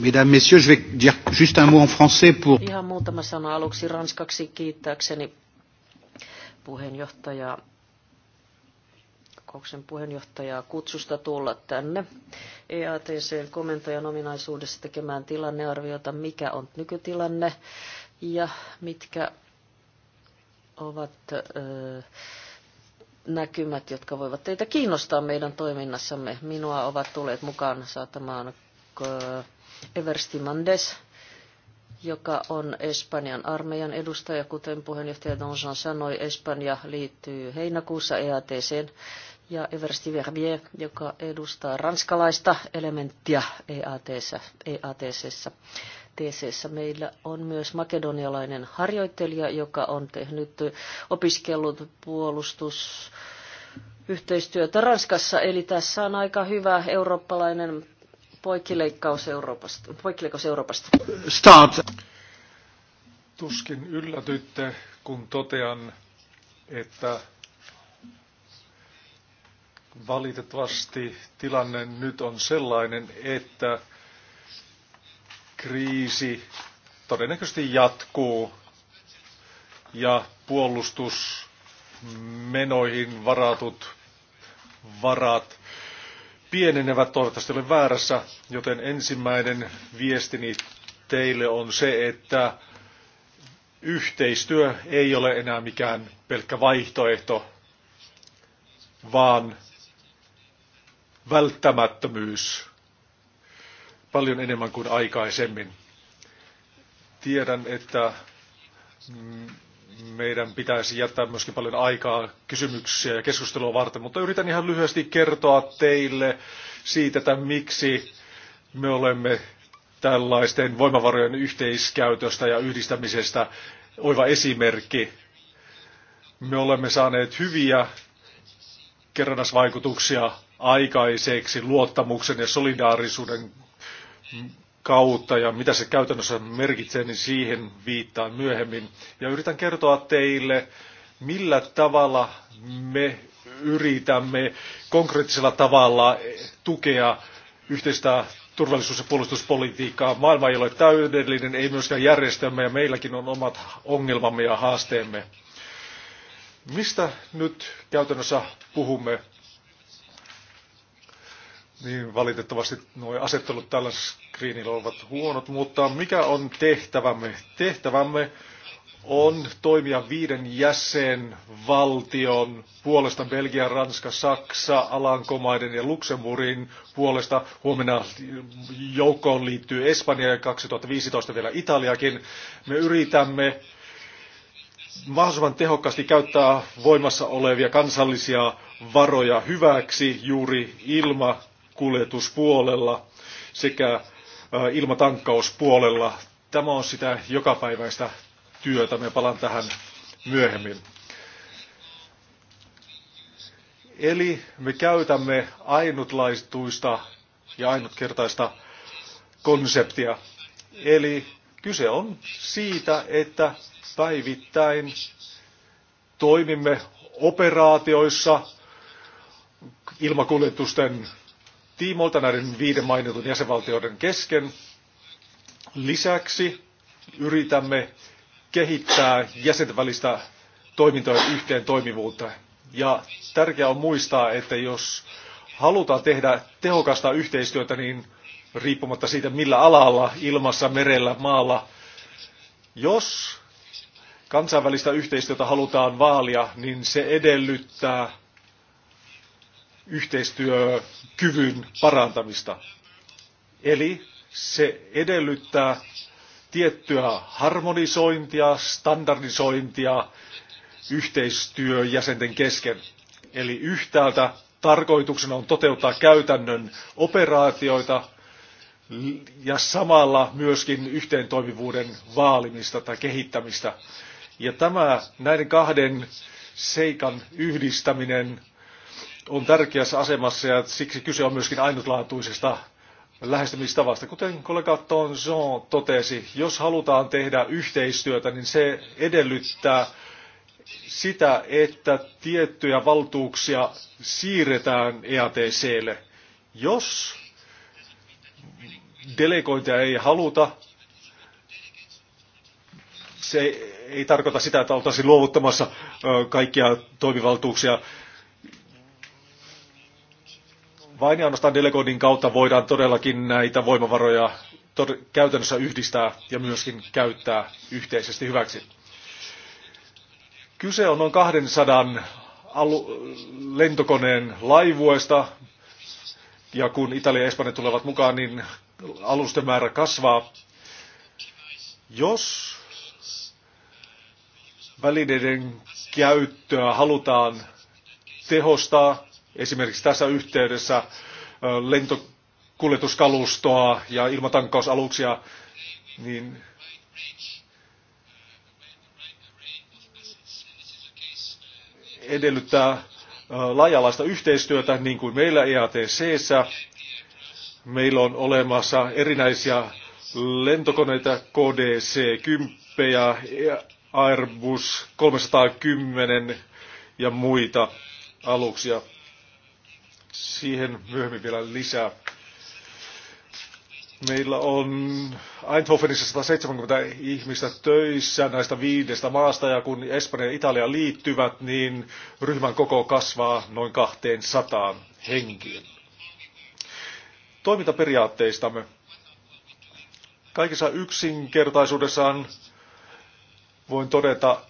Mesdames, messieurs, je vais dire juste un mot en français pour... Ihan muutama sana aluksi ranskaksi kiittääkseni puheenjohtajaa kokouksen puheenjohtajaa kutsusta tulla tänne EATC-komentajan ominaisuudessa tekemään tilannearviota, mikä on nykytilanne ja mitkä ovat ö, näkymät, jotka voivat teitä kiinnostaa meidän toiminnassamme. Minua ovat tulleet mukaan saatamaan Eversti Mandes, joka on Espanjan armeijan edustaja. Kuten puheenjohtaja Donson sanoi, Espanja liittyy heinäkuussa EATCn ja Eversti Verbier, joka edustaa ranskalaista elementtiä EATssä. E sä TCssä meillä on myös makedonialainen harjoittelija, joka on tehnyt, opiskellut puolustusyhteistyötä Ranskassa, eli tässä on aika hyvä eurooppalainen poikkileikkaus Euroopasta. Poikkileikkaus Euroopasta. Start. Tuskin yllätytte, kun totean, että Valitettavasti tilanne nyt on sellainen, että kriisi todennäköisesti jatkuu ja puolustusmenoihin varatut varat pienenevät, toivottavasti olen väärässä, joten ensimmäinen viestini teille on se, että yhteistyö ei ole enää mikään pelkkä vaihtoehto, vaan välttämättömyys paljon enemmän kuin aikaisemmin. Tiedän, että meidän pitäisi jättää myöskin paljon aikaa kysymyksiä ja keskustelua varten, mutta yritän ihan lyhyesti kertoa teille siitä, että miksi me olemme tällaisten voimavarojen yhteiskäytöstä ja yhdistämisestä oiva esimerkki. Me olemme saaneet hyviä kerrannasvaikutuksia aikaiseksi luottamuksen ja solidaarisuuden kautta ja mitä se käytännössä merkitsee, niin siihen viittaan myöhemmin. Ja yritän kertoa teille, millä tavalla me yritämme konkreettisella tavalla tukea yhteistä turvallisuus- ja puolustuspolitiikkaa. Maailma ei ole täydellinen, ei myöskään järjestelmä ja meilläkin on omat ongelmamme ja haasteemme. Mistä nyt käytännössä puhumme? Niin valitettavasti nuo asettelut tällä screenillä ovat huonot, mutta mikä on tehtävämme? Tehtävämme on toimia viiden jäsenvaltion puolesta Belgia, Ranska, Saksa, Alankomaiden ja Luxemburgin puolesta. Huomenna joukkoon liittyy Espanja ja 2015 vielä Italiakin. Me yritämme mahdollisimman tehokkaasti käyttää voimassa olevia kansallisia varoja hyväksi juuri ilma kuljetuspuolella sekä ilmatankkauspuolella. Tämä on sitä jokapäiväistä työtä. Me palaan tähän myöhemmin. Eli me käytämme ainutlaistuista ja ainutkertaista konseptia. Eli kyse on siitä, että päivittäin toimimme operaatioissa ilmakuljetusten tiimoilta näiden viiden mainitun jäsenvaltioiden kesken. Lisäksi yritämme kehittää jäsenten välistä toimintojen yhteen toimivuutta. Ja tärkeää on muistaa, että jos halutaan tehdä tehokasta yhteistyötä, niin riippumatta siitä millä alalla, ilmassa, merellä, maalla, jos kansainvälistä yhteistyötä halutaan vaalia, niin se edellyttää yhteistyökyvyn parantamista. Eli se edellyttää tiettyä harmonisointia, standardisointia yhteistyöjäsenten kesken. Eli yhtäältä tarkoituksena on toteuttaa käytännön operaatioita ja samalla myöskin yhteentoimivuuden vaalimista tai kehittämistä. Ja tämä näiden kahden seikan yhdistäminen on tärkeässä asemassa ja siksi kyse on myöskin ainutlaatuisesta lähestymistavasta. Kuten kollega Tonjon totesi, jos halutaan tehdä yhteistyötä, niin se edellyttää sitä, että tiettyjä valtuuksia siirretään EATClle. Jos delegointia ei haluta, se ei tarkoita sitä, että oltaisiin luovuttamassa kaikkia toimivaltuuksia vain ja ainoastaan delegoinnin kautta voidaan todellakin näitä voimavaroja käytännössä yhdistää ja myöskin käyttää yhteisesti hyväksi. Kyse on noin 200 lentokoneen laivuesta, ja kun Italia ja Espanja tulevat mukaan, niin alusten määrä kasvaa. Jos välineiden käyttöä halutaan tehostaa, Esimerkiksi tässä yhteydessä lentokuljetuskalustoa ja ilmatankkausaluksia, niin edellyttää laajalaista yhteistyötä, niin kuin meillä EATCssä. Meillä on olemassa erinäisiä lentokoneita, KDC-10, Airbus 310 ja muita aluksia. Siihen myöhemmin vielä lisää. Meillä on Eindhovenissa 170 ihmistä töissä näistä viidestä maasta ja kun Espanja ja Italia liittyvät, niin ryhmän koko kasvaa noin 200 henkiin. Toimintaperiaatteistamme. Kaikissa yksinkertaisuudessaan voin todeta,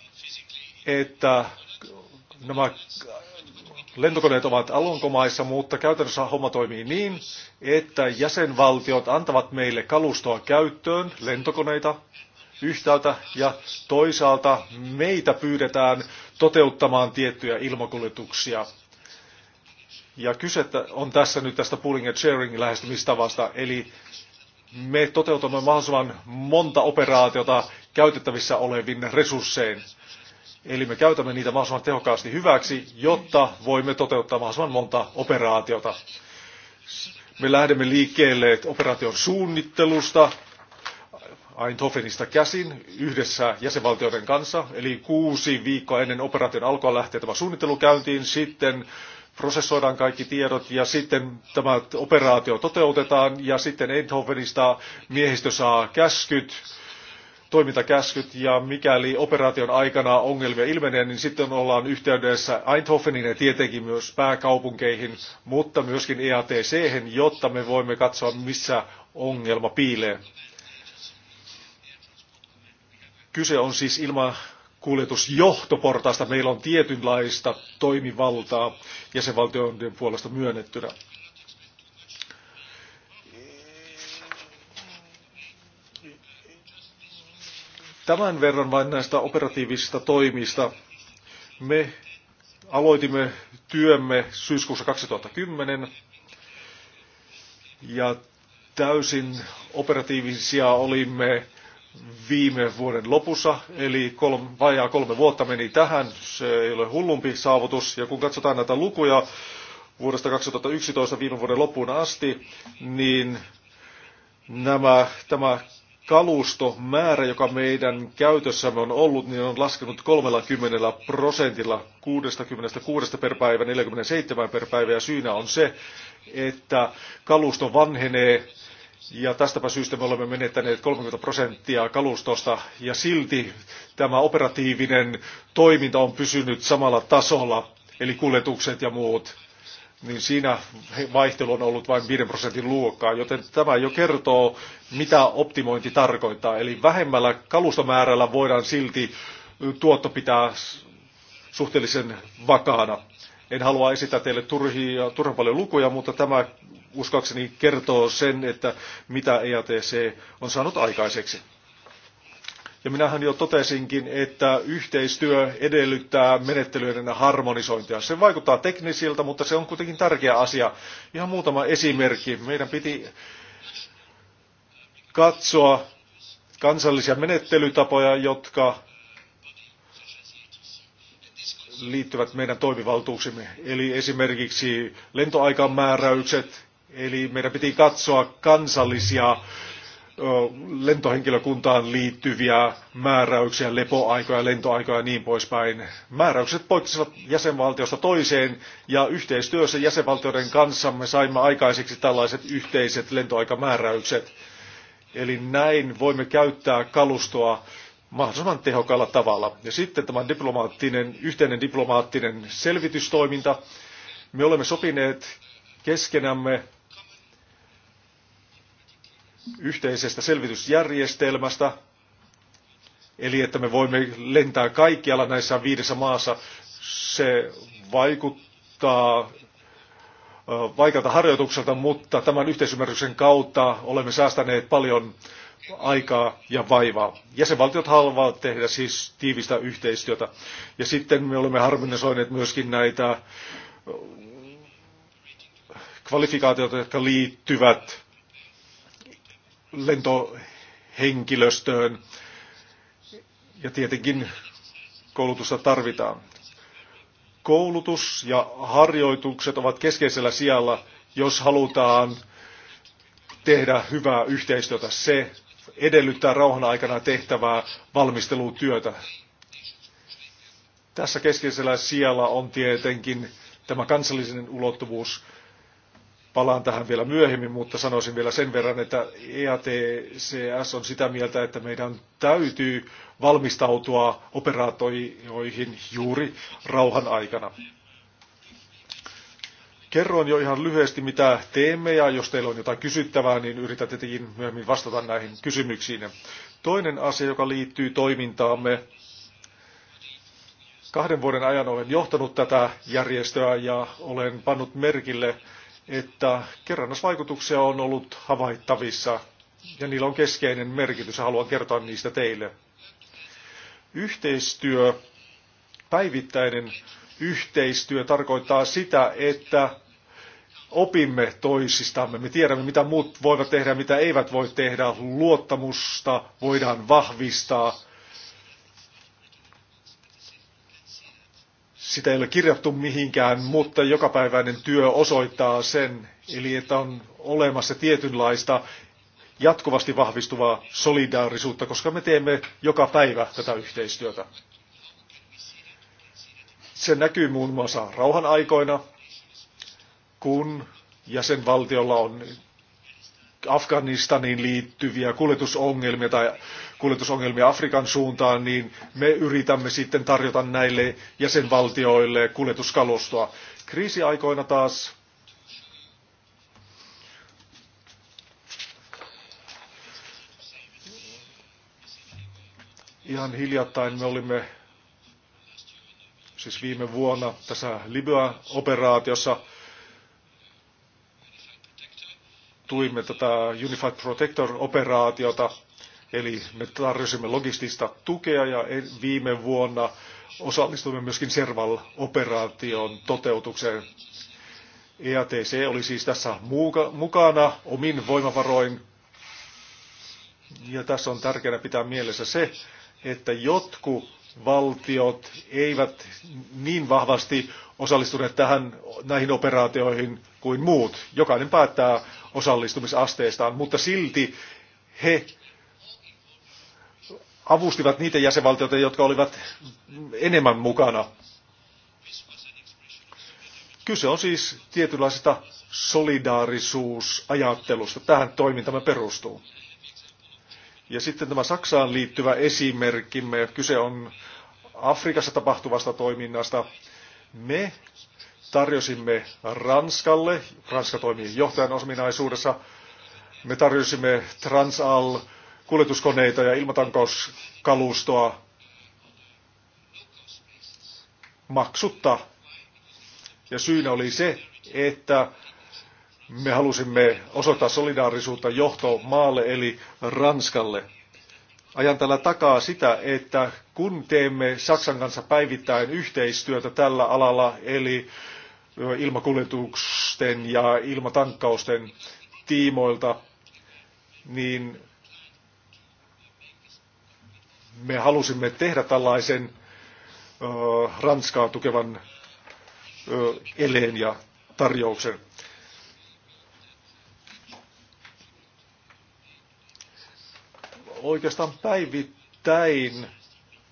että nämä lentokoneet ovat alonkomaissa, mutta käytännössä homma toimii niin, että jäsenvaltiot antavat meille kalustoa käyttöön, lentokoneita yhtäältä, ja toisaalta meitä pyydetään toteuttamaan tiettyjä ilmakuljetuksia. Ja kyse on tässä nyt tästä pooling and sharing lähestymistavasta, eli me toteutamme mahdollisimman monta operaatiota käytettävissä olevin resurssein. Eli me käytämme niitä mahdollisimman tehokkaasti hyväksi, jotta voimme toteuttaa mahdollisimman monta operaatiota. Me lähdemme liikkeelle operaation suunnittelusta, Eindhovenista käsin yhdessä jäsenvaltioiden kanssa, eli kuusi viikkoa ennen operaation alkua lähtee tämä suunnittelu käyntiin, sitten prosessoidaan kaikki tiedot ja sitten tämä operaatio toteutetaan ja sitten Eindhovenista miehistö saa käskyt toimintakäskyt ja mikäli operaation aikana ongelmia ilmenee, niin sitten ollaan yhteydessä Eindhovenin ja tietenkin myös pääkaupunkeihin, mutta myöskin eatc jotta me voimme katsoa, missä ongelma piilee. Kyse on siis ilman kuljetusjohtoportaasta. Meillä on tietynlaista toimivaltaa jäsenvaltioiden puolesta myönnettynä. Tämän verran vain näistä operatiivisista toimista. Me aloitimme työmme syyskuussa 2010 ja täysin operatiivisia olimme viime vuoden lopussa, eli kolme, vajaa kolme vuotta meni tähän. Se ei ole hullumpi saavutus. Ja kun katsotaan näitä lukuja vuodesta 2011 viime vuoden loppuun asti, niin nämä, tämä kalustomäärä, joka meidän käytössämme on ollut, niin on laskenut 30 prosentilla 66 per päivä 47 per päivä ja syynä on se, että kalusto vanhenee ja tästäpä syystä me olemme menettäneet 30 prosenttia kalustosta ja silti tämä operatiivinen toiminta on pysynyt samalla tasolla, eli kuljetukset ja muut niin siinä vaihtelu on ollut vain 5 prosentin luokkaa, joten tämä jo kertoo, mitä optimointi tarkoittaa. Eli vähemmällä kalustomäärällä voidaan silti tuotto pitää suhteellisen vakaana. En halua esittää teille turhia, turhan paljon lukuja, mutta tämä uskoakseni kertoo sen, että mitä EATC on saanut aikaiseksi. Ja minähän jo totesinkin, että yhteistyö edellyttää menettelyiden harmonisointia. Se vaikuttaa teknisiltä, mutta se on kuitenkin tärkeä asia. Ihan muutama esimerkki. Meidän piti katsoa kansallisia menettelytapoja, jotka liittyvät meidän toimivaltuuksimme. Eli esimerkiksi lentoaikamääräykset, eli meidän piti katsoa kansallisia lentohenkilökuntaan liittyviä määräyksiä, lepoaikoja, lentoaikoja ja niin poispäin. Määräykset poikkesivat jäsenvaltiosta toiseen ja yhteistyössä jäsenvaltioiden kanssa me saimme aikaiseksi tällaiset yhteiset lentoaikamääräykset. Eli näin voimme käyttää kalustoa mahdollisimman tehokkaalla tavalla. Ja sitten tämä diplomaattinen, yhteinen diplomaattinen selvitystoiminta. Me olemme sopineet keskenämme yhteisestä selvitysjärjestelmästä, eli että me voimme lentää kaikkialla näissä viidessä maassa. Se vaikuttaa vaikealta harjoitukselta, mutta tämän yhteisymmärryksen kautta olemme säästäneet paljon aikaa ja vaivaa. Jäsenvaltiot haluavat tehdä siis tiivistä yhteistyötä. Ja sitten me olemme harmonisoineet myöskin näitä kvalifikaatioita, jotka liittyvät lentohenkilöstöön. Ja tietenkin koulutusta tarvitaan. Koulutus ja harjoitukset ovat keskeisellä sijalla, jos halutaan tehdä hyvää yhteistyötä. Se edellyttää rauhan aikana tehtävää valmistelutyötä. Tässä keskeisellä sijalla on tietenkin tämä kansallinen ulottuvuus, Palaan tähän vielä myöhemmin, mutta sanoisin vielä sen verran, että EATCS on sitä mieltä, että meidän täytyy valmistautua operaatioihin juuri rauhan aikana. Kerroin jo ihan lyhyesti, mitä teemme, ja jos teillä on jotain kysyttävää, niin yritän tietenkin myöhemmin vastata näihin kysymyksiin. Toinen asia, joka liittyy toimintaamme, kahden vuoden ajan olen johtanut tätä järjestöä ja olen pannut merkille että kerrannasvaikutuksia on ollut havaittavissa ja niillä on keskeinen merkitys ja haluan kertoa niistä teille. Yhteistyö, päivittäinen yhteistyö tarkoittaa sitä, että opimme toisistamme, me tiedämme mitä muut voivat tehdä ja mitä eivät voi tehdä, luottamusta voidaan vahvistaa Sitä ei ole kirjattu mihinkään, mutta jokapäiväinen työ osoittaa sen, eli että on olemassa tietynlaista jatkuvasti vahvistuvaa solidaarisuutta, koska me teemme joka päivä tätä yhteistyötä. Se näkyy muun muassa rauhan aikoina, kun jäsenvaltiolla on Afganistaniin liittyviä kuljetusongelmia tai kuljetusongelmia Afrikan suuntaan, niin me yritämme sitten tarjota näille jäsenvaltioille kuljetuskalustoa. Kriisiaikoina taas ihan hiljattain me olimme siis viime vuonna tässä Libya-operaatiossa tuimme tätä Unified Protector-operaatiota. Eli me tarjosimme logistista tukea ja e, viime vuonna osallistuimme myöskin Serval-operaation toteutukseen. EATC oli siis tässä mukana omin voimavaroin. Ja tässä on tärkeää pitää mielessä se, että jotkut valtiot eivät niin vahvasti osallistuneet tähän, näihin operaatioihin kuin muut. Jokainen päättää osallistumisasteestaan, mutta silti he avustivat niitä jäsenvaltioita, jotka olivat enemmän mukana. Kyse on siis tietynlaisesta solidaarisuusajattelusta. Tähän toimintamme perustuu. Ja sitten tämä Saksaan liittyvä esimerkkimme. Kyse on Afrikassa tapahtuvasta toiminnasta. Me tarjosimme Ranskalle, Ranska toimii johtajan osminaisuudessa, me tarjosimme Transal kuljetuskoneita ja ilmatankauskalustoa maksutta. Ja syynä oli se, että me halusimme osoittaa solidaarisuutta johtomaalle eli Ranskalle. Ajan tällä takaa sitä, että kun teemme Saksan kanssa päivittäin yhteistyötä tällä alalla, eli ilmakuljetusten ja ilmatankkausten tiimoilta, niin me halusimme tehdä tällaisen Ranskaa tukevan eleen ja tarjouksen. Oikeastaan päivittäin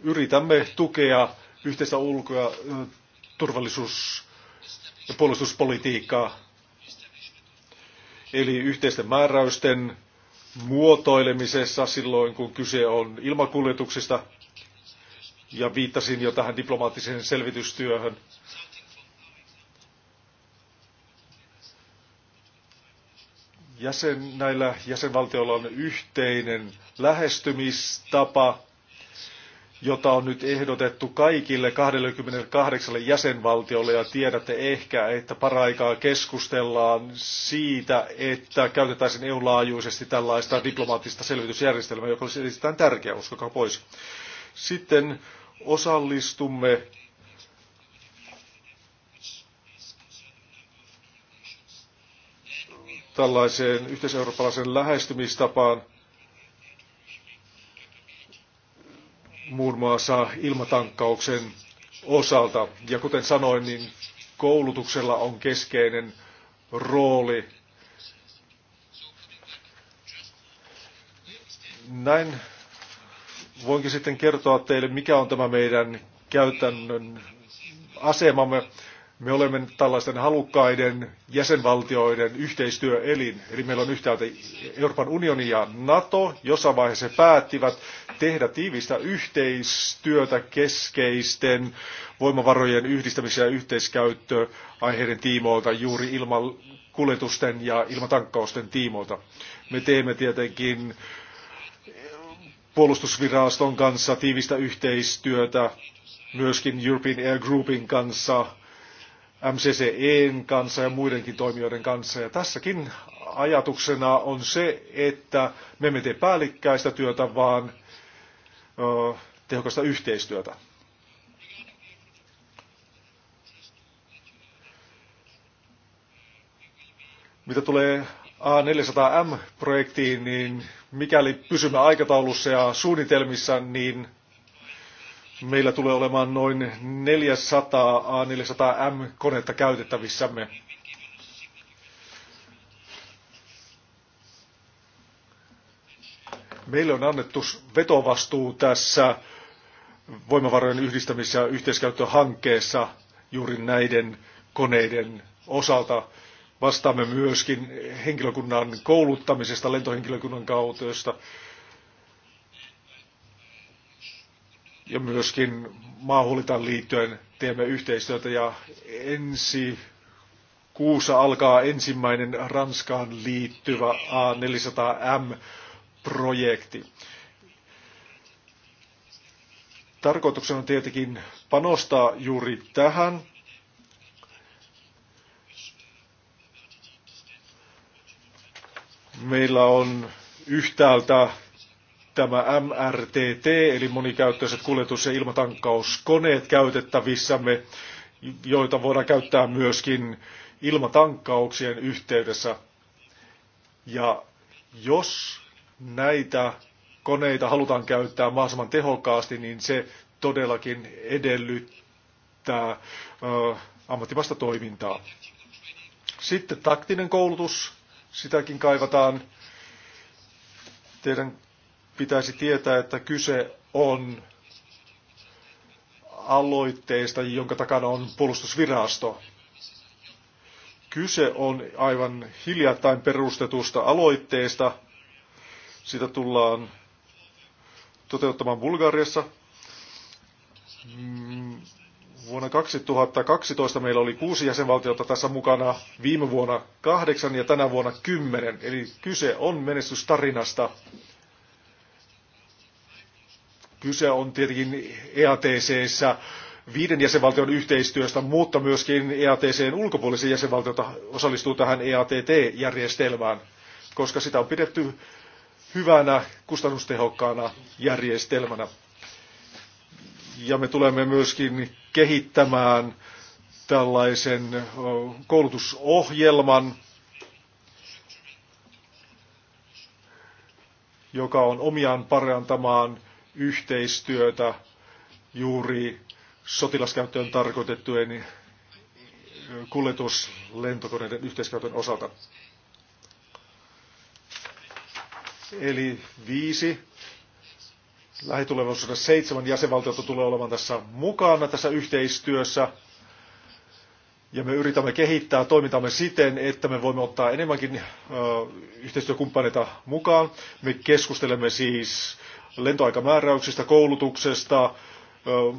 yritämme tukea yhteistä ulko- ja turvallisuus- ja puolustuspolitiikkaa, eli yhteisten määräysten muotoilemisessa silloin, kun kyse on ilmakuljetuksista, ja viittasin jo tähän diplomaattiseen selvitystyöhön. Jäsen, näillä jäsenvaltioilla on yhteinen lähestymistapa jota on nyt ehdotettu kaikille 28 jäsenvaltiolle ja tiedätte ehkä, että paraikaa keskustellaan siitä, että käytettäisiin EU-laajuisesti tällaista diplomaattista selvitysjärjestelmää, joka olisi erittäin tärkeä, uskokaa pois. Sitten osallistumme tällaiseen yhteiseurooppalaisen lähestymistapaan, muun muassa ilmatankkauksen osalta. Ja kuten sanoin, niin koulutuksella on keskeinen rooli. Näin voinkin sitten kertoa teille, mikä on tämä meidän käytännön asemamme. Me olemme tällaisten halukkaiden jäsenvaltioiden yhteistyöelin, eli meillä on yhtäältä Euroopan unioni ja NATO, jossa vaiheessa päättivät tehdä tiivistä yhteistyötä keskeisten voimavarojen yhdistämisen ja yhteiskäyttöaiheiden tiimoilta juuri ilman kuljetusten ja ilmatankkausten tiimoilta. Me teemme tietenkin puolustusviraston kanssa tiivistä yhteistyötä, myöskin European Air Groupin kanssa MCCEn kanssa ja muidenkin toimijoiden kanssa. Ja tässäkin ajatuksena on se, että me emme tee päällikkäistä työtä, vaan ö, tehokasta yhteistyötä. Mitä tulee A400M-projektiin, niin mikäli pysymme aikataulussa ja suunnitelmissa, niin meillä tulee olemaan noin 400 A400M-konetta käytettävissämme. Meille on annettu vetovastuu tässä voimavarojen yhdistämis- ja yhteiskäyttöhankkeessa juuri näiden koneiden osalta. Vastaamme myöskin henkilökunnan kouluttamisesta lentohenkilökunnan kautta, ja myöskin maahulitan liittyen teemme yhteistyötä ja ensi kuussa alkaa ensimmäinen Ranskaan liittyvä A400M-projekti. Tarkoituksena on tietenkin panostaa juuri tähän. Meillä on yhtäältä tämä MRTT, eli monikäyttöiset kuljetus- ja ilmatankkauskoneet käytettävissämme, joita voidaan käyttää myöskin ilmatankkauksien yhteydessä. Ja jos näitä koneita halutaan käyttää mahdollisimman tehokkaasti, niin se todellakin edellyttää ö, ammattimaista toimintaa. Sitten taktinen koulutus, sitäkin kaivataan. Teidän pitäisi tietää, että kyse on aloitteesta, jonka takana on puolustusvirasto. Kyse on aivan hiljattain perustetusta aloitteesta. Sitä tullaan toteuttamaan Bulgariassa. Mm, vuonna 2012 meillä oli kuusi jäsenvaltiota tässä mukana, viime vuonna kahdeksan ja tänä vuonna kymmenen. Eli kyse on menestystarinasta. Kyse on tietenkin EATCssä viiden jäsenvaltion yhteistyöstä, mutta myöskin EATCn ulkopuolisia jäsenvaltioita osallistuu tähän EATT-järjestelmään, koska sitä on pidetty hyvänä, kustannustehokkaana järjestelmänä. Ja me tulemme myöskin kehittämään tällaisen koulutusohjelman, joka on omiaan parantamaan – yhteistyötä juuri sotilaskäyttöön tarkoitettujen kuljetuslentokoneiden yhteiskäytön osalta. Eli viisi, lähitulevaisuudessa seitsemän jäsenvaltiota tulee olemaan tässä mukana tässä yhteistyössä. Ja me yritämme kehittää toimintamme siten, että me voimme ottaa enemmänkin ö, yhteistyökumppaneita mukaan. Me keskustelemme siis lentoaikamääräyksistä, koulutuksesta,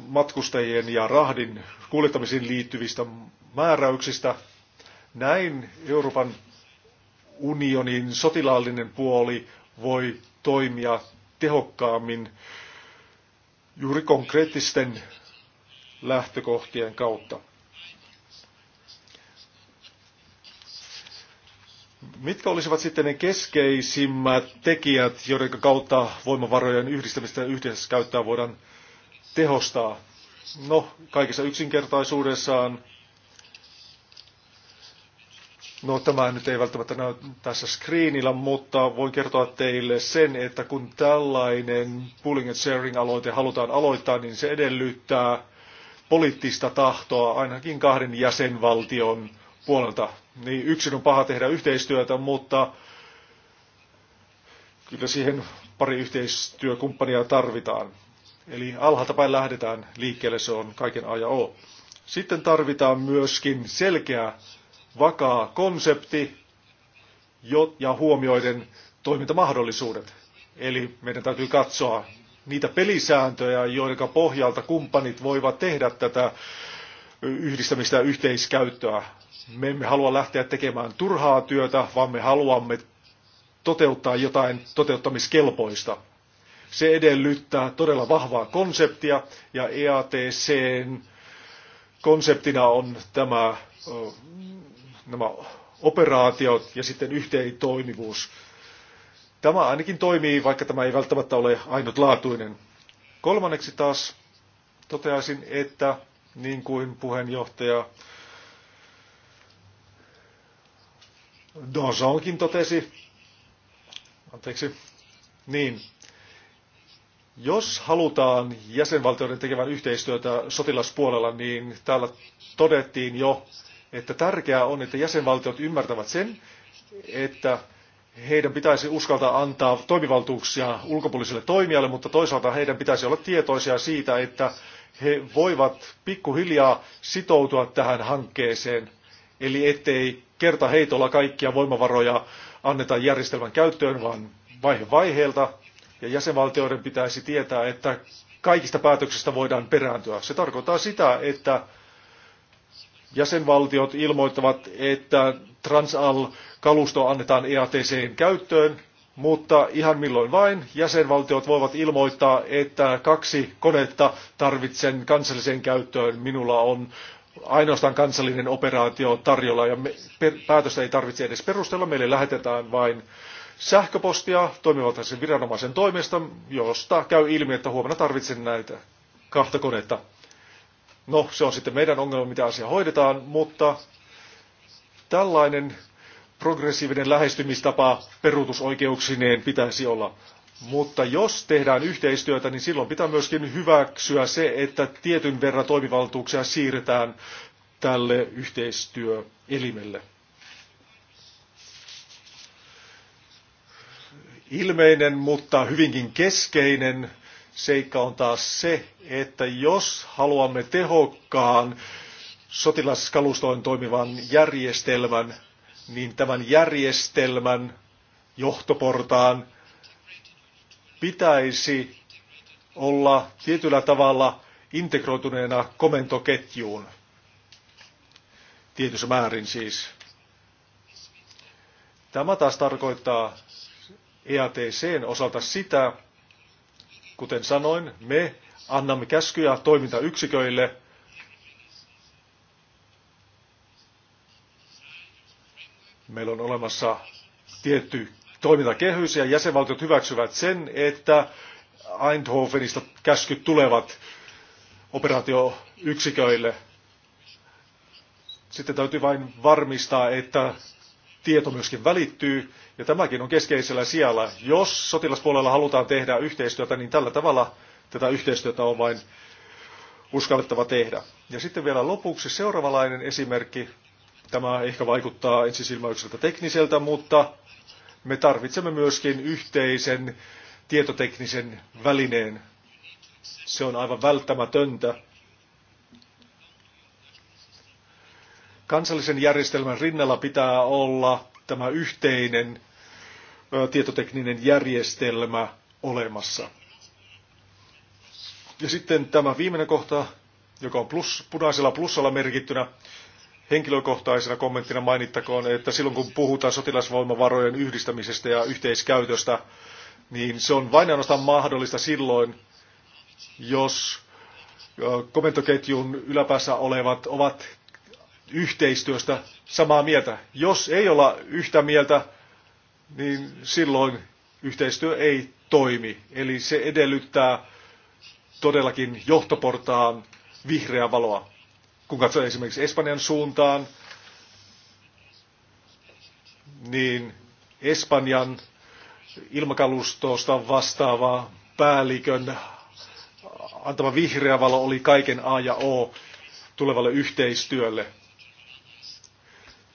matkustajien ja rahdin kuljettamisiin liittyvistä määräyksistä. Näin Euroopan unionin sotilaallinen puoli voi toimia tehokkaammin juuri konkreettisten lähtökohtien kautta. Mitkä olisivat sitten ne keskeisimmät tekijät, joiden kautta voimavarojen yhdistämistä ja yhdessä käyttää voidaan tehostaa? No, kaikessa yksinkertaisuudessaan. No, tämä nyt ei välttämättä näy tässä screenillä, mutta voin kertoa teille sen, että kun tällainen pooling and sharing-aloite halutaan aloittaa, niin se edellyttää poliittista tahtoa ainakin kahden jäsenvaltion puolelta. Niin yksin on paha tehdä yhteistyötä, mutta kyllä siihen pari yhteistyökumppania tarvitaan. Eli alhaalta päin lähdetään liikkeelle, se on kaiken A ja O. Sitten tarvitaan myöskin selkeä, vakaa konsepti ja huomioiden toimintamahdollisuudet. Eli meidän täytyy katsoa niitä pelisääntöjä, joiden pohjalta kumppanit voivat tehdä tätä yhdistämistä ja yhteiskäyttöä. Me emme halua lähteä tekemään turhaa työtä, vaan me haluamme toteuttaa jotain toteuttamiskelpoista. Se edellyttää todella vahvaa konseptia ja EATCn konseptina on tämä, nämä operaatiot ja sitten yhteen toimivuus. Tämä ainakin toimii, vaikka tämä ei välttämättä ole ainutlaatuinen. Kolmanneksi taas toteaisin, että niin kuin puheenjohtaja Donjonkin totesi, anteeksi, niin jos halutaan jäsenvaltioiden tekevän yhteistyötä sotilaspuolella, niin täällä todettiin jo, että tärkeää on, että jäsenvaltiot ymmärtävät sen, että heidän pitäisi uskaltaa antaa toimivaltuuksia ulkopuolisille toimijalle, mutta toisaalta heidän pitäisi olla tietoisia siitä, että he voivat pikkuhiljaa sitoutua tähän hankkeeseen, eli ettei kerta heitolla kaikkia voimavaroja anneta järjestelmän käyttöön, vaan vaihe vaiheelta. Ja jäsenvaltioiden pitäisi tietää, että kaikista päätöksistä voidaan perääntyä. Se tarkoittaa sitä, että jäsenvaltiot ilmoittavat, että Transal-kalusto annetaan EATCn käyttöön, mutta ihan milloin vain jäsenvaltiot voivat ilmoittaa, että kaksi konetta tarvitsen kansalliseen käyttöön. Minulla on ainoastaan kansallinen operaatio tarjolla ja me, per, päätöstä ei tarvitse edes perustella. Meille lähetetään vain sähköpostia toimivaltaisen viranomaisen toimesta, josta käy ilmi, että huomenna tarvitsen näitä kahta konetta. No, se on sitten meidän ongelma, mitä asia hoidetaan, mutta tällainen progressiivinen lähestymistapa peruutusoikeuksineen pitäisi olla. Mutta jos tehdään yhteistyötä, niin silloin pitää myöskin hyväksyä se, että tietyn verran toimivaltuuksia siirretään tälle yhteistyöelimelle. Ilmeinen, mutta hyvinkin keskeinen seikka on taas se, että jos haluamme tehokkaan sotilaskalustoin toimivan järjestelmän, niin tämän järjestelmän johtoportaan pitäisi olla tietyllä tavalla integroituneena komentoketjuun. Tietyssä määrin siis. Tämä taas tarkoittaa EATCn osalta sitä, kuten sanoin, me annamme käskyjä toimintayksiköille – Meillä on olemassa tietty toimintakehys ja jäsenvaltiot hyväksyvät sen, että Eindhovenista käskyt tulevat operaatioyksiköille. Sitten täytyy vain varmistaa, että tieto myöskin välittyy, ja tämäkin on keskeisellä sijalla. Jos sotilaspuolella halutaan tehdä yhteistyötä, niin tällä tavalla tätä yhteistyötä on vain uskallettava tehdä. Ja sitten vielä lopuksi seuraavalainen esimerkki Tämä ehkä vaikuttaa ensisilmäykseltä tekniseltä, mutta me tarvitsemme myöskin yhteisen tietoteknisen välineen. Se on aivan välttämätöntä. Kansallisen järjestelmän rinnalla pitää olla tämä yhteinen tietotekninen järjestelmä olemassa. Ja sitten tämä viimeinen kohta, joka on plus, punaisella plussalla merkittynä, Henkilökohtaisena kommenttina mainittakoon, että silloin kun puhutaan sotilasvoimavarojen yhdistämisestä ja yhteiskäytöstä, niin se on vain ainoastaan mahdollista silloin, jos komentoketjun yläpäässä olevat ovat yhteistyöstä samaa mieltä. Jos ei olla yhtä mieltä, niin silloin yhteistyö ei toimi. Eli se edellyttää todellakin johtoportaan vihreää valoa kun katsoo esimerkiksi Espanjan suuntaan, niin Espanjan ilmakalustosta vastaava päällikön antama vihreä valo oli kaiken A ja O tulevalle yhteistyölle.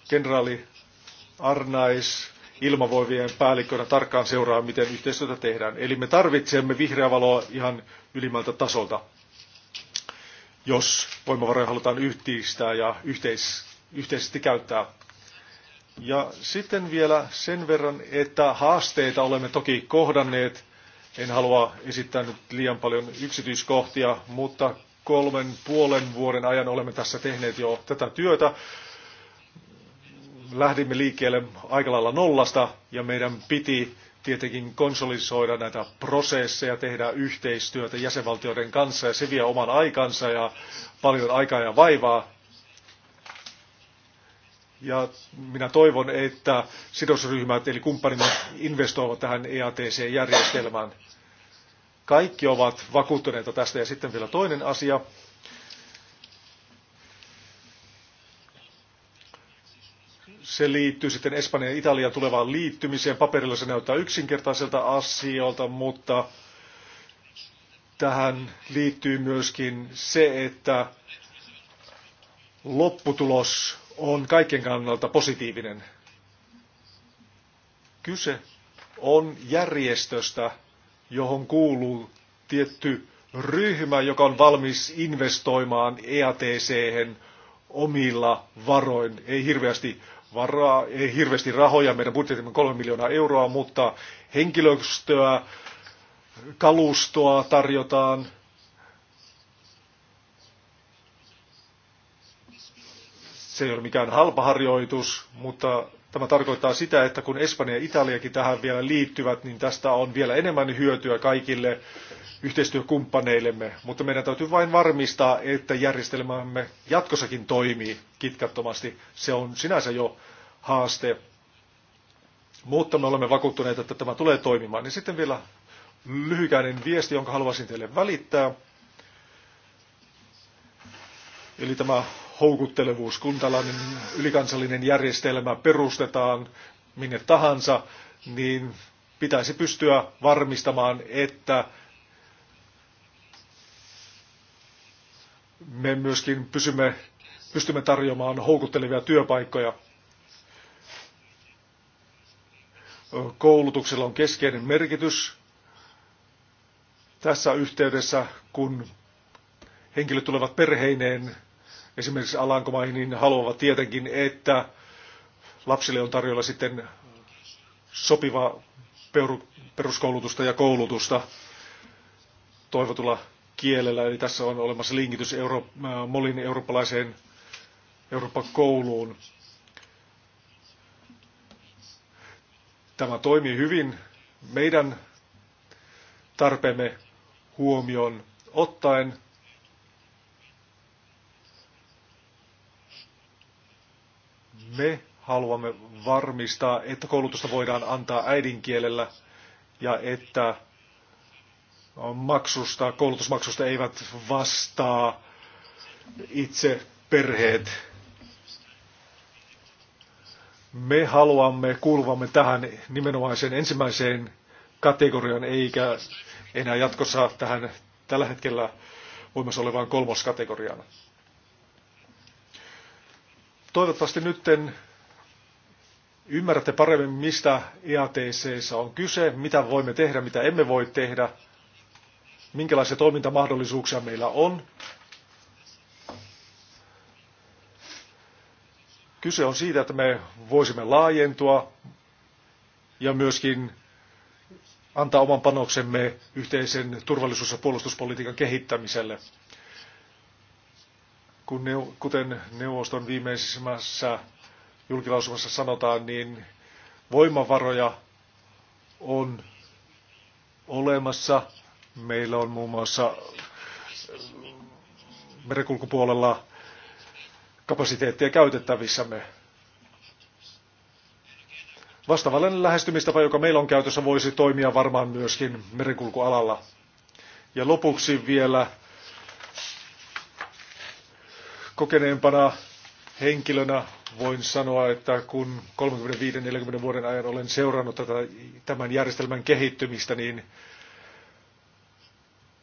Kenraali Arnais ilmavoivien päällikönä tarkkaan seuraa, miten yhteistyötä tehdään. Eli me tarvitsemme vihreä valoa ihan ylimmältä tasolta jos voimavaroja halutaan yhtiistää ja yhteis, yhteisesti käyttää. Ja sitten vielä sen verran, että haasteita olemme toki kohdanneet. En halua esittää nyt liian paljon yksityiskohtia, mutta kolmen puolen vuoden ajan olemme tässä tehneet jo tätä työtä. Lähdimme liikkeelle aika lailla nollasta ja meidän piti tietenkin konsolisoida näitä prosesseja, tehdä yhteistyötä jäsenvaltioiden kanssa ja se vie oman aikansa ja paljon aikaa ja vaivaa. Ja minä toivon, että sidosryhmät eli kumppanimaat investoivat tähän EATC-järjestelmään. Kaikki ovat vakuuttuneita tästä. Ja sitten vielä toinen asia. se liittyy sitten Espanjan ja Italian tulevaan liittymiseen. Paperilla se näyttää yksinkertaiselta asialta, mutta tähän liittyy myöskin se, että lopputulos on kaiken kannalta positiivinen. Kyse on järjestöstä, johon kuuluu tietty ryhmä, joka on valmis investoimaan EATC omilla varoin. Ei hirveästi varaa, ei hirveästi rahoja, meidän budjetimme kolme miljoonaa euroa, mutta henkilöstöä, kalustoa tarjotaan. Se ei ole mikään halpa harjoitus, mutta tämä tarkoittaa sitä, että kun Espanja ja Italiakin tähän vielä liittyvät, niin tästä on vielä enemmän hyötyä kaikille yhteistyökumppaneillemme, mutta meidän täytyy vain varmistaa, että järjestelmämme jatkossakin toimii kitkattomasti. Se on sinänsä jo haaste, mutta me olemme vakuuttuneita, että tämä tulee toimimaan. Niin sitten vielä lyhykäinen viesti, jonka haluaisin teille välittää. Eli tämä houkuttelevuus, kun tällainen ylikansallinen järjestelmä perustetaan minne tahansa, niin pitäisi pystyä varmistamaan, että me myöskin pysymme, pystymme tarjoamaan houkuttelevia työpaikkoja. Koulutuksella on keskeinen merkitys tässä yhteydessä, kun henkilöt tulevat perheineen esimerkiksi Alankomaihin, niin haluavat tietenkin, että lapsille on tarjolla sitten sopiva peruskoulutusta ja koulutusta toivotulla kielellä, eli tässä on olemassa linkitys Euro, äh, Molin eurooppalaiseen Euroopan kouluun. Tämä toimii hyvin meidän tarpeemme huomioon ottaen. Me haluamme varmistaa, että koulutusta voidaan antaa äidinkielellä ja että maksusta, koulutusmaksusta eivät vastaa itse perheet. Me haluamme kuuluvamme tähän nimenomaiseen ensimmäiseen kategorian, eikä enää jatkossa tähän tällä hetkellä voimassa olevaan kolmoskategoriaan. Toivottavasti nyt ymmärrätte paremmin, mistä EATC on kyse, mitä voimme tehdä, mitä emme voi tehdä – minkälaisia toimintamahdollisuuksia meillä on. Kyse on siitä, että me voisimme laajentua ja myöskin antaa oman panoksemme yhteisen turvallisuus- ja puolustuspolitiikan kehittämiselle. Kun ne, kuten neuvoston viimeisimmässä julkilausumassa sanotaan, niin voimavaroja on olemassa Meillä on muun muassa merenkulkupuolella kapasiteettia käytettävissämme. Vastaavallinen lähestymistapa, joka meillä on käytössä, voisi toimia varmaan myöskin merenkulkualalla. Ja lopuksi vielä kokeneempana henkilönä voin sanoa, että kun 35-40 vuoden ajan olen seurannut tätä, tämän järjestelmän kehittymistä, niin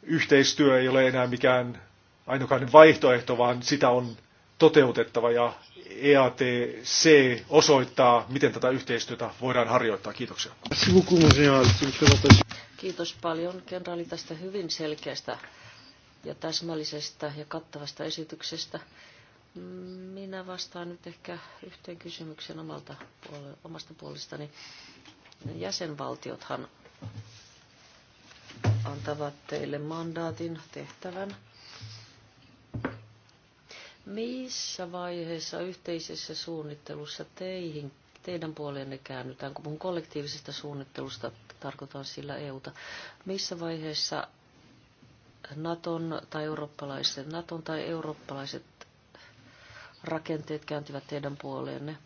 yhteistyö ei ole enää mikään ainokainen vaihtoehto, vaan sitä on toteutettava ja EATC osoittaa, miten tätä yhteistyötä voidaan harjoittaa. Kiitoksia. Kiitos paljon, kenraali, tästä hyvin selkeästä ja täsmällisestä ja kattavasta esityksestä. Minä vastaan nyt ehkä yhteen kysymykseen omalta, omasta puolestani. Jäsenvaltiothan antavat teille mandaatin tehtävän. Missä vaiheessa yhteisessä suunnittelussa teihin, teidän puolenne käännytään? Kun puhun kollektiivisesta suunnittelusta, tarkoitan sillä EUta. Missä vaiheessa Naton tai eurooppalaiset, Naton tai eurooppalaiset rakenteet kääntyvät teidän puoleenne?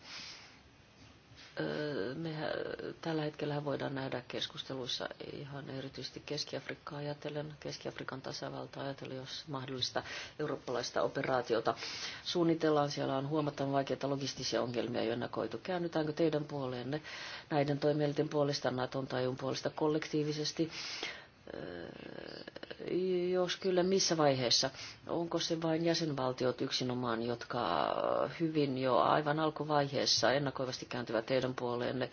mehän tällä hetkellä voidaan nähdä keskusteluissa ihan erityisesti Keski-Afrikkaa ajatellen, Keski-Afrikan tasavalta ajatellen, jos mahdollista eurooppalaista operaatiota suunnitellaan. Siellä on huomattavan vaikeita logistisia ongelmia jo ennakoitu. Käännytäänkö teidän puoleenne näiden toimielinten puolesta, Naton tai EUn puolesta kollektiivisesti? jos kyllä, missä vaiheessa? Onko se vain jäsenvaltiot yksinomaan, jotka hyvin jo aivan alkuvaiheessa ennakoivasti kääntyvät teidän puoleenne?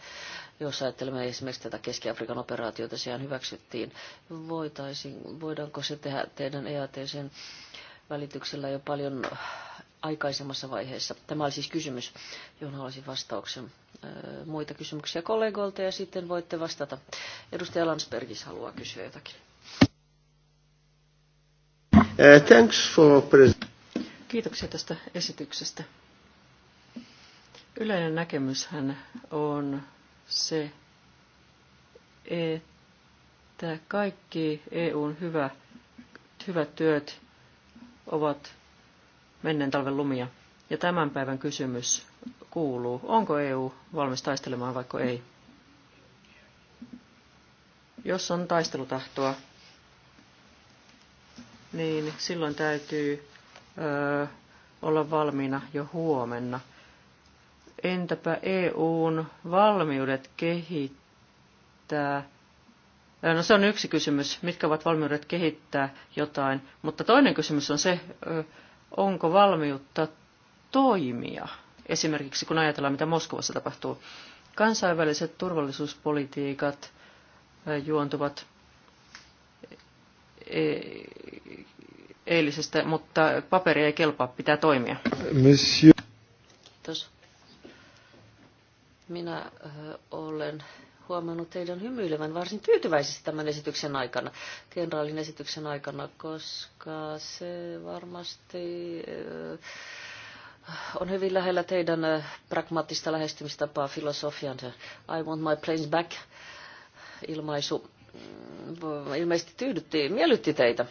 Jos ajattelemme esimerkiksi tätä Keski-Afrikan operaatiota, sehän hyväksyttiin. Voitaisiin, voidaanko se tehdä teidän EATCn välityksellä jo paljon aikaisemmassa vaiheessa. Tämä oli siis kysymys, johon haluaisin vastauksen. Muita kysymyksiä kollegoilta ja sitten voitte vastata. Edustaja Landsbergis haluaa kysyä jotakin. Eh, thanks for Kiitoksia tästä esityksestä. Yleinen näkemyshän on se, että kaikki EUn hyvä, hyvät työt ovat menneen talven lumia. Ja tämän päivän kysymys kuuluu, onko EU valmis taistelemaan vaikka ei? Jos on taistelutahtoa, niin silloin täytyy ö, olla valmiina jo huomenna. Entäpä EUn valmiudet kehittää? No se on yksi kysymys, mitkä ovat valmiudet kehittää jotain, mutta toinen kysymys on se, ö, onko valmiutta toimia, esimerkiksi kun ajatellaan, mitä Moskovassa tapahtuu. Kansainväliset turvallisuuspolitiikat juontuvat e, eilisestä, mutta paperi ei kelpaa, pitää toimia. Monsieur. Kiitos. Minä olen huomannut teidän hymyilevän varsin tyytyväisesti tämän esityksen aikana, kenraalin esityksen aikana, koska se varmasti eh, on hyvin lähellä teidän eh, pragmaattista lähestymistapaa filosofian I want my planes back ilmaisu mm, ilmeisesti tyydytti, miellytti teitä.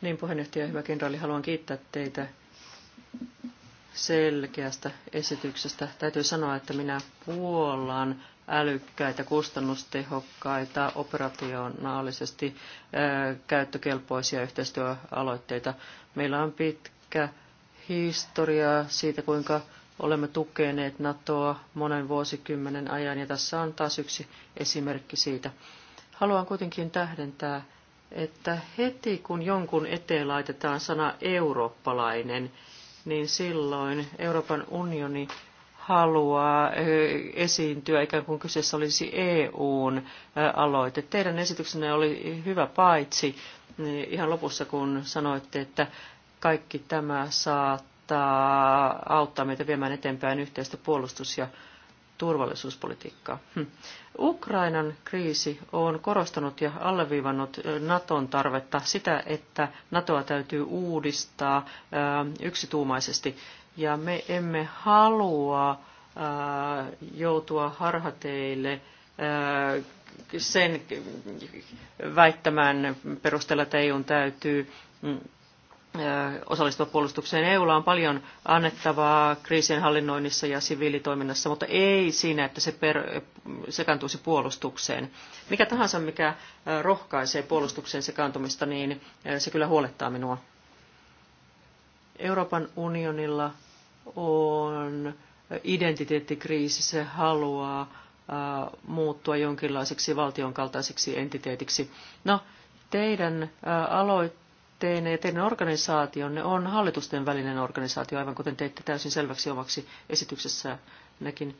Niin puheenjohtaja, hyvä kenraali, haluan kiittää teitä selkeästä esityksestä. Täytyy sanoa, että minä puollan älykkäitä, kustannustehokkaita, operationaalisesti äh, käyttökelpoisia yhteistyöaloitteita. Meillä on pitkä historia siitä, kuinka olemme tukeneet NATOa monen vuosikymmenen ajan, ja tässä on taas yksi esimerkki siitä. Haluan kuitenkin tähdentää, että heti kun jonkun eteen laitetaan sana eurooppalainen, niin silloin Euroopan unioni haluaa esiintyä ikään kuin kyseessä olisi EUn aloite. Teidän esityksenne oli hyvä paitsi ihan lopussa, kun sanoitte, että kaikki tämä saattaa auttaa meitä viemään eteenpäin yhteistä puolustus- ja turvallisuuspolitiikkaa. Hm. Ukrainan kriisi on korostanut ja alleviivannut Naton tarvetta sitä, että Natoa täytyy uudistaa yksituumaisesti ja me emme halua äh, joutua harhateille äh, sen väittämän perusteella, että EUn täytyy mm, äh, osallistua puolustukseen. EUlla on paljon annettavaa kriisien hallinnoinnissa ja siviilitoiminnassa, mutta ei siinä, että se per, sekaantuisi puolustukseen. Mikä tahansa, mikä rohkaisee puolustukseen sekaantumista, niin se kyllä huolettaa minua. Euroopan unionilla on identiteettikriisi, se haluaa äh, muuttua jonkinlaiseksi valtion kaltaiseksi entiteetiksi. No, teidän äh, aloitteenne ja teidän organisaationne on hallitusten välinen organisaatio, aivan kuten teitte täysin selväksi omaksi esityksessännekin.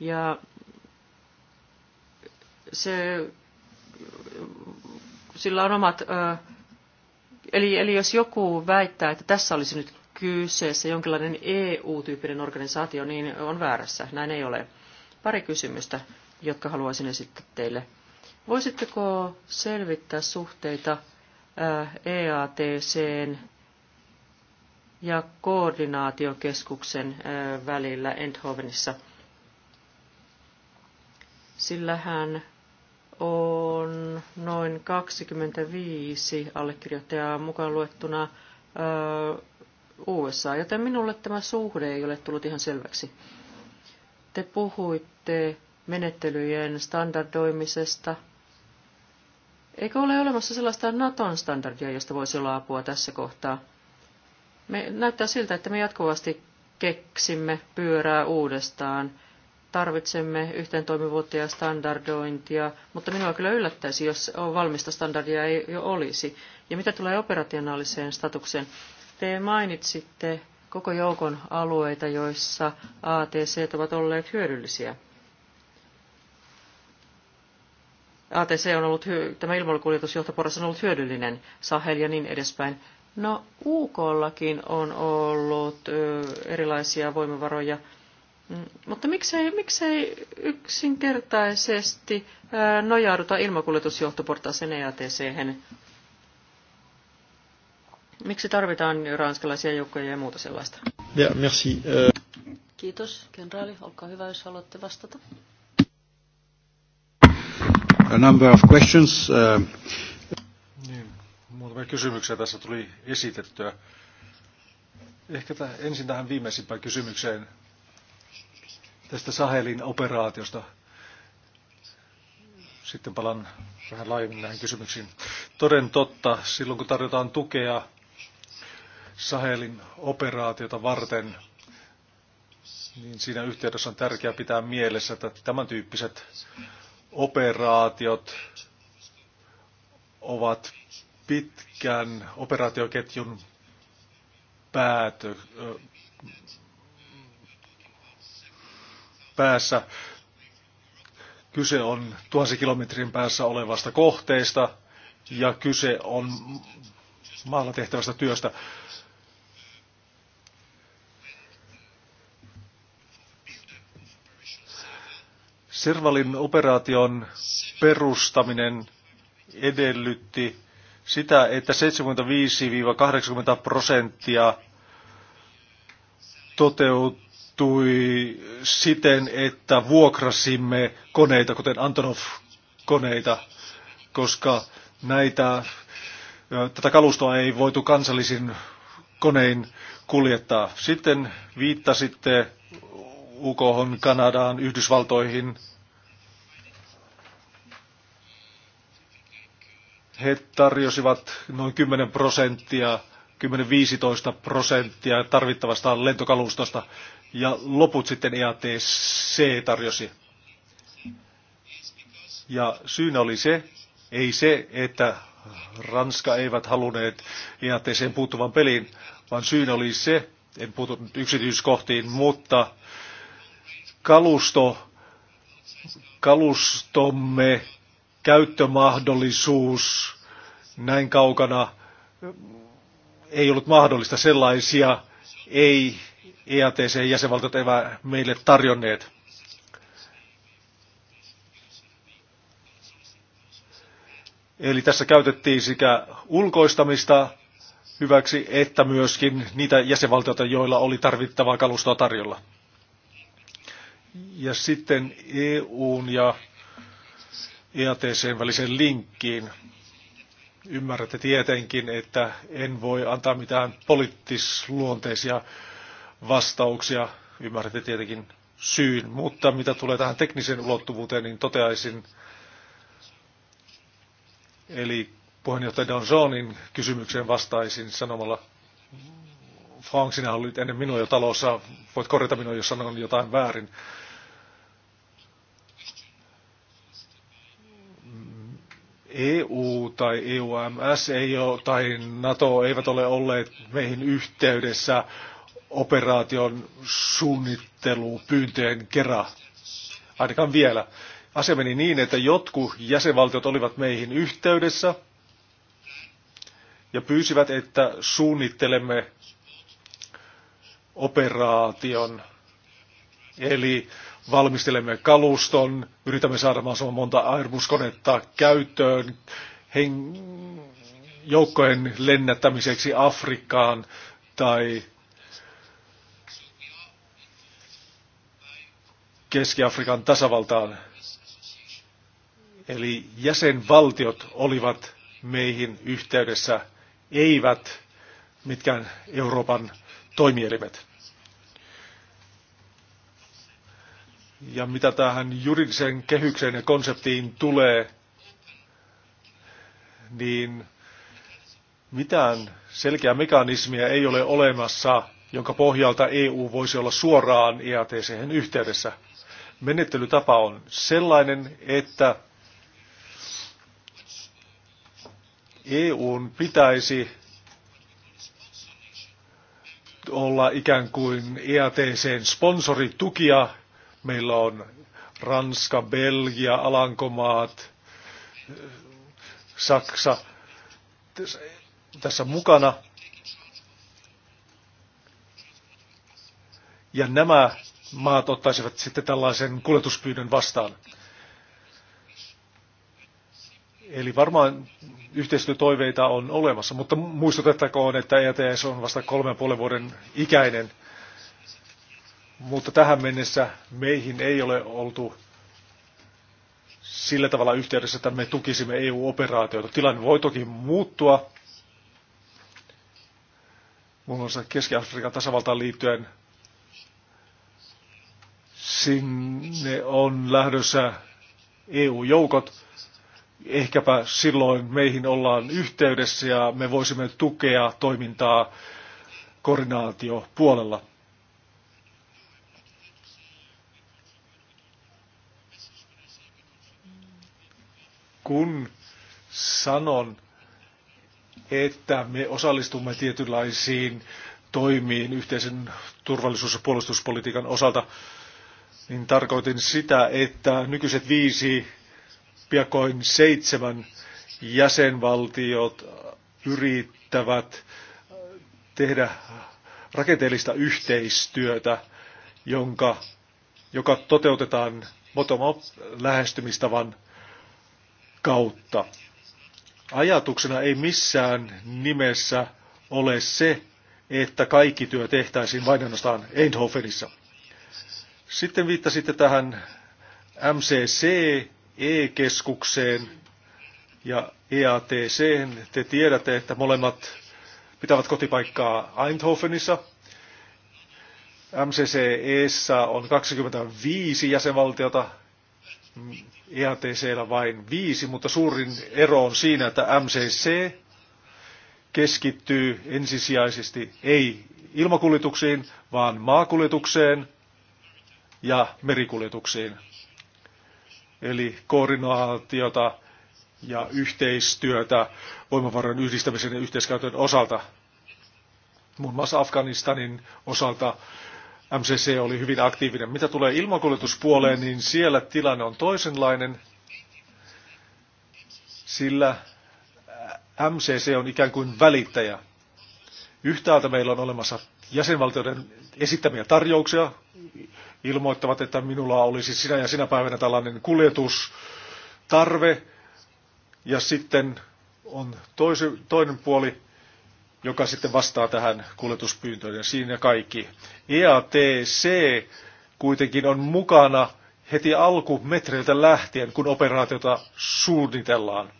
Ja se, sillä on omat, äh, eli, eli jos joku väittää, että tässä olisi nyt kyseessä jonkinlainen EU-tyyppinen organisaatio, niin on väärässä. Näin ei ole. Pari kysymystä, jotka haluaisin esittää teille. Voisitteko selvittää suhteita EATCn ja koordinaatiokeskuksen välillä Endhovenissa? Sillähän on noin 25 allekirjoittajaa mukaan luettuna USA, joten minulle tämä suhde ei ole tullut ihan selväksi. Te puhuitte menettelyjen standardoimisesta. Eikö ole olemassa sellaista Naton standardia, josta voisi olla apua tässä kohtaa? Me, näyttää siltä, että me jatkuvasti keksimme pyörää uudestaan. Tarvitsemme yhteen toimivuutta ja standardointia, mutta minua kyllä yllättäisi, jos on valmista standardia ei jo olisi. Ja mitä tulee operationaaliseen statukseen, te mainitsitte koko joukon alueita, joissa ATC ovat olleet hyödyllisiä. ATC on ollut, tämä ilmailukuljetusjohtoporras on ollut hyödyllinen, Sahel ja niin edespäin. No UKllakin on ollut ö, erilaisia voimavaroja, mm, mutta miksei, miksei yksinkertaisesti nojauduta ilmakuljetusjohtoportaaseen EATC? -hän? Miksi tarvitaan ranskalaisia joukkoja ja muuta sellaista? Ja, merci. Euh, Kiitos, kenraali. Olkaa hyvä, jos haluatte vastata. A number of questions. Uh... Niin, muutamia kysymyksiä tässä tuli esitettyä. Ehkä täh, ensin tähän viimeisimpään kysymykseen tästä Sahelin operaatiosta. Sitten palaan vähän laajemmin näihin kysymyksiin. Toden totta, silloin kun tarjotaan tukea Sahelin operaatiota varten, niin siinä yhteydessä on tärkeää pitää mielessä, että tämän tyyppiset operaatiot ovat pitkän operaatioketjun päätö, päässä. Kyse on tuhansi kilometrin päässä olevasta kohteesta ja kyse on maalla tehtävästä työstä. Sirvalin operaation perustaminen edellytti sitä, että 75-80 prosenttia toteutui siten, että vuokrasimme koneita, kuten Antonov-koneita, koska näitä, tätä kalustoa ei voitu kansallisin konein kuljettaa. Sitten viittasitte UKhon, Kanadaan, Yhdysvaltoihin – he tarjosivat noin 10 prosenttia, 10-15 prosenttia tarvittavasta lentokalustosta ja loput sitten EATC tarjosi. Ja syynä oli se, ei se, että Ranska eivät halunneet EATC puuttuvan peliin, vaan syynä oli se, en puutu yksityiskohtiin, mutta kalusto, kalustomme käyttömahdollisuus näin kaukana eh, ei ollut mahdollista sellaisia, ei EATC-jäsenvaltiot eivät meille tarjonneet. Eli tässä käytettiin sekä ulkoistamista hyväksi, että myöskin niitä jäsenvaltioita, joilla oli tarvittavaa kalustoa tarjolla. Ja sitten EUn ja IATC-väliseen linkkiin. Ymmärrätte tietenkin, että en voi antaa mitään poliittisluonteisia vastauksia. Ymmärrätte tietenkin syyn, mutta mitä tulee tähän tekniseen ulottuvuuteen, niin toteaisin, eli puheenjohtaja Zonin kysymykseen vastaisin sanomalla, Frank, sinä olit ennen minua jo talossa, voit korjata minua, jos sanon jotain väärin. EU tai EUMS ei ole, tai NATO eivät ole olleet meihin yhteydessä operaation suunnittelupyyntöjen kerran, ainakaan vielä. Asia meni niin, että jotkut jäsenvaltiot olivat meihin yhteydessä ja pyysivät, että suunnittelemme operaation. Eli valmistelemme kaluston, yritämme saada mahdollisimman monta Airbus-konetta käyttöön hen, joukkojen lennättämiseksi Afrikkaan tai Keski-Afrikan tasavaltaan. Eli jäsenvaltiot olivat meihin yhteydessä, eivät mitkään Euroopan toimielimet. Ja mitä tähän juridiseen kehykseen ja konseptiin tulee, niin mitään selkeää mekanismia ei ole olemassa, jonka pohjalta EU voisi olla suoraan EATC yhteydessä. Menettelytapa on sellainen, että EUn pitäisi olla ikään kuin EATCn sponsoritukia Meillä on Ranska, Belgia, Alankomaat, Saksa tässä mukana. Ja nämä maat ottaisivat sitten tällaisen kuljetuspyynnön vastaan. Eli varmaan yhteistyötoiveita on olemassa, mutta muistutettakoon, että ETS on vasta kolmen puolen vuoden ikäinen – mutta tähän mennessä meihin ei ole oltu sillä tavalla yhteydessä, että me tukisimme EU-operaatioita. Tilanne voi toki muuttua, muun muassa Keski-Afrikan tasavaltaan liittyen. Sinne on lähdössä EU-joukot. Ehkäpä silloin meihin ollaan yhteydessä ja me voisimme tukea toimintaa koordinaatiopuolella. puolella. kun sanon, että me osallistumme tietynlaisiin toimiin yhteisen turvallisuus- ja puolustuspolitiikan osalta, niin tarkoitin sitä, että nykyiset viisi, piakoin seitsemän jäsenvaltiot yrittävät tehdä rakenteellista yhteistyötä, jonka, joka toteutetaan bottom-up lähestymistavan kautta. Ajatuksena ei missään nimessä ole se, että kaikki työ tehtäisiin vain ainoastaan Eindhovenissa. Sitten viittasitte tähän MCC, E-keskukseen ja EATC. Te tiedätte, että molemmat pitävät kotipaikkaa Eindhovenissa. MCCEssä on 25 jäsenvaltiota, EATC vain viisi, mutta suurin ero on siinä, että MCC keskittyy ensisijaisesti ei ilmakuljetuksiin, vaan maakuljetukseen ja merikuljetuksiin. Eli koordinaatiota ja yhteistyötä voimavarojen yhdistämisen ja yhteiskäytön osalta. Muun muassa Afganistanin osalta MCC oli hyvin aktiivinen. Mitä tulee ilmakuljetuspuoleen, niin siellä tilanne on toisenlainen, sillä MCC on ikään kuin välittäjä. Yhtäältä meillä on olemassa jäsenvaltioiden esittämiä tarjouksia, ilmoittavat, että minulla olisi sinä ja sinä päivänä tällainen kuljetustarve, ja sitten on toisi, toinen puoli, joka sitten vastaa tähän kuljetuspyyntöön ja siinä kaikki. EATC kuitenkin on mukana heti alkumetreiltä lähtien, kun operaatiota suunnitellaan.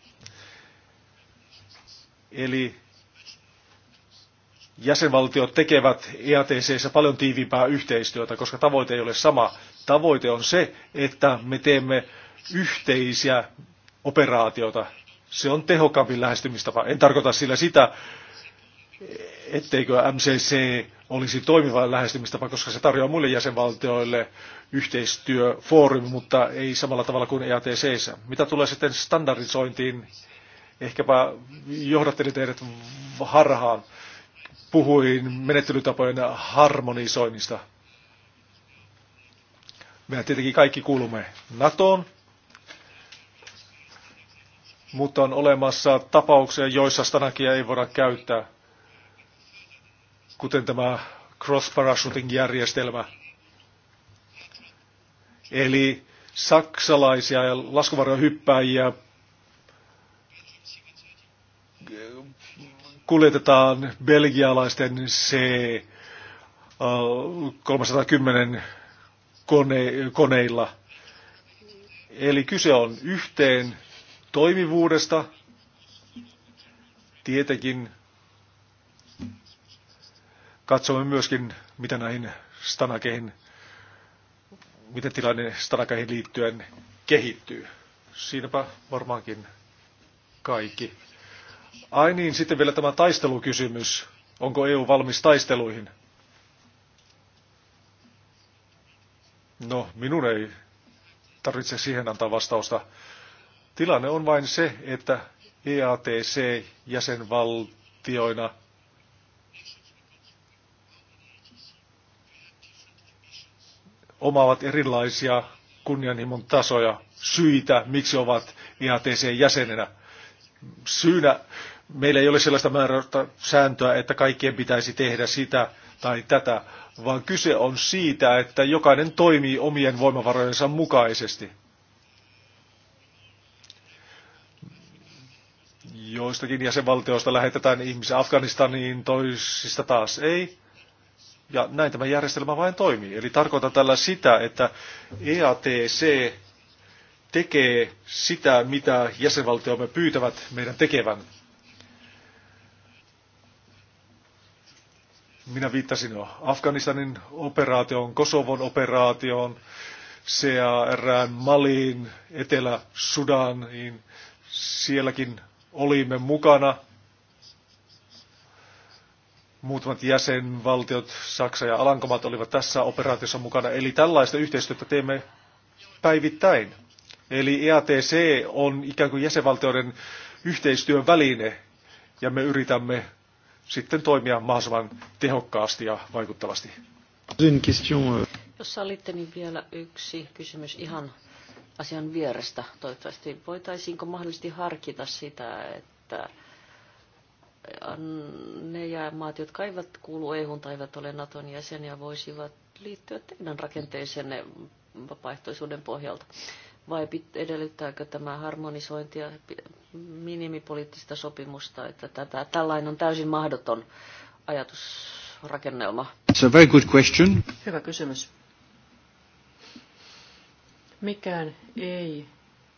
Eli jäsenvaltiot tekevät EATCssä paljon tiiviimpää yhteistyötä, koska tavoite ei ole sama. Tavoite on se, että me teemme yhteisiä operaatioita. Se on tehokkaampi lähestymistapa. En tarkoita sillä sitä, etteikö MCC olisi toimiva lähestymistapa, koska se tarjoaa muille jäsenvaltioille yhteistyöfoorumi, mutta ei samalla tavalla kuin EATC. Mitä tulee sitten standardisointiin, ehkäpä johdatteli teidät harhaan. Puhuin menettelytapojen harmonisoinnista. Me tietenkin kaikki kuulumme NATOon, mutta on olemassa tapauksia, joissa stanakia ei voida käyttää kuten tämä cross-parachuting-järjestelmä. Eli saksalaisia ja laskuvarjohyppääjiä kuljetetaan belgialaisten C310 äh, kone, koneilla. Eli kyse on yhteen toimivuudesta. Tietenkin Katsomme myöskin, mitä näihin stanakeihin, miten tilanne stanakeihin liittyen kehittyy. Siinäpä varmaankin kaikki. Ai niin, sitten vielä tämä taistelukysymys. Onko EU valmis taisteluihin? No, minun ei tarvitse siihen antaa vastausta. Tilanne on vain se, että EATC jäsenvaltioina – omaavat erilaisia kunnianhimon tasoja, syitä, miksi ovat IATC-jäsenenä. Syynä meillä ei ole sellaista määrää sääntöä, että kaikkien pitäisi tehdä sitä tai tätä, vaan kyse on siitä, että jokainen toimii omien voimavarojensa mukaisesti. Joistakin jäsenvaltioista lähetetään ihmisiä Afganistaniin, toisista taas ei. Ja näin tämä järjestelmä vain toimii. Eli tarkoitan tällä sitä, että EATC tekee sitä, mitä jäsenvaltiomme pyytävät meidän tekevän. Minä viittasin jo Afganistanin operaatioon, Kosovon operaatioon, CAR, Maliin, Etelä-Sudaniin. Sielläkin olimme mukana muutamat jäsenvaltiot, Saksa ja Alankomaat olivat tässä operaatiossa mukana. Eli tällaista yhteistyötä teemme päivittäin. Eli EATC on ikään kuin jäsenvaltioiden yhteistyön väline, ja me yritämme sitten toimia mahdollisimman tehokkaasti ja vaikuttavasti. Euh, Jos sallitte, niin vielä yksi kysymys ihan asian vierestä toivottavasti. Voitaisiinko mahdollisesti harkita sitä, että ne jäämaat, jotka eivät kuulu EUn tai eivät ole Naton jäseniä, voisivat liittyä teidän rakenteisenne vapaaehtoisuuden pohjalta? Vai edellyttääkö tämä harmonisointia minimipoliittista sopimusta, että tätä, tällainen on täysin mahdoton ajatusrakennelma? It's a very good question. Hyvä kysymys. Mikään ei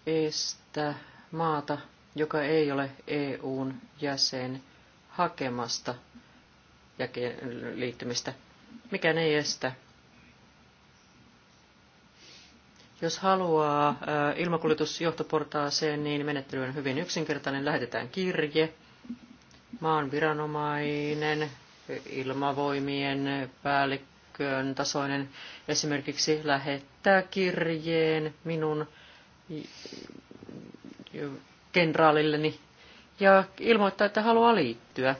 estä maata, joka ei ole EUn jäsen, hakemasta ja liittymistä. Mikä ei estä. Jos haluaa ilmakuljetusjohtoportaaseen, niin menettely on hyvin yksinkertainen. Lähetetään kirje, maan viranomainen, ilmavoimien päällikköön tasoinen esimerkiksi lähettää kirjeen minun kenraalilleni ja ilmoittaa, että haluaa liittyä.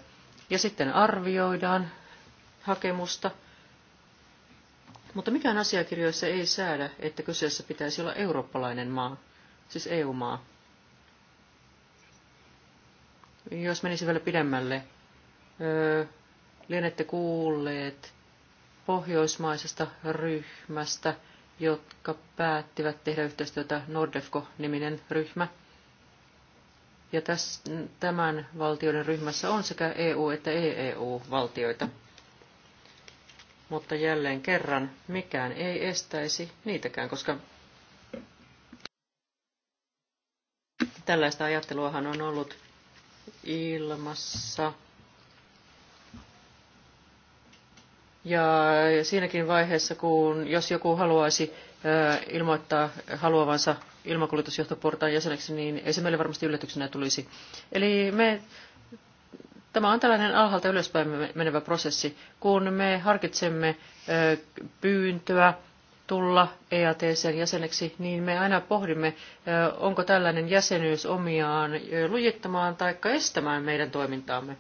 Ja sitten arvioidaan hakemusta. Mutta mikään asiakirjoissa ei säädä, että kyseessä pitäisi olla eurooppalainen maa, siis EU-maa. Jos menisi vielä pidemmälle, öö, lienette kuulleet pohjoismaisesta ryhmästä, jotka päättivät tehdä yhteistyötä Nordefco-niminen ryhmä – ja tässä tämän valtioiden ryhmässä on sekä EU- että EEU-valtioita. Mutta jälleen kerran, mikään ei estäisi niitäkään, koska tällaista ajatteluahan on ollut ilmassa. Ja siinäkin vaiheessa, kun jos joku haluaisi ilmoittaa haluavansa ilmakuljetusjohtoportaan jäseneksi, niin ei se meille varmasti yllätyksenä tulisi. Eli me, tämä on tällainen alhaalta ylöspäin menevä prosessi. Kun me harkitsemme pyyntöä tulla EATCn jäseneksi, niin me aina pohdimme, onko tällainen jäsenyys omiaan lujittamaan tai estämään meidän toimintaamme.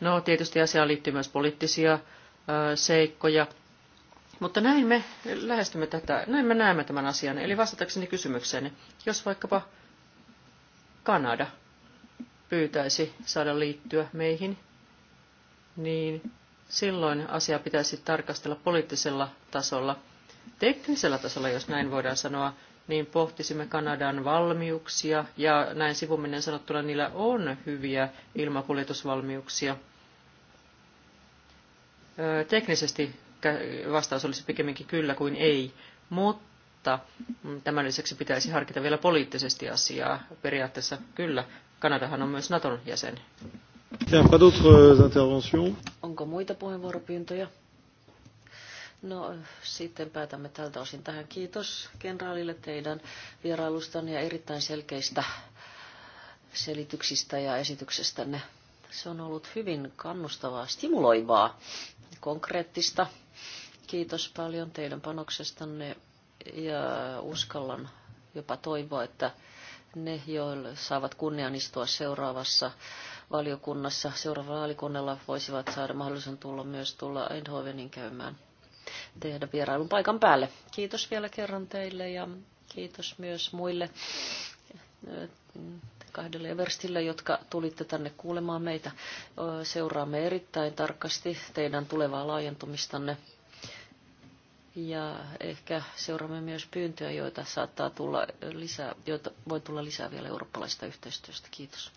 No tietysti asiaan liittyy myös poliittisia seikkoja, mutta näin me lähestymme tätä, näin me näemme tämän asian. Eli vastatakseni kysymykseen, jos vaikkapa Kanada pyytäisi saada liittyä meihin, niin silloin asia pitäisi tarkastella poliittisella tasolla. Teknisellä tasolla, jos näin voidaan sanoa, niin pohtisimme Kanadan valmiuksia, ja näin sivuminen sanottuna niillä on hyviä ilmakuljetusvalmiuksia. Teknisesti vastaus olisi pikemminkin kyllä kuin ei, mutta tämän lisäksi pitäisi harkita vielä poliittisesti asiaa. Periaatteessa kyllä, Kanadahan on myös Naton jäsen. Euh, Onko muita puheenvuoropyyntöjä? No sitten päätämme tältä osin tähän. Kiitos kenraalille teidän vierailustanne ja erittäin selkeistä selityksistä ja esityksestänne. Se on ollut hyvin kannustavaa, stimuloivaa, konkreettista Kiitos paljon teidän panoksestanne ja uskallan jopa toivoa, että ne, joille saavat kunnian istua seuraavassa valiokunnassa, seuraavalla vaalikunnalla voisivat saada mahdollisuuden tulla myös tulla Eindhovenin käymään tehdä vierailun paikan päälle. Kiitos vielä kerran teille ja kiitos myös muille eh, kahdelle verstille, jotka tulitte tänne kuulemaan meitä. Seuraamme erittäin tarkasti teidän tulevaa laajentumistanne ja ehkä seuraamme myös pyyntöjä, joita saattaa tulla lisää, joita voi tulla lisää vielä eurooppalaista yhteistyöstä. Kiitos.